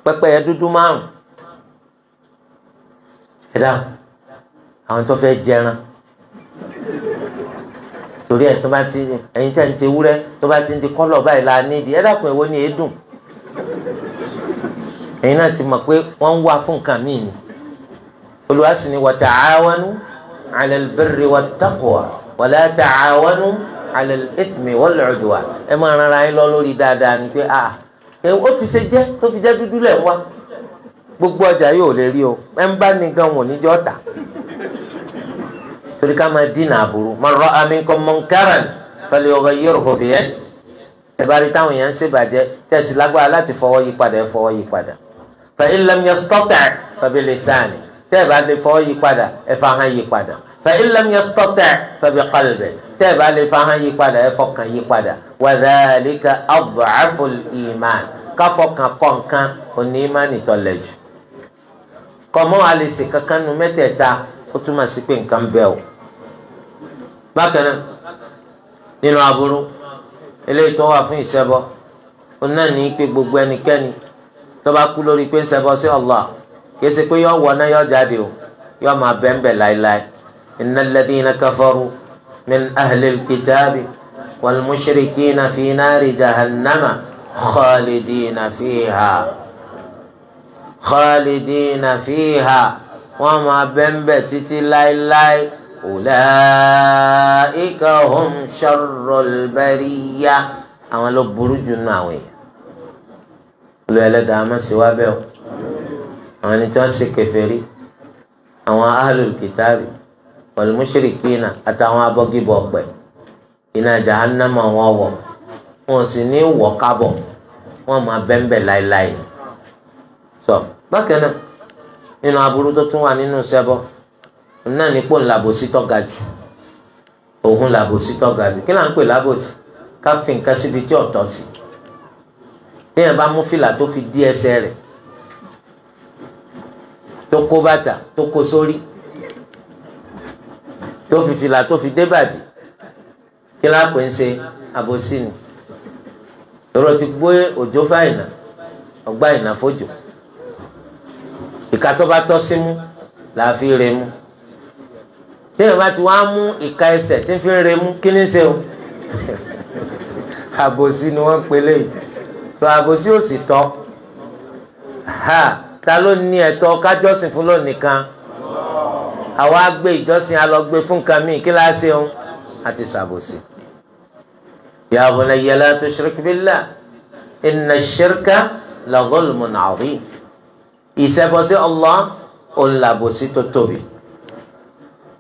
pẹ́pẹ́yẹ dúdú márùn ẹ dáhùn àwọn tó fẹ́ jẹran torí ẹ̀ tó bá ti ẹ̀yin tẹ́ ń ti ewúrẹ́ tó bá ti ń di kọ́lọ̀ báyìí la nídìí ẹ dákun èwo ni èédùn ẹ̀yin náà ti mọ̀ pé wọ́n ń wá fún nǹkan míì ni olùwàsí ni wa ta'awanu 'ala al-birri wat-taqwa wa la ta'awanu alẹ́ ẹ̀tìmí wọ́n lè ọ̀dùwà ẹ máa rán ara yín lọ lórí dáadáa ni pé ah ó ti ṣe jẹ́ tó fi jẹ́ dúdú lẹ̀ wá gbogbo ọjà yóò lè rí o ẹ ń bá ní gan wò níjọ́ ọ̀tà torí ká máa dínà àbúrò man ra'a minkum munkaran falyughayyirhu biyadihi ẹ bá rí táwọn èèyàn ń ṣèbàjẹ́ tẹ̀sí lágbára láti fọwọ́ yí padà ẹ fọwọ́ yí padà fa in lam yastati' fa bi lisani tẹ́ ẹ bá lè fọwọ́ yí padà ẹ fa hàn yí padà fa in lam yastati' fa bi qalbi tẹ́ ẹ bá lè fahàn yí padà ẹ fọkàn yí padà wa dhalika ad'aful iman káfọkàn kọ̀ọ̀kan òní ìmánì tọ̀lẹ̀ jù kọ́mọ́ àlèsè kankan nu mẹ́tẹ̀ẹ̀ta ó túmọ̀ sí pé nǹkan bẹ́ẹ̀ o bákan náà nínú aburú eléyìí tó wà fún ìṣẹ́bọ òun náà ní pé gbogbo ẹnikẹ́ni tó bá kú lórí pé ń ṣẹbọ sí Allah kìí ṣe pé yọ wọ náà yọ jáde o yọ máa bẹ́ẹ̀ bẹ́ẹ̀ láéláé innal من أهل الكتاب والمشركين في نار جهنم خالدين فيها خالدين فيها وما بنبتت لاي أولئك هم شر البرية أما لو بروج ناوي لو يلد أما سوابه أما نتوسي كفري أما أهل الكتاب wal-mushrikina àtàwọn abọ́gibọ̀ pẹ̀ iná jahannama wọn wọ̀ wọn sì ní wọ̀ kábọ̀ wọn máa bẹ́ńbẹ̀ láéláé sọ bákan náà nínú aburú tó tún wà nínú sẹ́bọ̀ náà nípò ńlábòsí tó jù òun làbòsí tó jù kí là ń pè lábòsí ká fi nǹkan síbi tí sí téèyàn bá mú fìlà tó fi dí ẹsẹ̀ rẹ̀ tó kó bàtà tó kó sórí. So tó fi fìlà tó fi dé bàdí kí lápò ń ṣe àbòsí ni lọ́rọ̀ ti gbé òjò fáìnà ọgbà ìnáfojò ìka tó bá tọ́ sí mú là á fi re mú téèyàn bá ti wá mú ìka ẹsẹ̀ tí fi re mú kí ni ṣe o [LAUGHS] àbòsí ni wọ́n ń pè léyìí ò sì tọ́ ta ló ní ẹ̀tọ́ kájọ́sìn fún lónìí kan àwa gbé ìjọsìn alọgbé fún kàmí kíláàsì òun àti sàbòsí. ya bunayya la tushrik billah inna ash-shirka la zulmun azim. ìṣẹ́bọsí Allah òun làbòsí tó tóbi.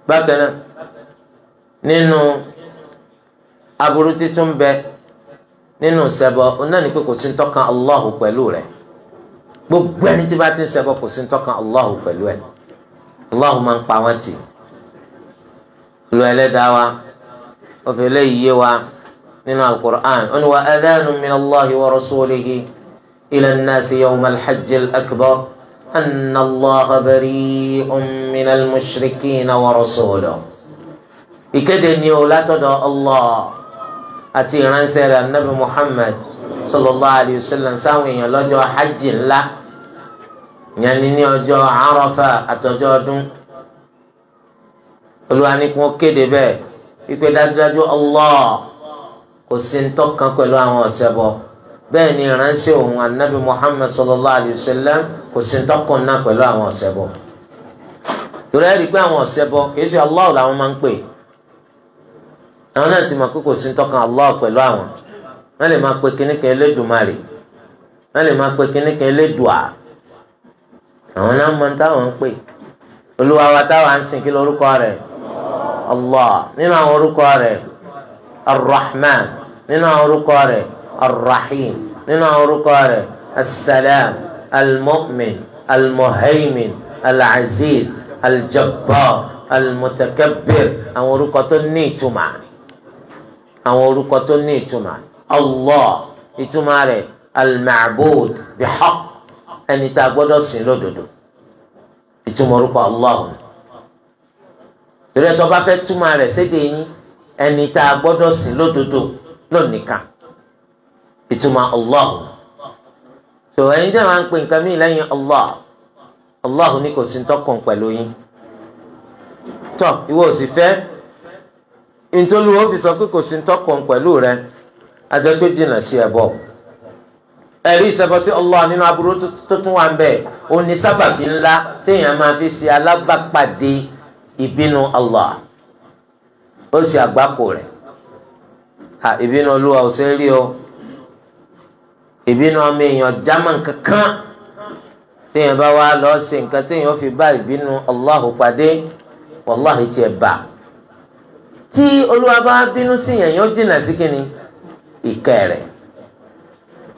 bákan náà nínú aburú títún bẹ nínú ìṣẹ́bọ náà ni pé kò sí ń tọ́kan Allah pẹ̀lú rẹ̀ gbogbo ẹni tí bá ti ń ṣẹbọ kò sí ń tọ́kan Allah pẹ̀lú ẹ̀. Allah máa ń pa wọ́n tì lu ẹlẹ́dàá wa ó fi eléyìí yé wa nínú alukur'an ó ní wa adánù min Allahi wa rasulihi ila nnaasi yawma alhajji akbar anna Allaha bari'un min almushrikina wa rasulihi. ìkéde ni o látọ̀dọ̀ Allah àti ìránṣẹ́ rẹ̀ anabi Muhammad sallallahu alayhi wa sallam sáwọn èèyàn lọ́jọ́ hajj ńlá. ìyẹn ni ní ọjọ́ Àrafà àtọjọ́ ọdún olúwa ní kí wọ́n kéde bẹ́ẹ̀ wípé dájúdájú Allah kò sí ń tọ́kan pẹ̀lú àwọn ọ̀ṣẹbọ bẹ́ẹ̀ ni ìránṣẹ́ òun anabi Muhammad sallallahu alayhi wa kò sí ń náà pẹ̀lú àwọn ọ̀ṣẹbọ torí ẹ rí i pé àwọn ọ̀ṣẹbọ kìí ṣe làwọn máa ń pè àwọn náà ti mọ̀ pé kò sí pẹ̀lú àwọn wọ́n lè máa pe àwọn náà mọ táwọn ń pè olúwa wa táwọn ń sìn kí lórúkọ rẹ̀ allah nínú àwọn orúkọ rẹ̀ arrahman nínú àwọn orúkọ rẹ̀ arrahim nínú àwọn orúkọ rẹ̀ asalaam almu'min almuhaimin alaziz aljabbar almutakabir àwọn orúkọ tó ní ìtumọ̀ àwọn orúkọ tó ní ìtumọ̀ allah ìtumọ̀ rẹ̀ alma'bud bihaq. ẹni tá a gbọ́dọ̀ sìn lódodo ìtumọ̀ orúkọ Allahu torí bá fẹ́ túmọ̀ rẹ̀ sédè yín ẹni tá a gbọ́dọ̀ sìn lódodo lónìkan ìtumọ̀ Allahu tó ẹ̀yin jẹ́ máa ń pè nǹkan mí lẹ́yìn Allah Allahu ní kò sí tọkàn pẹ̀lú yín Tọ ìwọ ò fẹ́ fi sọ pé kò sí tọkàn pẹ̀lú rẹ ẹ̀rí ìṣẹ́bọ sí nínú aburú tó tún wà ń bẹ̀ ńlá téèyàn máa fi ṣe alábàápàdé ìbínú ó àgbákò rẹ̀ ha ìbínú olúwa ò ṣe rí o ìbínú ọmọ èèyàn german kankan téèyàn bá wá lọ ṣe nǹkan téèyàn fi bá ìbínú tí olúwa bá bínú sí yẹn yóò jìnnà sí kínní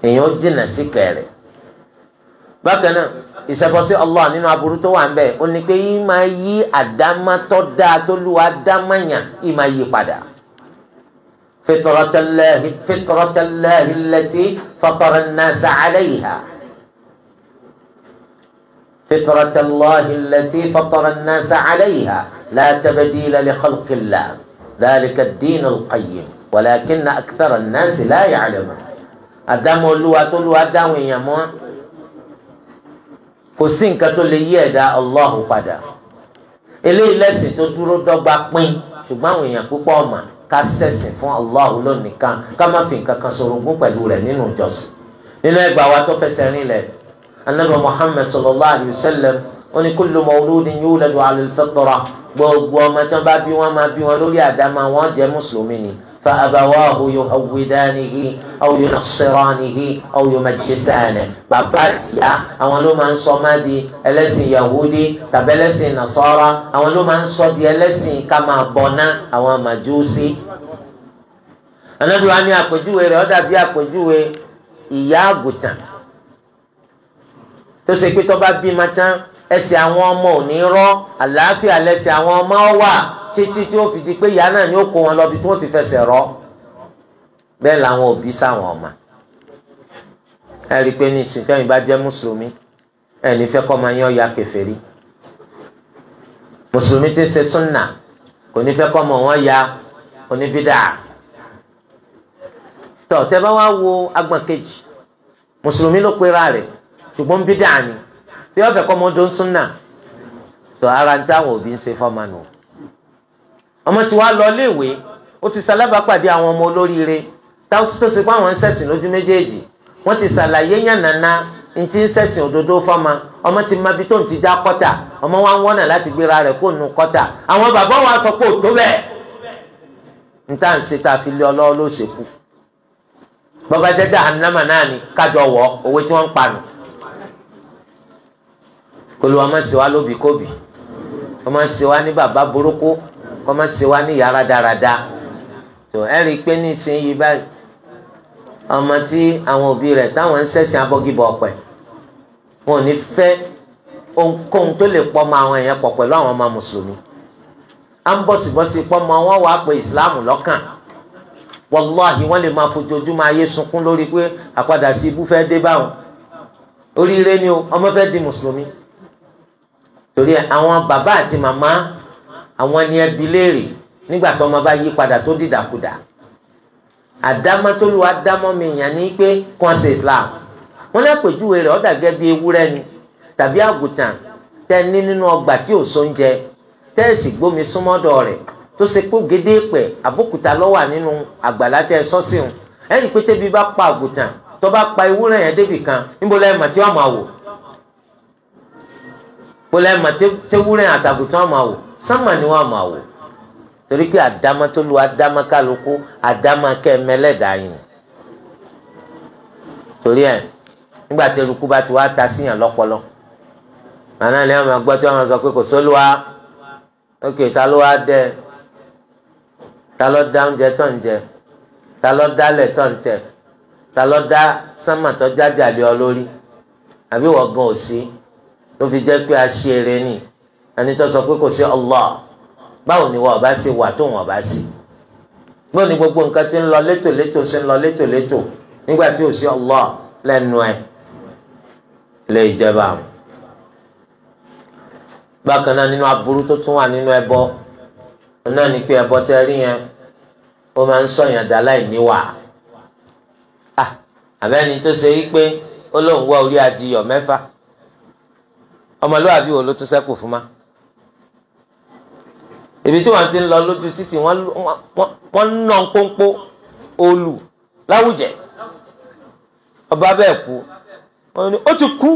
èèyàn jìnnà sí kẹrẹ bákan náà ìṣàkọsí Allah nínú aburú tó wà ń bẹ ó ní pé yìí máa yí àdámátọ́ dáa tó lu àdámáyà yìí máa yí padà. فطرة الله فطرة الله التي فطر الناس عليها فطرة الله التي فطر الناس عليها لا تبديل لخلق الله ذلك الدين القيم ولكن أكثر الناس لا يعلمون àdámọ̀ olúwa tó lúwa dáhùn èèyàn mọ́ kò sí nǹkan tó lè yí ẹ̀dá Allahu padà eléyìí lẹ́sìn tó dúró dọ́gba pín ṣùgbọ́n àwọn èèyàn púpọ̀ ọ̀mà ká sẹ̀sìn fún Allahu lónìkan ká má fi nǹkan kan sorogún pẹ̀lú rẹ̀ nínú ìjọsìn nínú ẹgbàá wa tó fẹsẹ̀ rinlẹ̀ anabi Muhammad sallallahu alayhi wa sallam ó ní kullu mawludin yuladu ala al-fitra gbogbo فأبواه يهودانه أو ينصرانه أو يمجسانه bàbá àtìyá àwọn ló máa ń sọ má di ẹlẹ́sìn yahudi tàbí ẹlẹ́sìn nasara àwọn ló máa ń sọ di ẹlẹ́sìn ká máa bọ̀ná àwọn màjúsí. anábìwá ní àpèjúwe rẹ̀ ó dàbí àpèjúwe ìyá àgùntàn tó ṣe pé tó bá bímọ tán ẹsẹ̀ àwọn ọmọ ò ní rọ́ àlàáfíà lẹ́sẹ̀ àwọn ọmọ wà títí tí ó fi di pé ìyá náà ni ó kó wọn lọ bí tí wọ́n ti fẹsẹ̀ rọ bẹ́ẹ̀ làwọn òbí sáwọn ọmọ ẹ rí i pé ní ìsìntẹ́yìn bá jẹ́ mùsùlùmí ẹ ní fẹ́ kọ́ máa yán ya kèfèrí mùsùlùmí ti ṣe súnà kò ní fẹ́ kọ́ mọ̀ wọ́n ya oníbídà tọ́ tẹ́ bá wá wo agbọ̀n kejì mùsùlùmí ló pera rẹ̀ ṣùgbọ́n bídà ni tí wọ́n fẹ́ kọ́ mọ́ ọdún súnà tọ́ ara ń táwọn òbí ń ṣe fọ́ máa nù. ọmọ tí wàá lọ léèwé ó ti ṣalábàápàdé àwọn ọmọ olóríire táwọn tó àwọn ṣẹ̀sìn lójú méjèèjì wọ́n ti ṣàlàyé yànnàna ní ti ń ṣẹ̀sìn òdodo fọ́mọ ọmọ ti ma bi tó ń ti já kọ́tà ọmọ wa ń wọ́nà láti gbéra rẹ̀ kó nu kọ́tà àwọn bàbá wa sọ pé ò tó bẹ́ẹ̀ n ṣe fi lé ọlọ́wọ́ ló ṣe kú bàbá náà ni ọmọ ní bàbá burúkú kọ́má ṣe wá ní yàrá dáradá tó ẹ rí i pé nísìnyí báyìí ọmọ tí àwọn òbí rẹ̀ táwọn ń ṣẹ̀sìn abọ́gibọ̀ ọ̀pẹ̀ wọn ò ní fẹ́ ohunkóhun tó lè pọ́ ọmọ àwọn èèyàn pọ̀ pẹ̀lú àwọn ọmọ mùsùlùmí à ń bọ̀sibọ́sí pọ́ ọmọ wọn wàá pe ìsìláàmù lọ́kàn wàláhì wọ́n lè máa fojoojúmọ́ ayé sunkún lórí pé àpadà sí ibú fẹ́ dé báwọn oríire ni ọmọ fẹ́ di mùsùlùmí torí àwọn bàbá àti màmá àwọn ẹni ẹbí léèrè nígbà tó ọmọ bá yí padà tó dìdàkudà àdámọ́ tó mi yàn ní pé kàn ṣe islam wọn lápèjúwe rẹ̀ ó dà gẹ́gẹ́ bí ni tàbí àgùtàn tẹ ní nínú ọgbà tí ò gbómi súnmọ́dọ̀ rẹ̀ gédé nínú àgbàlá ẹnì pété bá pa àgùtàn tó bá pa yẹn débì kan níbo tí sánmà ni wọ́n wò torí pé àdámá tó lu àdámá kálukú yìí torí ẹ̀ nígbà tí eruku bá ti wá ta síyàn lọ́pọlọ àná ni wọ́n máa tí wọ́n sọ pé kò sólúwa ókè ta ló wá dẹ ta ló dá oúnjẹ tó ń jẹ ta osi. dálẹ̀ tó ń ta fi pé a ẹni tó sọ pé kò sí Allah báwo ni wọn ọba ṣe wà tó wọn ọba ṣe gbọ́n ní gbogbo nǹkan ti ń lọ létòlétò sí ń lọ létòlétò nígbà tí ò sí Allah lẹ́nu ẹ̀ lè jẹba bákan náà nínú aburú tó tún wà nínú ẹbọ náà ni pé ẹbọ tẹ rí yẹn ó máa ń sọyàn dá láì níwà ah, àbẹ́ni tó ṣe wípé ó lóun wá orí adìyọ mẹ́fà ọmọlúwàbí wo ló tún ṣẹ́kù fún ma. ibi tí wọ́n ti ń lọ lójú títì wọ́n nà olù láwùjẹ ọba bẹ́ẹ̀ kú wọ́n ó ti kú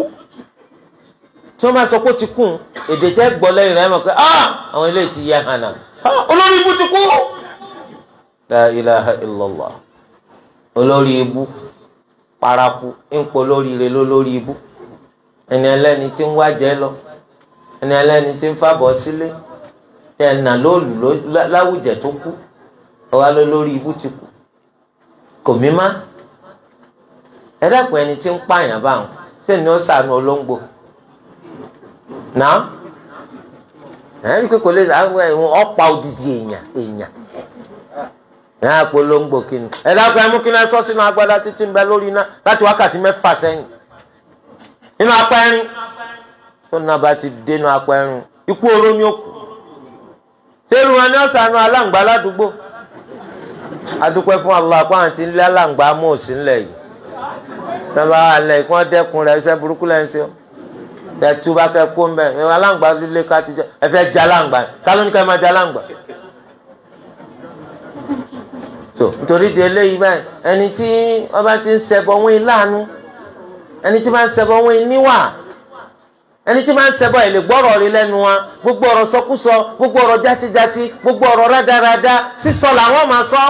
tí wọ́n bá sọ pé ó ti kú èdè tẹ gbọ́ lẹ́yìn rẹ̀ mọ̀ pé ah! àwọn ilé ti yẹ e hànà ah, olórí ibu ti kú. la ilaha illallah olórí ibu paraku ń pọ lórí ibu ẹni tí ń wájẹ lọ ẹni tí ń sílé. Si tẹ lóòlù láwùjẹ tó kú ọwá ló lórí ibú ti kú kò mí má ẹ dẹ́kun ẹni tí ń pààyàn báwọn sẹ́ni ó sànù olóńgbò náà odidi èèyàn èèyàn ní apolongo kí ẹ dákun ẹ mú kí agbada títí ń bẹ lórí iná láti wákàtí mẹ́fà sẹ́yìn ti dénú sẹ́rù wọn ni wọ́n sànú aláǹgbá ládùúgbò adúpẹ́ fún Allah pé lé aláǹgbá mọ́ òsì ńlẹ̀ yìí sábà alẹ́ kí burúkú lẹ́ ń ṣe bá kó aláǹgbá líle ká ti jẹ́ ẹ fẹ́ jẹ́ aláǹgbá kálọ́ ní máa jẹ́ aláǹgbá. tó nítorí di eléyìí báyìí ẹni tí bá ti ń ṣẹbọ yìí láàánú ẹni tí bá ẹni tí máa ń ṣẹbọ ẹ lè gbọ́rọ̀ rí lẹ́nu wa gbogbo ọ̀rọ̀ sọkúsọ gbogbo ọ̀rọ̀ játíjátí gbogbo ọ̀rọ̀ rádaràda sísọ làwọn máa sọ.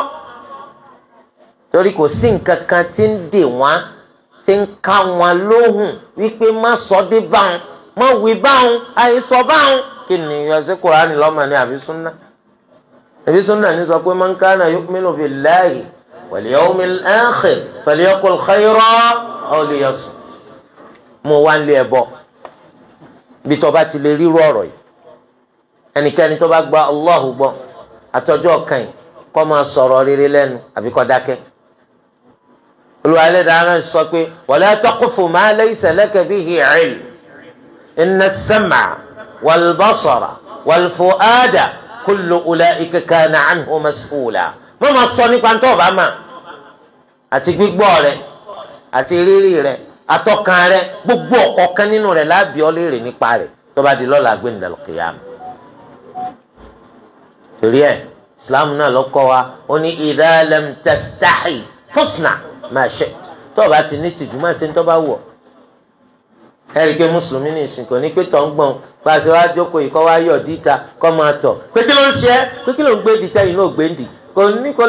torí kò sí nǹkan kan tí ń dè wọ́n tí ń ka wọn lóhùn wípé má sọ dé báwọn má wí báwọn àìsọ báwọn kí ni ìyọ̀sí kùránì lọ́mọ ní àbí súnà àbí súnà ní sọ pé man kana yu'minu billahi wal yawmil akhir falyaqul khayran aw liyasmut mo wá ń lé ẹ bọ́ ibi tó bá ti lè ríru ọ̀rọ̀ yìí ẹnikẹ́ni tó bá gba Allahu gbọ́ àtọ́jọ́ kan yìí kó máa sọ̀rọ̀ rere lẹ́nu àbí kó dákẹ́ Olúwa Ẹlẹ́dàá náà sọ pé wala taqfu ma laysa laka bihi ilm inna as-sam'a wal-basara wal-fu'ada kullu ula'ika kana anhu mas'ula má máa sọ nípa ntọ́ ọ̀bá àti gbígbọ́ rẹ̀ àti rírì rẹ̀ atọ́kan rẹ gbogbo ọ̀kọ̀ọ̀kan nínú rẹ lábì ọ́ léèrè rẹ tó bá di lọ́la gbé torí ẹ islam náà ló kọ́ wa ó ní idha lam tastahi fasna ti ní tìjú máa ṣe ń tó bá wù ọ́. ẹ ní ìsìnkú ní pé tó ń gbọ́n bá a ṣe wá jókòó yìí kọ́ wá yọ̀ díta kọ́ máa tọ̀ pé kí ní kò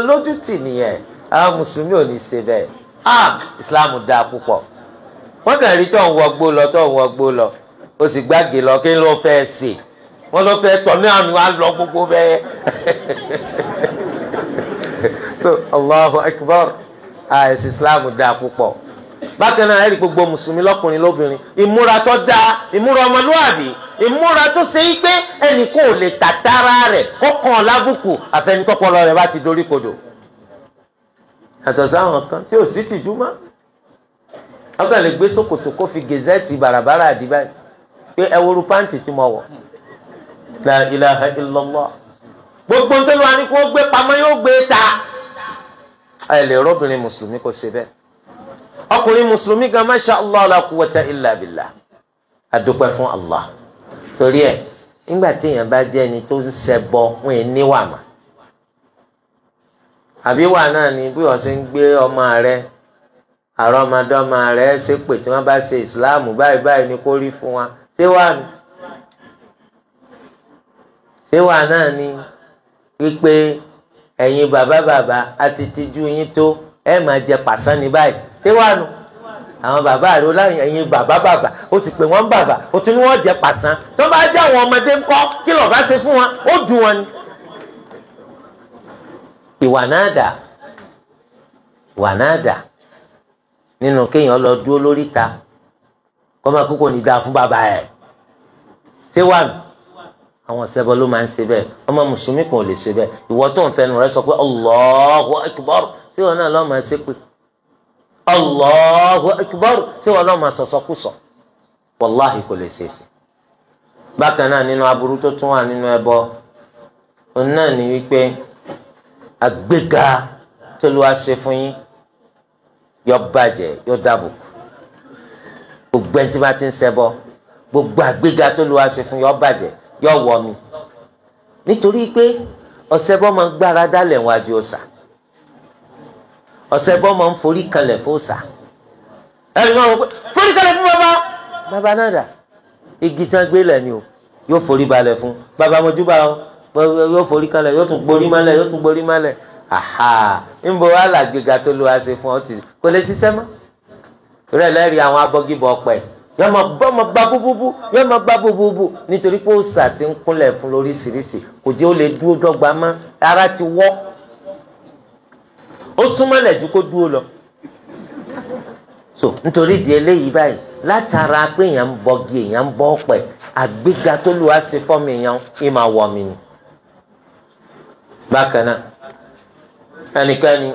ní ṣe ah! islam dáa wọ́n kàn rí tó ń wọgbó lọ tó ń wọgbó lọ ó sì gbàgé lọ kí ló fẹ́ ṣe wọ́n ló fẹ́ tọ́ ní àánú àlọ́ gbogbo bẹ́ẹ̀ [LAUGHS] so allahu akbar àìsí islam dáa púpọ̀ bákan náà ẹ̀rí gbogbo mùsùlùmí lọ́kùnrin lóbìnrin ìmúra tó dáa ìmúra ọmọlúwàbí ìmúra tó ṣe é pé ẹnì kò lè tàtàrà rẹ̀ kọ́kàn lábùkù àfẹnitọ́pọ̀lọ rẹ̀ bá ti dorí kodò àtọ̀sáwọn kan tí ò sí tìjú máa. wọ́n kàn gbé ṣòkòtò kó fi gẹ̀zẹ́ẹ̀tì bàràbàrà àdìbà pé ẹ wọ́n pàǹtì tí mo la ilaha gbogbo ń tẹ́lẹ̀ wá ní kó gbé pamọ́ yóò gbé ta ẹ lè rọ́bìnrin mùsùlùmí kò ṣe ọkùnrin gan masha allah la quwwata illa billah adúpẹ́ fún allah torí ẹ nígbà tí èèyàn bá jẹ́ ẹni tó ń wọn ń gbé ọmọ rẹ̀ àrọ́ ọmọdọ́mọ rẹ̀ ṣe pé tí wọ́n bá ṣe ìsìláàmù báyìí báyìí ni kó rí fún wa ṣé wà ní. ṣé wà náà ni wípé ẹ̀yin bàbá bàbá àti tìjú yín tó ẹ̀ máa jẹ pàṣán ní báyìí ṣé wà nù àwọn bàbá rẹ ọlọ́run ẹ̀yin bàbá bàbá ó sì pè wọ́n bàbá ó tún ní wọ́n jẹ pàṣán tó bá jẹ́ àwọn ọmọdé ńkọ́ kí lọ́ọ́ bá ṣe fún wọn ó dùn wọn ni. ìwà náà dà ìwà náà dà nínú kéèyàn lọ dúró lórí ta kọ́mọ kókò ní dáa fún bàbá ẹ̀ ṣé wà nù àwọn ṣẹbọ ló máa ń ṣe bẹ́ẹ̀ ọmọ mùsùlùmí kan ò lè ṣe bẹ́ẹ̀ ìwọ tó ń fẹnu rẹ sọ pé Allahu Akbar ṣé wọn náà lọ́ọ́ máa ṣe pé Allahu Akbar ṣé wọn náà máa sọ̀sọ́ kù sọ wàláhì kò lè ṣe é ṣe. bákan náà nínú aburú tó tún wà nínú ẹbọ òun náà ní wípé àgbéga tó lù wá fún yín yọ bàjẹ́ yọ dàbò gbogbo ẹni tí bá ti ń ṣẹbọ gbogbo àgbéga tó lu aṣọ fún yọ bàjẹ́ yọ wọ mi nítorí pé ọ̀ṣẹbọ máa ń gbára dálẹ̀ wájú ọ̀sà ọ̀ṣẹbọ máa ń forí kalẹ̀ fún ọ̀sà ẹni máa ń forí kalẹ̀ fún bàbá bàbá náà dà igi tán gbé lẹ̀ ni o yóò forí balẹ̀ fún bàbá mojúbà o yóò forí kalẹ̀ yóò tún gborí malẹ̀ yóò tún gborí malẹ̀ aha nbọ wa làgbéga tó ló wa ṣe fún ọ ti kò lè ṣiṣẹ́ mọ́ torí ẹ lẹ́rìí àwọn abọ́gibọ̀ ọ̀pẹ yọọ ma bọ́ ma gba búbúbú yọọ gba búbúbú nítorí pé òòsà ti ń kúnlẹ̀ fún lóríṣiríṣi kò jẹ́ ó lè dúró dọ́gba mọ́ ara ti wọ́ ó súnmọ́lẹ̀ ju kó dúró lọ so nítorí di eléyìí báyìí látara pé èèyàn ń bọgi èèyàn ń bọ ọ̀pẹ àgbéga tó lù wá ṣe èèyàn ìmọ̀ àwọ̀ mi ni bákan náà ẹnikẹ́ni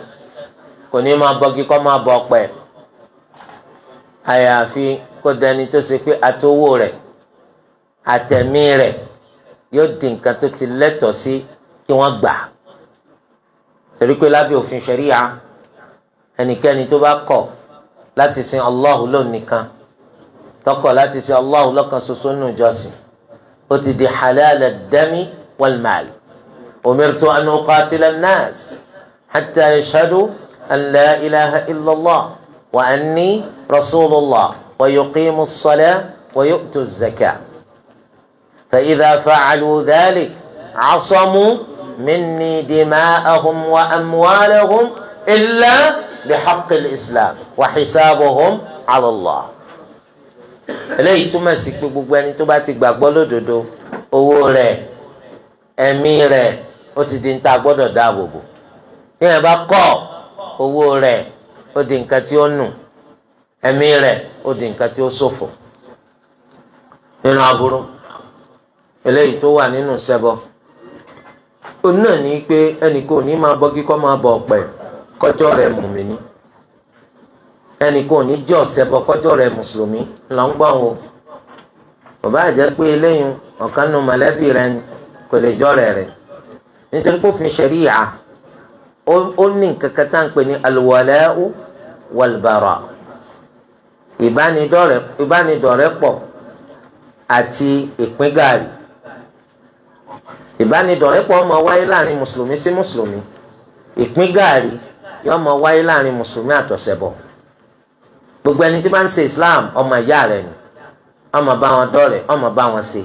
kò ní máa bọ́gi kọ́ máa bọ ọ̀pẹ àyàfi kó dẹni tó ṣe pé àtowó rẹ̀ àtẹ̀mí rẹ̀ yóò di nǹkan tó ti lẹ́tọ̀ọ́ sí kí wọ́n gbà torí pé lábẹ́ òfin ṣẹ̀ríya ẹnikẹ́ni tó bá kọ̀ láti sin Allahu lónìkan tọkọ̀ láti sin Allahu lọ́kan ṣoṣo nù jọ́sìn ó ti di halal ad-dami wal mal umirtu an uqatila an-nas hatta yashhadu an la ilaha illallah wa anni rasulullah wa yuqimu as-salah wa yu'tu az-zakah fa idha fa'alu dhalik asamu minni dima'ahum wa amwalahum illa بحق الإسلام وحسابهم على الله eléyìí túmọ̀ sí pé gbogbo ẹni tó bá ti gbàgbọ́ lódodo owó rẹ̀ ẹ̀mí rẹ̀ ó ti di ń ta gbọ́dọ̀ dáàbò bò tí yẹn bá owó rẹ ó di nǹkan tí ó nù ẹ̀mí rẹ̀ ó di nǹkan tí ó ṣòfò nínú aburú eléyìí tó wà nínú ṣẹbọ òun náà ní pé ẹnì kò ní máa bọ kíkọ́ máa bọ̀ ọ̀pẹ̀ kọjọ́ rẹ̀ mùmíní ẹnì kò ní jẹ́ ọ̀ṣẹbọ kọjọ́ rẹ̀ mùsùlùmí là ń pé eléyìí ọ̀kan nu mọ̀lẹ́bí kò lè jọ́ rẹ̀ rẹ̀ nítorí ó ní nǹkan kan tá à ń pè ní alwala'u walbara ìbánidọ̀rẹ́pọ̀ àti ìpíngààrí ìbánidọ̀rẹ́pọ̀ máa wáyé láàrin mùsùlùmí sí mùsùlùmí ìpíngààrí yóò máa wáyé láàrin mùsùlùmí àtọ̀sẹ̀bọ̀ gbogbo ẹni tí bá ń ṣe Islam ọmọ ìyá rẹ̀ ni ọmọ bá wọn dọ̀rẹ́ ọmọ bá wọn ṣe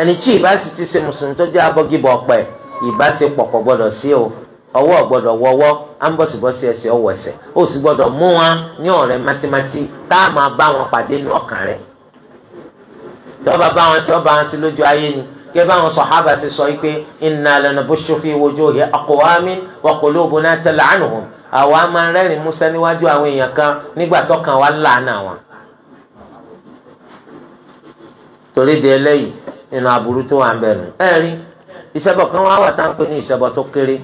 ẹni tí ìbá sì ti ṣe mùsùlùmí tó jẹ́ abọ́gibọ̀ ọ̀pẹ̀ ẹ̀ ìbáṣepọ̀ kò gbọ́dọ̀ sí o ọwọ́ gbọ́dọ̀ wọwọ́ á ẹsẹ̀ ọwọ́ ẹsẹ̀ o sì gbọ́dọ̀ mú wọn ní ọ̀rẹ́ mátímátí tá a máa bá wọn pàdé ní ọkàn rẹ̀ tọ́ba bá wọn sí ọba wọn sí lójú ayé ni kí báwọn sọ̀hábà ṣe sọ pé inna lanabushu fi wujuhi aqwamin wa qulubuna tal'anuhum àwa máa ń rẹ́rìn músẹ́ àwọn èèyàn kan nígbà tọ́kàn wa lànà wọn. torí de eléyìí nínú aburú tó wà ń ìṣẹbọ kan wá wà tá ní ìṣẹbọ tó kéré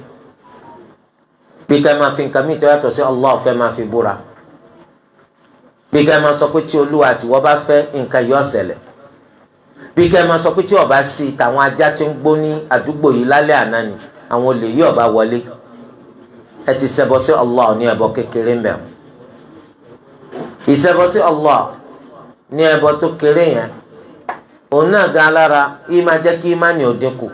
bí ká máa fi nǹkan mí tó yàtọ̀ sí Allah ká máa fi búra bí ká máa sọ pé tí olúwa àtiwọ́ bá fẹ́ nǹkan yóò ṣẹlẹ̀ bí ká máa sọ pé tí ọba sí tàwọn ajá tí ń gbó ní àdúgbò yìí lálẹ́ àná ni àwọn olè yìí ọba wọlé ẹ ti ṣẹbọ sí ní ẹbọ kékeré ìṣẹbọ sí ní ẹbọ tó kéré yẹn òun náà alára kí ò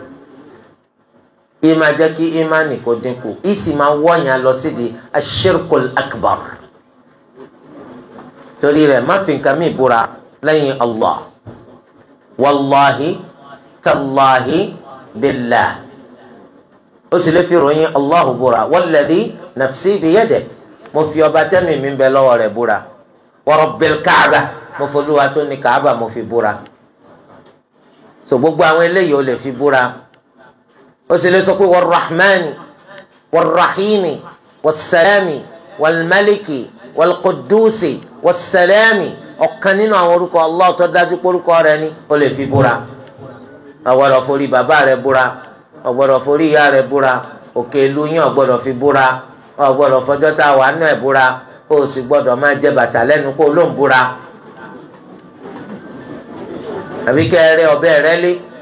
yìí máa jẹ́ kí imani kò dínkù yìí sì máa wọ̀nyàn lọ sídìí ashirkul akbar torí rẹ̀ má fi nǹkan mi búra lẹ́yìn allah wàláhi tàláhi bìlá ó sì lè fi ròyìn allah búra walladhi nafsi biyadihi mo fi ọba tẹ́mi mi bẹ lọ́wọ́ rẹ̀ búra wa rabbil káàbà mo folúwa tó ní káàbà mo fi búra so gbogbo àwọn eléyìí ó lè fi búra ó sì lè sọ pé warrahmani warrahimi wasalami walmaliki walqudusi wasalami ọ̀kan nínú àwọn orúkọ Allah tó dájú pé orúkọ rẹ̀ ni ó lè fi búra ọ̀gbọ́dọ̀ forí bàbá rẹ̀ búra ọ̀gbọ́dọ̀ forí ìyá rẹ̀ búra òkè ìlú yín ọ̀gbọ́dọ̀ fi búra ọ̀gbọ́dọ̀ fọjọ́ tá a wà nù ẹ̀ búra ó sì gbọ́dọ̀ máa jẹ bàtà lẹ́nu kó ló ń búra àbíkẹ́ rẹ ọ̀bẹ rẹ lé.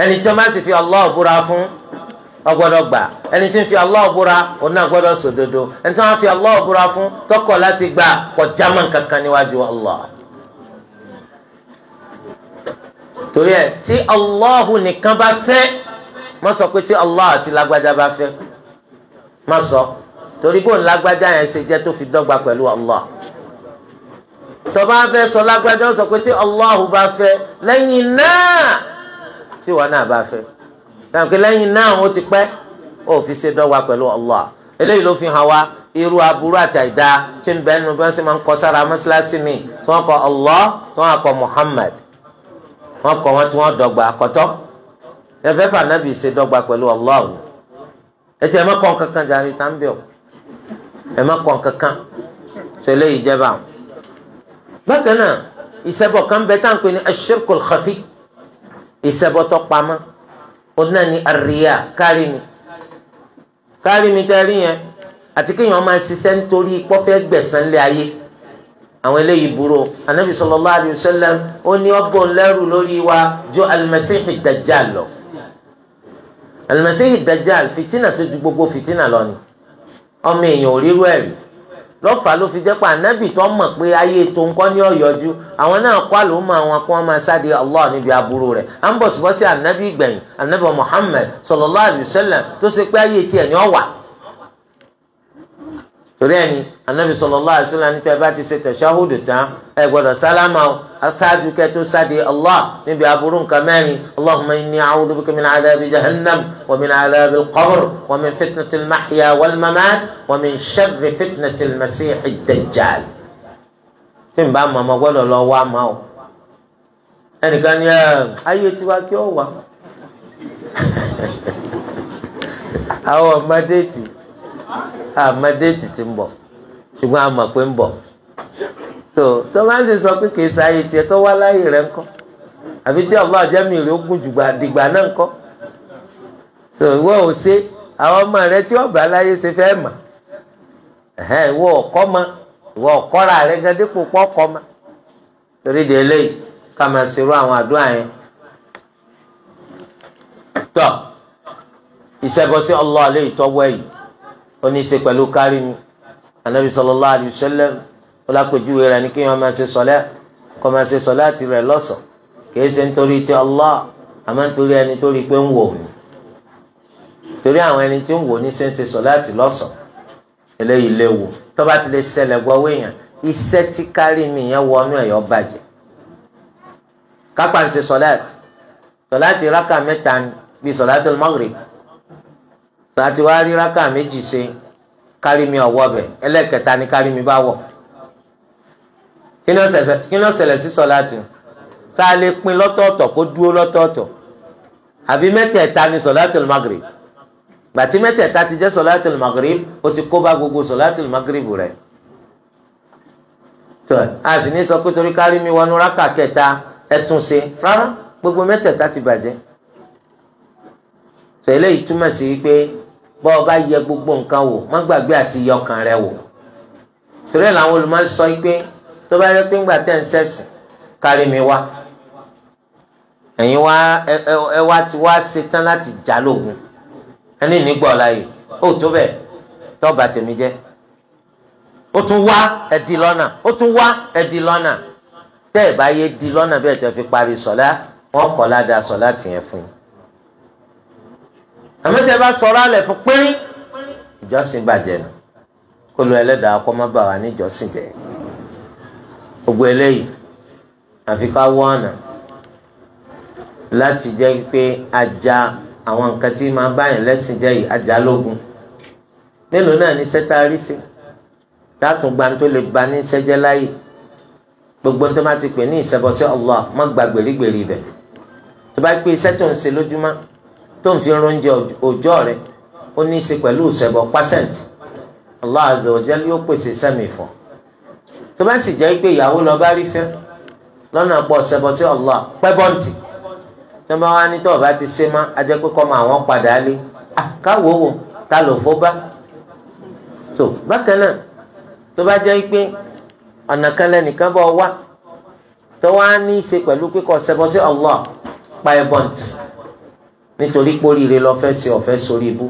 ẹni tí wọ́n bá sì fi Allah búra fún ọgbọ́dọ̀ gbà ẹni tí ń fi Allah búra òun náà gbọ́dọ̀ sòdodo ẹni tí wọ́n fi Allah búra fún tọkọ láti gbà kọjá mọ́ kankan níwájú Allah. torí ẹ tí Allahu nìkan bá fẹ́ má sọ pé tí Allah àti lágbájá bá fẹ́ má sọ torí bóun lágbájá yẹn ṣe jẹ́ tó fi dọ́gba pẹ̀lú Allah tọ́ba fẹ́ sọ lágbájá sọ pé tí Allahu bá fẹ́ lẹ́yìn náà tí wọn náà bá fẹ́ tàbí lẹ́yìn náà ó ti pẹ́ ó fi ṣe dọ́gba pẹ̀lú Allah eléyìí ló fi hàn wá irú aburú àtàìdá tí ń bẹ nínú bí wọ́n sì máa ń kọ sára mọ́ṣáláṣí mi tí wọ́n kọ Allah tí wọ́n kọ Muhammad wọ́n kọ wọn tí wọ́n dọ́gba àkọ́tọ́ ẹ fẹ́ fà nábì ṣe dọ́gba pẹ̀lú Allah ẹ ti ẹ má kọ́ kankan jàre tá ń bẹ̀ ọ́ ẹ má kọ́ kankan tó eléyìí jẹ́ bá bákan náà ìṣẹ́bọ̀ kan bẹ táǹpẹ́ ní ashirkul khafi ìṣẹ́bọ́tọ́ pamọ́ òun náà ni àríyá kárí mi kárí mi tẹ́rí yẹn àti kéèyàn máa ṣiṣẹ́ nítorí pọ́fẹ́ gbẹ̀sán lé ayé àwọn eléyìí burú anabi sallallahu alayhi wa sallam ó ní ọgbọ́n lẹ́rù lórí wa ju alimẹ́síhì dajjal lọ alimẹ́síhì dajjal fìtínà tó ju gbogbo fìtínà lọ ni ọmọ èèyàn ò rírú ẹ̀rí lọ́fà ló fi jẹ́ pé ànábì tó mọ̀ pé ayé tó ń kọ́ ní ọ̀yọ́jú àwọn náà kọ́ àlòmọ́ àwọn kí máa sáde Allah níbi aburú rẹ̀ à ń bọ̀ síbọ̀ sí ànábì ìgbẹ̀yìn ànábì Muhammad sallallahu alaihi wasallam tó ṣe pé ayé tiẹ̀ ní ọ̀wà torí ẹ̀yin anabi sallallahu alaihi wasallam ní tẹ́ bá ti ṣe tẹ̀síáhùdù tán ẹ gbọ́dọ̀ sálámà o aṣáájú kẹtó sáde allah níbi aburú nǹkan mẹ́rin allahumma inni a'udhu bika min adhabi jahannam wa min adhabi al-qabr wa min fitnati al-mahya wal-mamat wa min sharri fitnati al-masihi ad-dajjal. tí n bá mọ̀ ọmọ lọ wá ma o ẹnìkan ní ayé tiwa kí ó wà [LAUGHS] àwọn ọmọdé tì àmọdéètì ti ń ṣùgbọ́n a mọ̀ pé ń so tó bá ń ṣe sọ pé kì í sáyé tiẹ̀ tó wá láyé rẹ̀ ńkọ́ àfi tí ọba àjẹmí rẹ̀ ó gùn jùgbà dìgbà náà so ìwọ ò ṣe àwọn ọmọ rẹ tí ọba láyé ṣe mà ma ìwọ ọ̀kọ́ra rẹ gan ma torí de eléyìí ká máa ṣerú àwọn àdúrà yẹn ó ní í ṣe pẹ̀lú kárí mi anabi sallallahu alayhi wa sallam ó lápèjúwe rẹ̀ ní kí wọn máa ṣe sọlẹ kó máa ṣe sọlẹ àti rẹ̀ lọ́sàn kì í ṣe nítorí ti Allah àmọ́ nítorí ẹni tó rí i pé ń wò mí torí àwọn ẹni tí ń wò ní sẹ́ńsẹ̀ sọ láti lọ́sàn eléyìí léwu tó bá ti lè ṣẹlẹ̀ gbọ́wọ́ èèyàn iṣẹ́ tí kárí mi yẹn wọnú ẹ̀yọ́ bàjẹ́ kápá ń ṣe sọláàtì sọláàtì rákà mẹ́ta bíi sọláàtì al-Maghrib sàtì wá rí rákà méjì ṣe kárìmí ọwọ́ bẹ̀ ẹlẹ́kẹta ni kárìmí bá wọ̀ kí ni ó ṣẹlẹ̀ sí sọ̀láàtì tá a lè pín lọ́tọ̀ọ̀tọ̀ kó dúró lọ́tọ̀ọ̀tọ̀ àbí mẹ́tẹ̀ẹ̀ta ni sọ̀láàtì magrib gbàtí mẹ́tẹ̀ẹ̀ta ti jẹ́ sọ̀láàtì magrib ó ti kó bá gbogbo sọ̀láàtì magrib rẹ̀ tó a sì ní sọ pé torí kárìmí wọnú rákà kẹta ẹ̀ rárá gbogbo mẹ́tẹ̀ẹ̀ta ti bàjẹ́ tẹ̀lé ìtumọ̀ sí wípé bọ́ ọ bá yẹ gbogbo nǹkan wò má gbàgbé àti yọ ọkàn rẹ wò torí ẹ̀ làwọn olùmọ̀ sọ wípé tó bá yẹ pé ńgbà tẹ̀ ń sẹ̀sìn kárí mi wá ẹ̀yin wá ẹ wá ti wá ṣetán láti já lógun ẹni nígbà ọ̀láyè ó tó bẹ̀ tọ́ba tèmi jẹ́ ó tún wá ẹ̀dì lọ́nà ó tún wá ẹ̀dì lọ́nà tẹ́ ẹ̀ bá yé di lọ́nà bẹ́ẹ̀ tẹ́ fi parí sọ̀lá wọ́n kọ́ ládàá sọ̀lá tìyẹn fún yín àmọ́tẹ́ bá sọ̀rọ̀ alẹ̀ fún pín ìjọsìn bàjẹ́ nù kó lu ẹlẹ́dàá kọ́ má bà wá níjọsìn jẹ́ gbogbo eléyìí àfi ká wọ́ ọ̀nà láti jẹ́ pé ajá àwọn nǹkan tí máa bá yẹn lẹ́sìn jẹ́ yìí ajá lógun mélòó náà ní sẹ́tárì sí látùn gba tó lè ba ní sẹ́jẹ́ láyè gbogbo tó má ti pè ní ìṣẹ́bọsí Allah má gba gbèrígbèrí ibẹ̀ tó bá pé iṣẹ́ ń ṣe lójúmọ́ tó ń fi oúnjẹ òòjọ́ rẹ̀ ó ní í ṣe pẹ̀lú ìṣẹ̀bọ̀ percent Allah azza wa jalla yóò pèsè sẹ́mi fún tó bá sì jẹ́ pé ìyàwó lọ bá rí fẹ́ lọ́nà pọ̀ ṣẹbọ sí Allah pẹ́bọ́ǹtì tó bá wá ní tó bá ti ṣe má a jẹ́ pé kọ́ mọ àwọn padà lé ah, káwọ́ wò ta ló fó bá tó bákan náà tó bá jẹ́ pé ọ̀nà kan lẹ́nìkan bọ́ wá tó wá ní í ṣe pẹ̀lú pé kọ́ sí Allah pẹ́bọ́ǹtì nítorí póríire lọ fẹ́ ṣe ọ̀fẹ́ sórí ibú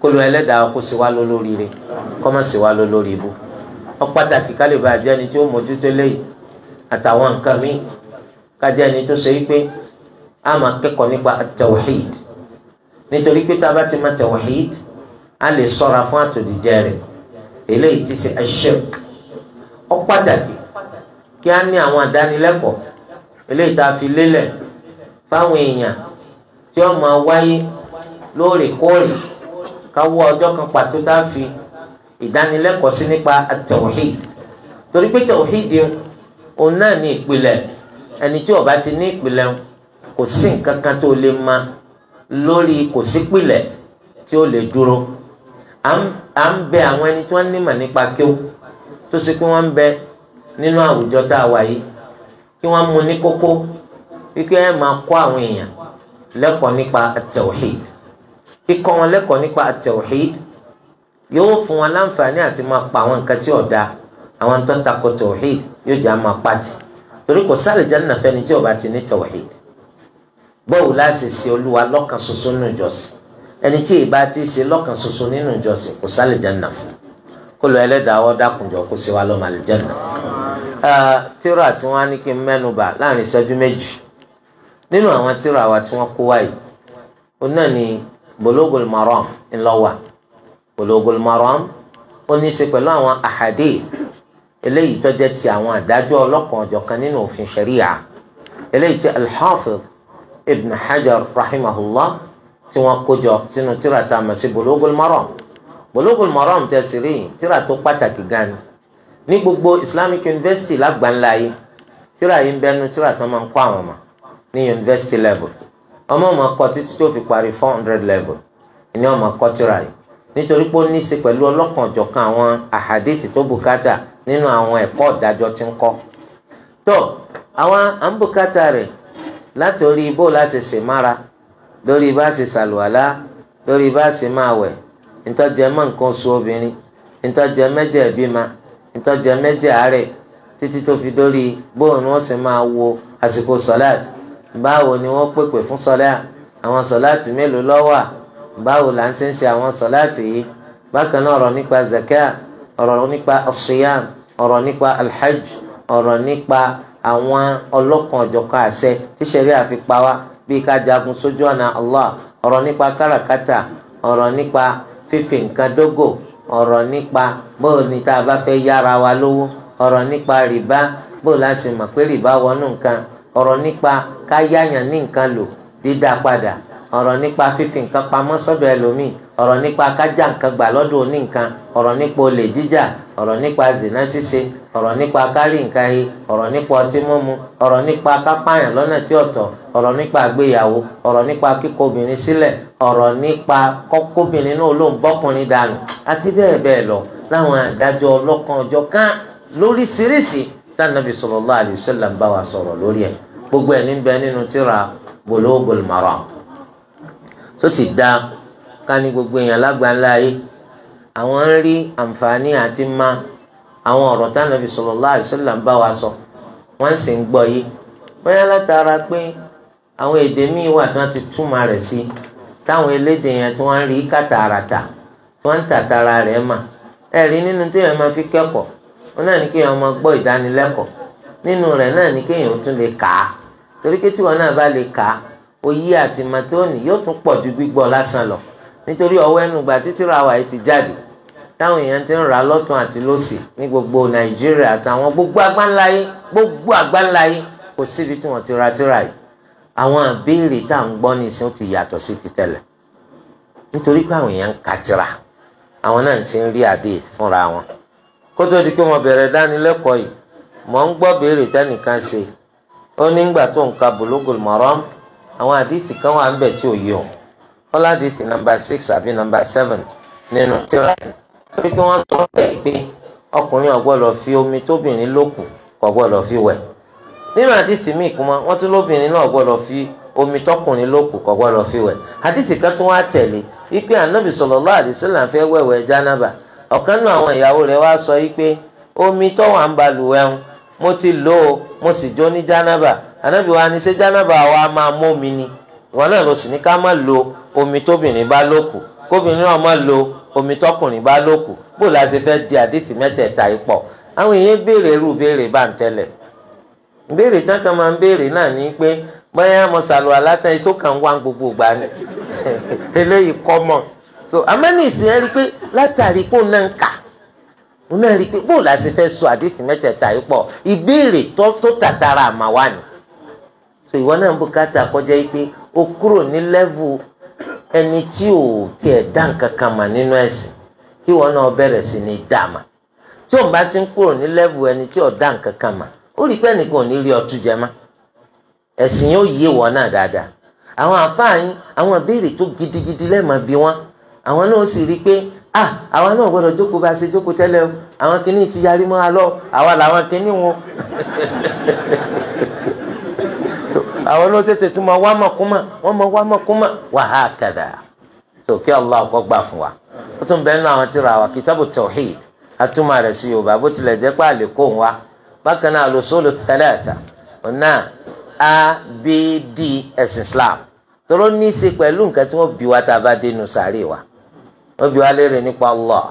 kó lu ẹlẹ́dàá kó ṣe wá lólóríire kó má ṣe wá lólórí ibú ó pàtàkì ká lè bá jẹ́ ẹni tí ó mójútó léyìí àtàwọn nǹkan míì ká jẹ́ ẹni tó ṣe wípé a máa kẹ́kọ̀ọ́ nípa tawhid nítorí pé tá a bá ti mọ̀ tawhid a lè sọ́ra fún àtòdìjẹ rẹ̀ eléyìí ti ṣe ashirk ó kí a ní àwọn àdánilẹ́kọ̀ọ́ eléyìí tá a fi lélẹ̀ fáwọn èèyàn tí ó máa wáyé lóòrèkóòrè káwọ́ ọjọ kan pàtó tá fi ìdánilẹ́kọ̀ọ́ sí nípa tawhid torí pé tawhid òun náà ní ìpìlẹ̀ ẹni tí ó ti ní ìpìlẹ̀ kò sí nǹkan kan tó lè ma lórí kò sí pìlẹ̀ tí ó lè dúró à ń bẹ àwọn ẹni tí wọ́n nímọ̀ nípa kíó tó sì pé ń bẹ nínú àwùjọ tá a wà yìí kí wọ́n mú ní kókó wípé ẹ máa lẹ́kọ̀ọ́ nípa at-tawhid kíkọ́ wọn lẹ́kọ̀ọ́ nípa at-tawhid yóò fún wọn láǹfààní àti máa pa àwọn nǹkan tí ò da àwọn tó ń takò tawhid yóò jẹ́ àmọ́ pàtì torí kò sáré jẹ́nà fẹ́ni tí ò bá ti ní tawhid bọ́ọ̀lù láti ṣe olúwa lọ́kàn ṣoṣo nínú ìjọsìn ẹni tí ìbá ti ṣe lọ́kàn ṣoṣo nínú ìjọsìn kò sáré jẹ́nà fún kó lọ ẹlẹ́dàá ọ́ kó ṣe wá lọ́mọ àlùjẹ́nà. tíra tí wọ́n á ní kí n mẹ́nu láàrin ìṣẹ́jú méjì nínú àwọn tírà wa tí wọ́n kó wáyé ó náà ní bologol maram ńlọ́wà bologol maram ó ní í ṣe pẹ̀lú àwọn àhàdé eléyìí tó jẹ́ ti àwọn àdájọ́ ọlọ́kan ọ̀jọ̀kan nínú òfin ṣẹ̀ríà eléyìí tí alhafiz ibn hajar rahimahullah tí wọ́n kó jọ sínú tírà tá a mọ̀ sí bologol maram bologol maram tẹ̀sírí tírà tó pàtàkì gan ni ní gbogbo islamic university lágbàńlá yìí tírà yìí ń bẹnu tírà tó máa ń kó àwọn mọ̀ ní university level ọmọ ọmọ kọ títí tó fi parí four hundred level ní ọmọ kọtìrà yìí nítorí pé ó ní í ṣe pẹ̀lú ọlọ́kan ọ̀jọ̀kan àwọn àhàdìtì tó bùkátà nínú àwọn ẹ̀kọ́ ìdájọ́ tí ń kọ́ tó àwọn àǹbùkátà rẹ̀ láti orí ibò láti ṣe mára lórí bá ṣe ṣàlùwàlá lórí bá ṣe máa wẹ̀ ìtọ́jẹ́ mọ́ nǹkan oṣù obìnrin ìtọ́jẹ́ mẹ́jẹ̀ ìbímọ ìtọ́jẹ́ mẹ́jẹ̀ àárẹ̀ títí tó fi dórí bóun ó sì máa wo àsìkò sọ́láàtì báwo ni wọ́n pèpè fún sọlá àwọn sọláàtì mélòó ló wà báwo là ń ṣe ń ṣe àwọn sọláàtì yìí bákan náà ọ̀rọ̀ nípa zaka ọ̀rọ̀ nípa asiyam ọ̀rọ̀ nípa alhaj ọ̀rọ̀ nípa àwọn ọlọ́kan ọ̀jọ̀kan àṣẹ tí ṣẹ̀rí àfipá wa bíi ká jagun sójú ọ̀nà Allah ọ̀rọ̀ nípa káràkátà ọ̀rọ̀ nípa fífi nǹkan dógò ọ̀rọ̀ nípa bóò ní tá a bá fẹ́ yára wa lówó ọ̀rọ̀ nípa rìbá bóò láti mọ̀ pé rìbá wọnú nǹkan ọ̀rọ̀ nípa káyáyàn ní nǹkan lò dídá padà ọ̀rọ̀ nípa fífi nǹkan pamọ́ sọ́dọ̀ ẹlòmíì ọ̀rọ̀ nípa kájà nǹkan gbà lọ́dọ̀ oníǹkan ọ̀rọ̀ nípa olè jíjà ọ̀rọ̀ nípa zìnà ṣíṣe ọ̀rọ̀ nípa kárí nǹkan yìí ọ̀rọ̀ nípa ọtí mímu ọ̀rọ̀ nípa kápáyàn lọ́nà tí ọ̀tọ̀ ọ̀rọ̀ nípa àgbéyàwó ọ̀rọ̀ nípa kíkọ obìnrin sílẹ̀ ọ̀rọ̀ nípa kọ́kọ́bìnrin náà ló ń bọ́kùnrin dànù àti bẹ́ẹ̀ bẹ́ẹ̀ lọ láwọn àdájọ́ ọlọ́kan ọjọ́ kan lóríṣiríṣi tánàbí sallallahu alayhi wa sallam bá wa sọ̀rọ̀ lórí ẹ̀ gbogbo ẹ̀ níbẹ̀ nínú tíra Bulughul Maram tó sì dá ká ní gbogbo èèyàn lágbàńlá yìí àwọn ń rí àǹfààní àti má àwọn ọ̀rọ̀ tánàbí sallallahu alayhi wa sallam bá wa sọ wọ́n sì ń gbọ́ yìí bóyá látara pé àwọn èdè míì wà tí wọ́n ti túmọ̀ rẹ̀ sí táwọn elédè yẹn tí wọ́n ń rí kàtàràtà wọ́n ń tàtàrà rẹ̀ mà ẹ̀rí nínú tí yẹn máa fi kẹ́kọ̀ọ́ wọn náà ní kéèyàn máa gbọ́ ìdánilẹ́kọ̀ọ́ nínú rẹ̀ náà ní kéèyàn tún lè kà á torí pé tíwọn náà bá lè kà á òye àti màtóònì yóò tún pọ̀ ju gbígbọ́ lásán lọ nítorí ọwọ́ ẹnu gbà títí ra wàá ti jáde táwọn èèyàn ti ń rà lọ́tún àti lọ́sì ní gbogbo nàìjíríà àtàwọn gbogbo àgbáńláyé gbogbo àgbáńláyé kò síbi tí wọ́n ti ra tíra yìí àwọn àbéèrè tá à ń gbọ́ nìsín ó ti yàtọ̀ sí ti tẹ́lẹ̀ nítorí pé àwọn èèyàn ń ka àwọn náà ti ń rí àdéhùn fúnra wọn kótó di pé mo bẹ̀rẹ̀ dánilẹ́kọ̀ọ́ yìí mò ń gbọ́ béèrè tẹ́nìkan ṣe ó nígbà tó ka àwọn àdìsí kan wà ń bẹ̀ tí ò o kọ́lá àdìsí nàmbà six àbí nàmbà seven nínú tíra yìí torí pé wọ́n sọ bẹ́ẹ̀ pé ọkùnrin fi omi tóbìnrin lókù kò fi wẹ̀ nínú àdìsí míì kúmọ́ wọ́n tún lóbìnrin náà fi omi ọ̀kan nínú àwọn ìyàwó rẹ̀ wá sọ yìí pé omi tó wà ń balù mo ti lò mo sì jó ní jánábà ànábì wa ni ṣé jánábà wa máa mómi ni ìwọ náà ló sì ni ká má lo omi tóbìnrin bá lòkù kóbìnrin náà má lo omi tọkùnrin bá lòkù bó la ṣe fẹ́ di àdìsí mẹ́tẹ̀ẹ̀ta àwọn èèyàn béèrè irú béèrè bá ń tẹ́lẹ̀ béèrè máa ń béèrè náà gbogbo ni [LAUGHS] eléyìí kọ́ so amánìsì ẹ rí pé látàrí pé náà ń kà òun náà rí i pé bóòlù àti sọ àdéhùn yìí ni so ìwọ náà ń bùkátà kọjá yìí pé o kúrò ní lẹ́vù ẹni tí ò tiẹ̀ dá nǹkan kan mà nínú ẹ̀sìn kí náà bẹ̀rẹ̀ sí ní tí òun bá ti ń kúrò ní lẹ́vù ẹni tí ò dá nǹkan kan mà ó rí i pé ẹnìkan ò ní rí ọtún jẹ má ẹ̀sìn yóò yé náà dáadáa àwọn gidigidi bí àwọn náà sì rí i pé ah àwọn náà gbọ́dọ̀ jókòó bá a ṣe jókòó tẹ́lẹ̀ o àwọn kìíní ti yarí mọ́ alọ́ àwa làwọn kìíní wọn [LAUGHS] àwọn náà tètè tún máa wá mọ̀kúmọ̀ wọ́n máa wá mọ̀kúmọ̀ wàhálà kàdà sókè Allah kó gbà fún wa ó tún bẹ́ẹ̀ náà àwọn tírà wa kìtàbù tawhid atúmọ̀ rẹ̀ sí yorùbá bó tilẹ̀ jẹ́ pé àlè kó wa bákan náà al-usulu thalatha ọ̀nà abd ẹ̀sìn Islam tó ló ní í ṣe pẹ̀lú nǹkan tí wọ́n bí wa tá a bá dénú sàárè wa wọ́n bi wá léèrè nípa Allah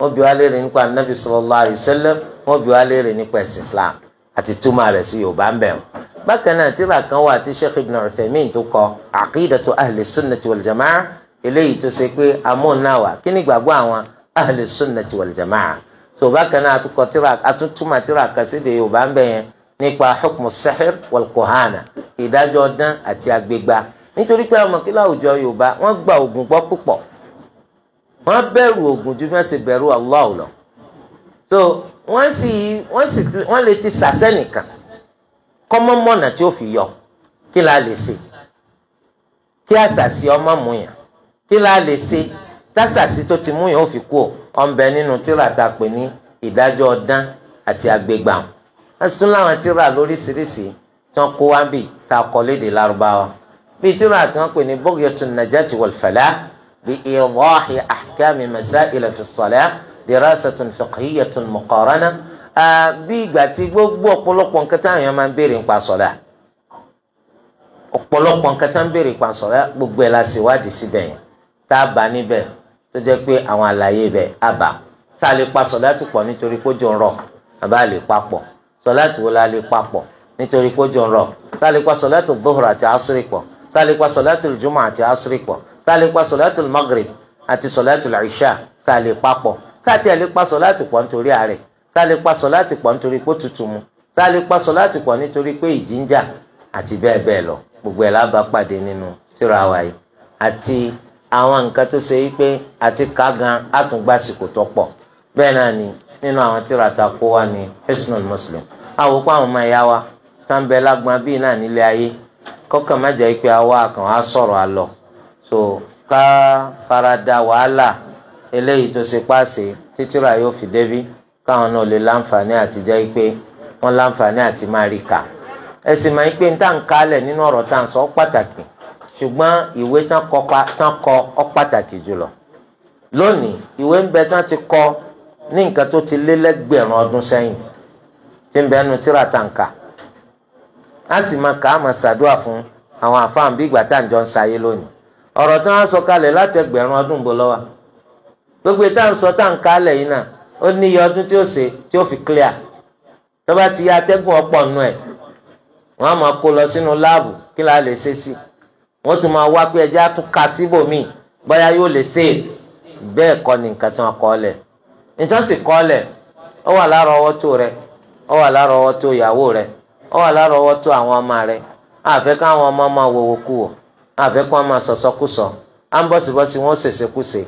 wọ́n bi wá léèrè nípa anabi sallallahu alayhi wa sallam wọ́n bi wá léèrè nípa ẹ̀sìn Islam àti túmọ̀ rẹ̀ sí Yorùbá ń bẹ̀rù bákan náà tíra kan wà tí Sheikh Ibn Uthaymin tó kọ Aqidatu Ahli Sunnati wal Jama'a eléyìí tó ṣe pé amóhùnáwá kí ni gbàgbọ́ àwọn Ahli Sunnati wal Jama'a tó bákan náà àtúkọ tíra àtúntúmọ̀ tíra kan síde Yorùbá ń bẹ̀yẹn nípa hukmu sihir wal kohana ìdájọ́ ọdán àti agbègbà nítorí pé àwọn mọ̀kílá àwùjọ Yorùbá wọ́n gba ògùn gbọ́ púpọ̀ wọ́n bẹ̀rù oògùn ju fẹ́ẹ́ ṣe bẹ̀rù Allah lọ so wọ́n sì wọ́n sì wọ́n lè ti sàṣẹ nìkan kọmọmọnà tí ó fi yọ kí la lè ṣe kí àṣàṣì ọmọ mú yàn kí la lè ṣe tásàṣì tó ti mú yàn ó fi kú ọ ọmọbẹ nínú tíra ta pè ní ìdájọ́ ọdán àti agbègbà wọn sì tún láwọn tíra lóríṣiríṣi tí wọ́n kó wá bì tá a kọ lédè lárúbáwá bíi tíra tí wọ́n pè ní bọ́gìyàtún najati wal falah. لإيضاح أحكام مسائل في الصلاة دراسة فقهية مقارنة bí ìgbà tí gbogbo ọ̀pọ̀lọpọ̀ nǹkan táwọn èèyàn máa ń béèrè nípa sọ̀lá ọ̀pọ̀lọpọ̀ nǹkan táwọn béèrè nípa sọ̀lá gbogbo ẹ̀ la ṣèwádìí síbẹ̀ yẹn tá a bá níbẹ̀ tó jẹ́ pé àwọn àlàyé bẹ̀ á bà tá a lè pa sọ̀lá tó pọ̀ nítorí kójò ń rọ̀ àbá lè papọ̀ sọ̀lá tó la lè papọ̀ nítorí kójò ń rọ̀ tá a lè pa sọ̀lá tó gbóhùrọ̀ àti àṣírí pọ̀ tá a lè pa sọ̀lá tó jùmọ̀ àti àṣírí pọ̀ tá a lè pa sọ̀látùl magrib àti sọ̀látùl ìṣá tá a lè papọ̀ tá a ti lè pa sọ̀látù pọ̀ nítorí àárẹ̀ tá a lè pa sọ̀látù pọ̀ nítorí pé tutù mu tá a lè pa sọ̀látù pọ̀ nítorí pé ìjìnjà àti bẹ́ẹ̀ bẹ́ẹ̀ lọ gbogbo ẹ̀ lábàá pàdé nínú tírà wa yìí àti àwọn nǹkan tó ṣe wípé àti ká àtúngbàsíkò tó pọ̀ bẹ́ẹ̀ náà ni nínú àwọn tírà ta kó wa ni hisnul muslim àwọn òkú àwọn ọmọ ẹ̀yà wa tá ń bẹ lágbọn bíi náà nílé ayé kọ́kàn má jẹ́ pé àwa kàn á sọ̀rọ̀ àlọ́ so ká farada wàhálà eléyìí tó ṣe páàsì títíra yóò fi débí káwọn náà lè láǹfààní àti jẹ́ pé wọ́n láǹfààní àti máa rí kà ẹ sì máa ń pè ń tà ń kálẹ̀ nínú ọ̀rọ̀ tá à ń sọ ọ́ pàtàkì ṣùgbọ́n ìwé tán kọ ọ́ pàtàkì jùlọ lónìí ìwé ń bẹ tán ti kọ ní nǹkan tó ti lé lẹ́gbẹ̀rún ọdún sẹ́yìn tí ń bẹ nu tíra tá kà á sì máa kà á máa ṣàdúrà fún àwọn àfáàn bí ìgbà tá à ń jọ ń sayé lónìí ọ̀rọ̀ tí wọ́n sọ kalẹ̀ láti ẹgbẹ̀rún ọdún bó lọ́wọ́ gbogbo ìta ń sọ tá à kalẹ̀ yìí náà ó ní iye ọdún tí ó ṣe tí ó fi clear tó ti ya atẹ́gùn ọ̀pọ̀ nù ẹ̀ wọ́n á lọ sínú láàbù kí la lè ṣe sí wọ́n tún máa wá pé ẹjẹ́ tún ka síbòmíì yóò lè ṣe bẹ́ẹ̀ kọ́ ni nǹkan tí wọ́n kọ́ lẹ̀ nǹkan sì kọ́ lẹ̀ ó wà rẹ̀ ó wà ìyàwó ó wà rẹ̀ àfẹ́ káwọn ọmọ máa kú àfẹ́kọ́ máa sọ̀sọ́kùsọ à ń bọ̀sibọ́sí wọn ṣèṣekúṣe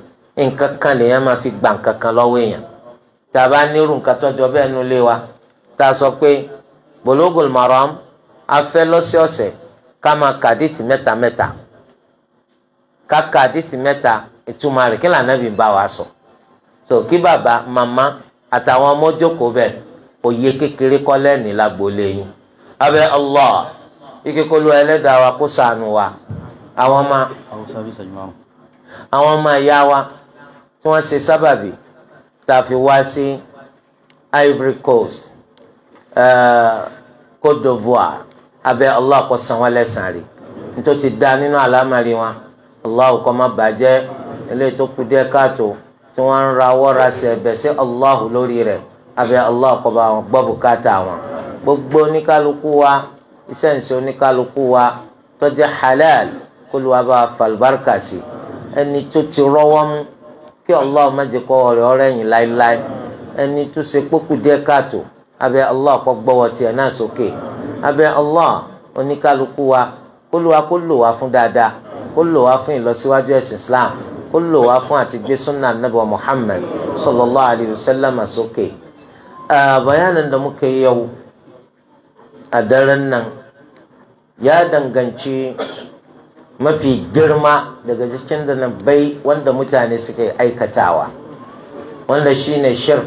nǹkan kan lèèyàn máa fi gbà nǹkan kan lọ́wọ́ èèyàn tá a bá nírú nǹkan tọ́jọ́ bẹ́ẹ̀ nu lé wa tá a sọ pé Bulugul Maram afẹ́ lọ́sọ̀ọ̀sẹ̀ ká máa ka àdìsí mẹ́ta mẹ́ta ká ka àdìsí mẹ́ta ìtumọ̀ rẹ̀ kí lànàbì bá wa sọ so kí bàbá màmá àtàwọn ọmọ jókòó bẹ́ẹ̀ òye kékeré kọ́ lẹ́ẹ̀ni lágbo lẹ́yìn abẹ́ Allah ikekolu ẹlẹ́dàá wa kó ṣàánú wa àwọn ọmọ àwọn ọmọ ìyá wa tí wọ́n ṣe sábàbí tá a fi wá sí Ivory Coast uh, Côte d'Ivoire abẹ́ Allah kó san wọ́n lẹ́san rẹ̀ nítorí ti da nínú àlámàrí wọn Allah kó má bàjẹ́ eléyìí tó kù díẹ̀ káàtó tí wọ́n ń rawọ́ rasẹ̀ ẹ̀bẹ̀ sí Allah lórí rẹ̀ abẹ́ Allah kó bá wọn gbọ́ bùkátà wọn gbogbo oníkálukú wa iṣẹ́ ìṣe oníkálukú wa tó halal kóluwa bá falùbáríkà sí ẹni tó ti rọ́wọ́ mú kí Allah má jẹ́ kó ọ̀rẹ́ ọ̀rẹ́ yìí láéláé ẹni tó ṣe kpókù díẹ̀ káàtó abẹ́ Allah kó gbọ́wọ́ tiẹ̀ náà sókè abẹ́ Allah oníkálukú wa kóluwa kó lò wá fún dáadáa kó lò fún ìlọsíwájú ẹ̀sìn Islam kó lò wá fún àtijọ́ sunna anabi Muhammad sallallahu alayhi wa sallam sókè bayanin da muka yi yau a nan ya danganci mafi girma daga cikin bai wanda mutane suka yi aikatawa wanda shine shirk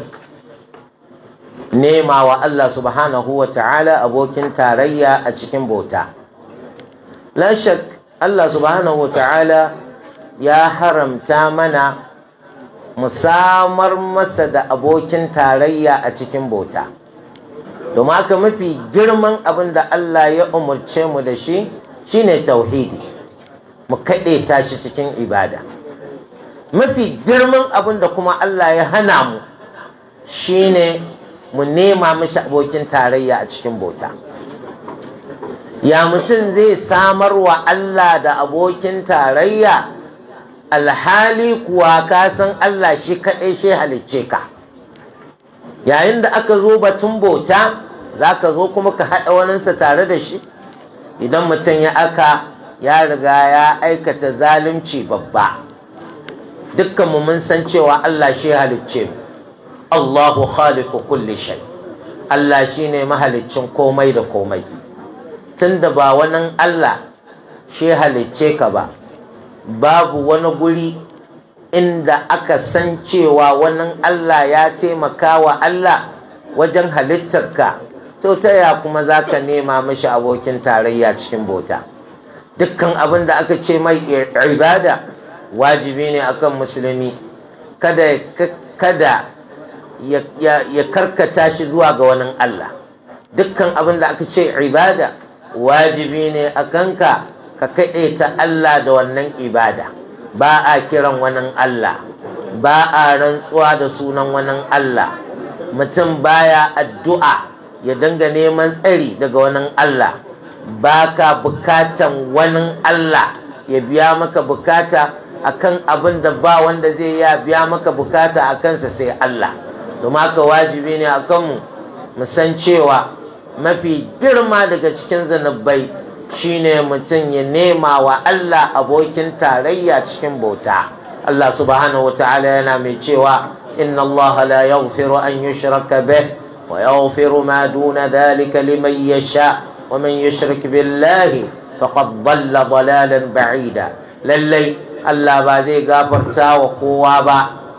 nema wa Allah subhanahu wa ta'ala abokin tarayya a cikin bauta shak Allah subhanahu wa ta'ala ya haramta mana musamar masa da abokin tarayya a cikin bauta domin haka mafi girman abin da Allah ya umarce mu da shi shine tauhidi mu kaɗe ta shi cikin ibada mafi girman abin da kuma Allah ya hana mu shine mu nema mashi abokin tarayya a cikin bauta ya mutum zai samar wa Allah da abokin tarayya alhali kuwa ka san Allah shi kaɗai shi halicce ka yayin da aka zo batun bauta za ka zo kuma ka haɗa waninsa tare da shi idan mutum ya aka ya riga ya aikata zalunci babba mu mun san cewa Allah shi halicce Allahu khaliqu kulli shay Allah shi ne mahaliccin komai da komai tunda ba wani Allah shi halicce ka ba babu wani guri inda aka san cewa wani Allah ya taimaka wa Allah wajen halittarka to ta ya kuma za ka nema mashi abokin tarayya cikin bota dukkan abin da aka ce mai ibada wajibi ne akan musulmi kada ya karkata shi zuwa ga wani Allah dukkan abin da aka ce ibada wajibi ne a ka ka kaɗe ta Allah da wannan ibada ba a kiran wani Allah ba a rantsuwa da sunan wani Allah mutum baya addu'a ya danga neman tsari daga wani Allah ba ka bukatan wani Allah ya biya maka bukata akan abin da ba wanda zai ya biya maka bukata a kansa sai Allah domin haka wajibi ne a kanmu mu san cewa mafi girma daga cikin shi shine mutum ya nema wa Allah abokin tarayya cikin bauta Allah subhanahu wa ta'ala yana mai cewa inna Allah la yaghfiru an yushraka bih wa yaghfiru ma duna dhalika liman yasha' ومن يشرك بالله faqad dalla dalalan ba'ida lallai Allah ba zai gafarta wa kowa ba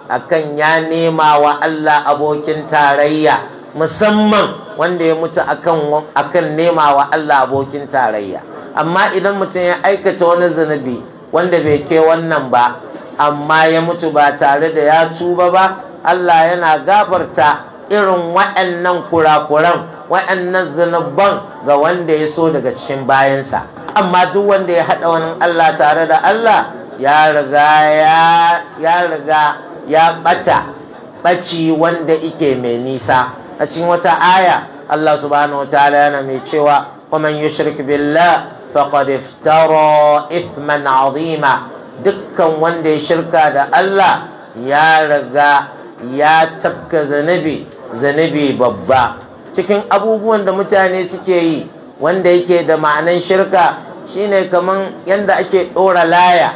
akan ya nema wa Allah abokin tarayya musamman wanda ya mutu akan akan nema wa Allah abokin tarayya amma idan mutum ya aikata wani zinabi wanda bai ke wannan ba amma ya mutu ba tare da ya tuba ba Allah yana gafarta irin waɗannan kuran wa'annan zunuban ga wanda ya so daga cikin bayansa amma duk wanda ya haɗa wani Allah tare da Allah ya riga ya riga ya ɓata ɓaci wanda ike mai nisa a cikin wata aya Allah subhanahu wataala yana mai cewa wa yi yushrik billah faqad iftara ithman azima dukkan wanda ya shirka da Allah ya riga ya tafka zanabi zanabi babba cikin abubuwan da mutane suke yi wanda yake da ma'anan shirka shine kamar yadda ake ɗora laya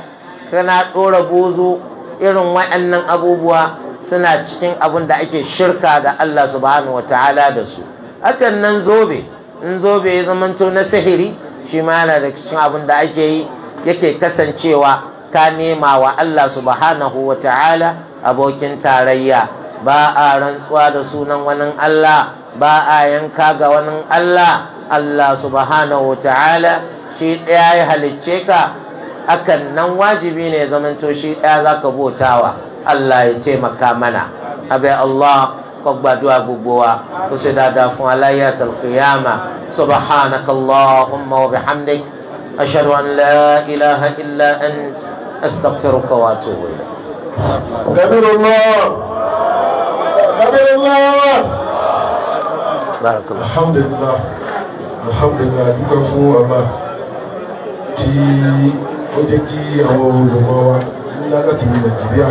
kana ɗora buzu irin wa'annan abubuwa suna cikin abin da ake shirka da Allah subhanahu ta'ala da su hakan nan zobe in zobe ya zamanto na sihiri shi ma yana da cikin abin da ake yi yake kasancewa ka nema wa Allah subhanahu ta'ala abokin tarayya ba a rantsuwa da sunan wani Allah ba a yanka ga wani Allah Allah subhanahu ta'ala shi ɗaya ya halicce ka akan nan wajibi ne zamanto shi ɗaya za ka bautawa Allah ya taimaka mana abẹ́ Allah kó gbàdúrà gbogbo wa kó ṣe dáadáa fún aláyàtọ̀ kìyàmà subhanaka Allahumma wa bihamdik ashhadu an la ilaha illa ant astaghfiruka wa atubu ilayk. kabir Allah kabir Allah. barakallah. alhamdulilah alhamdulilah dúpẹ́ fún ọba tí ó jẹ́ kí àwọn olùkọ́ wa ní láti Nàìjíríà.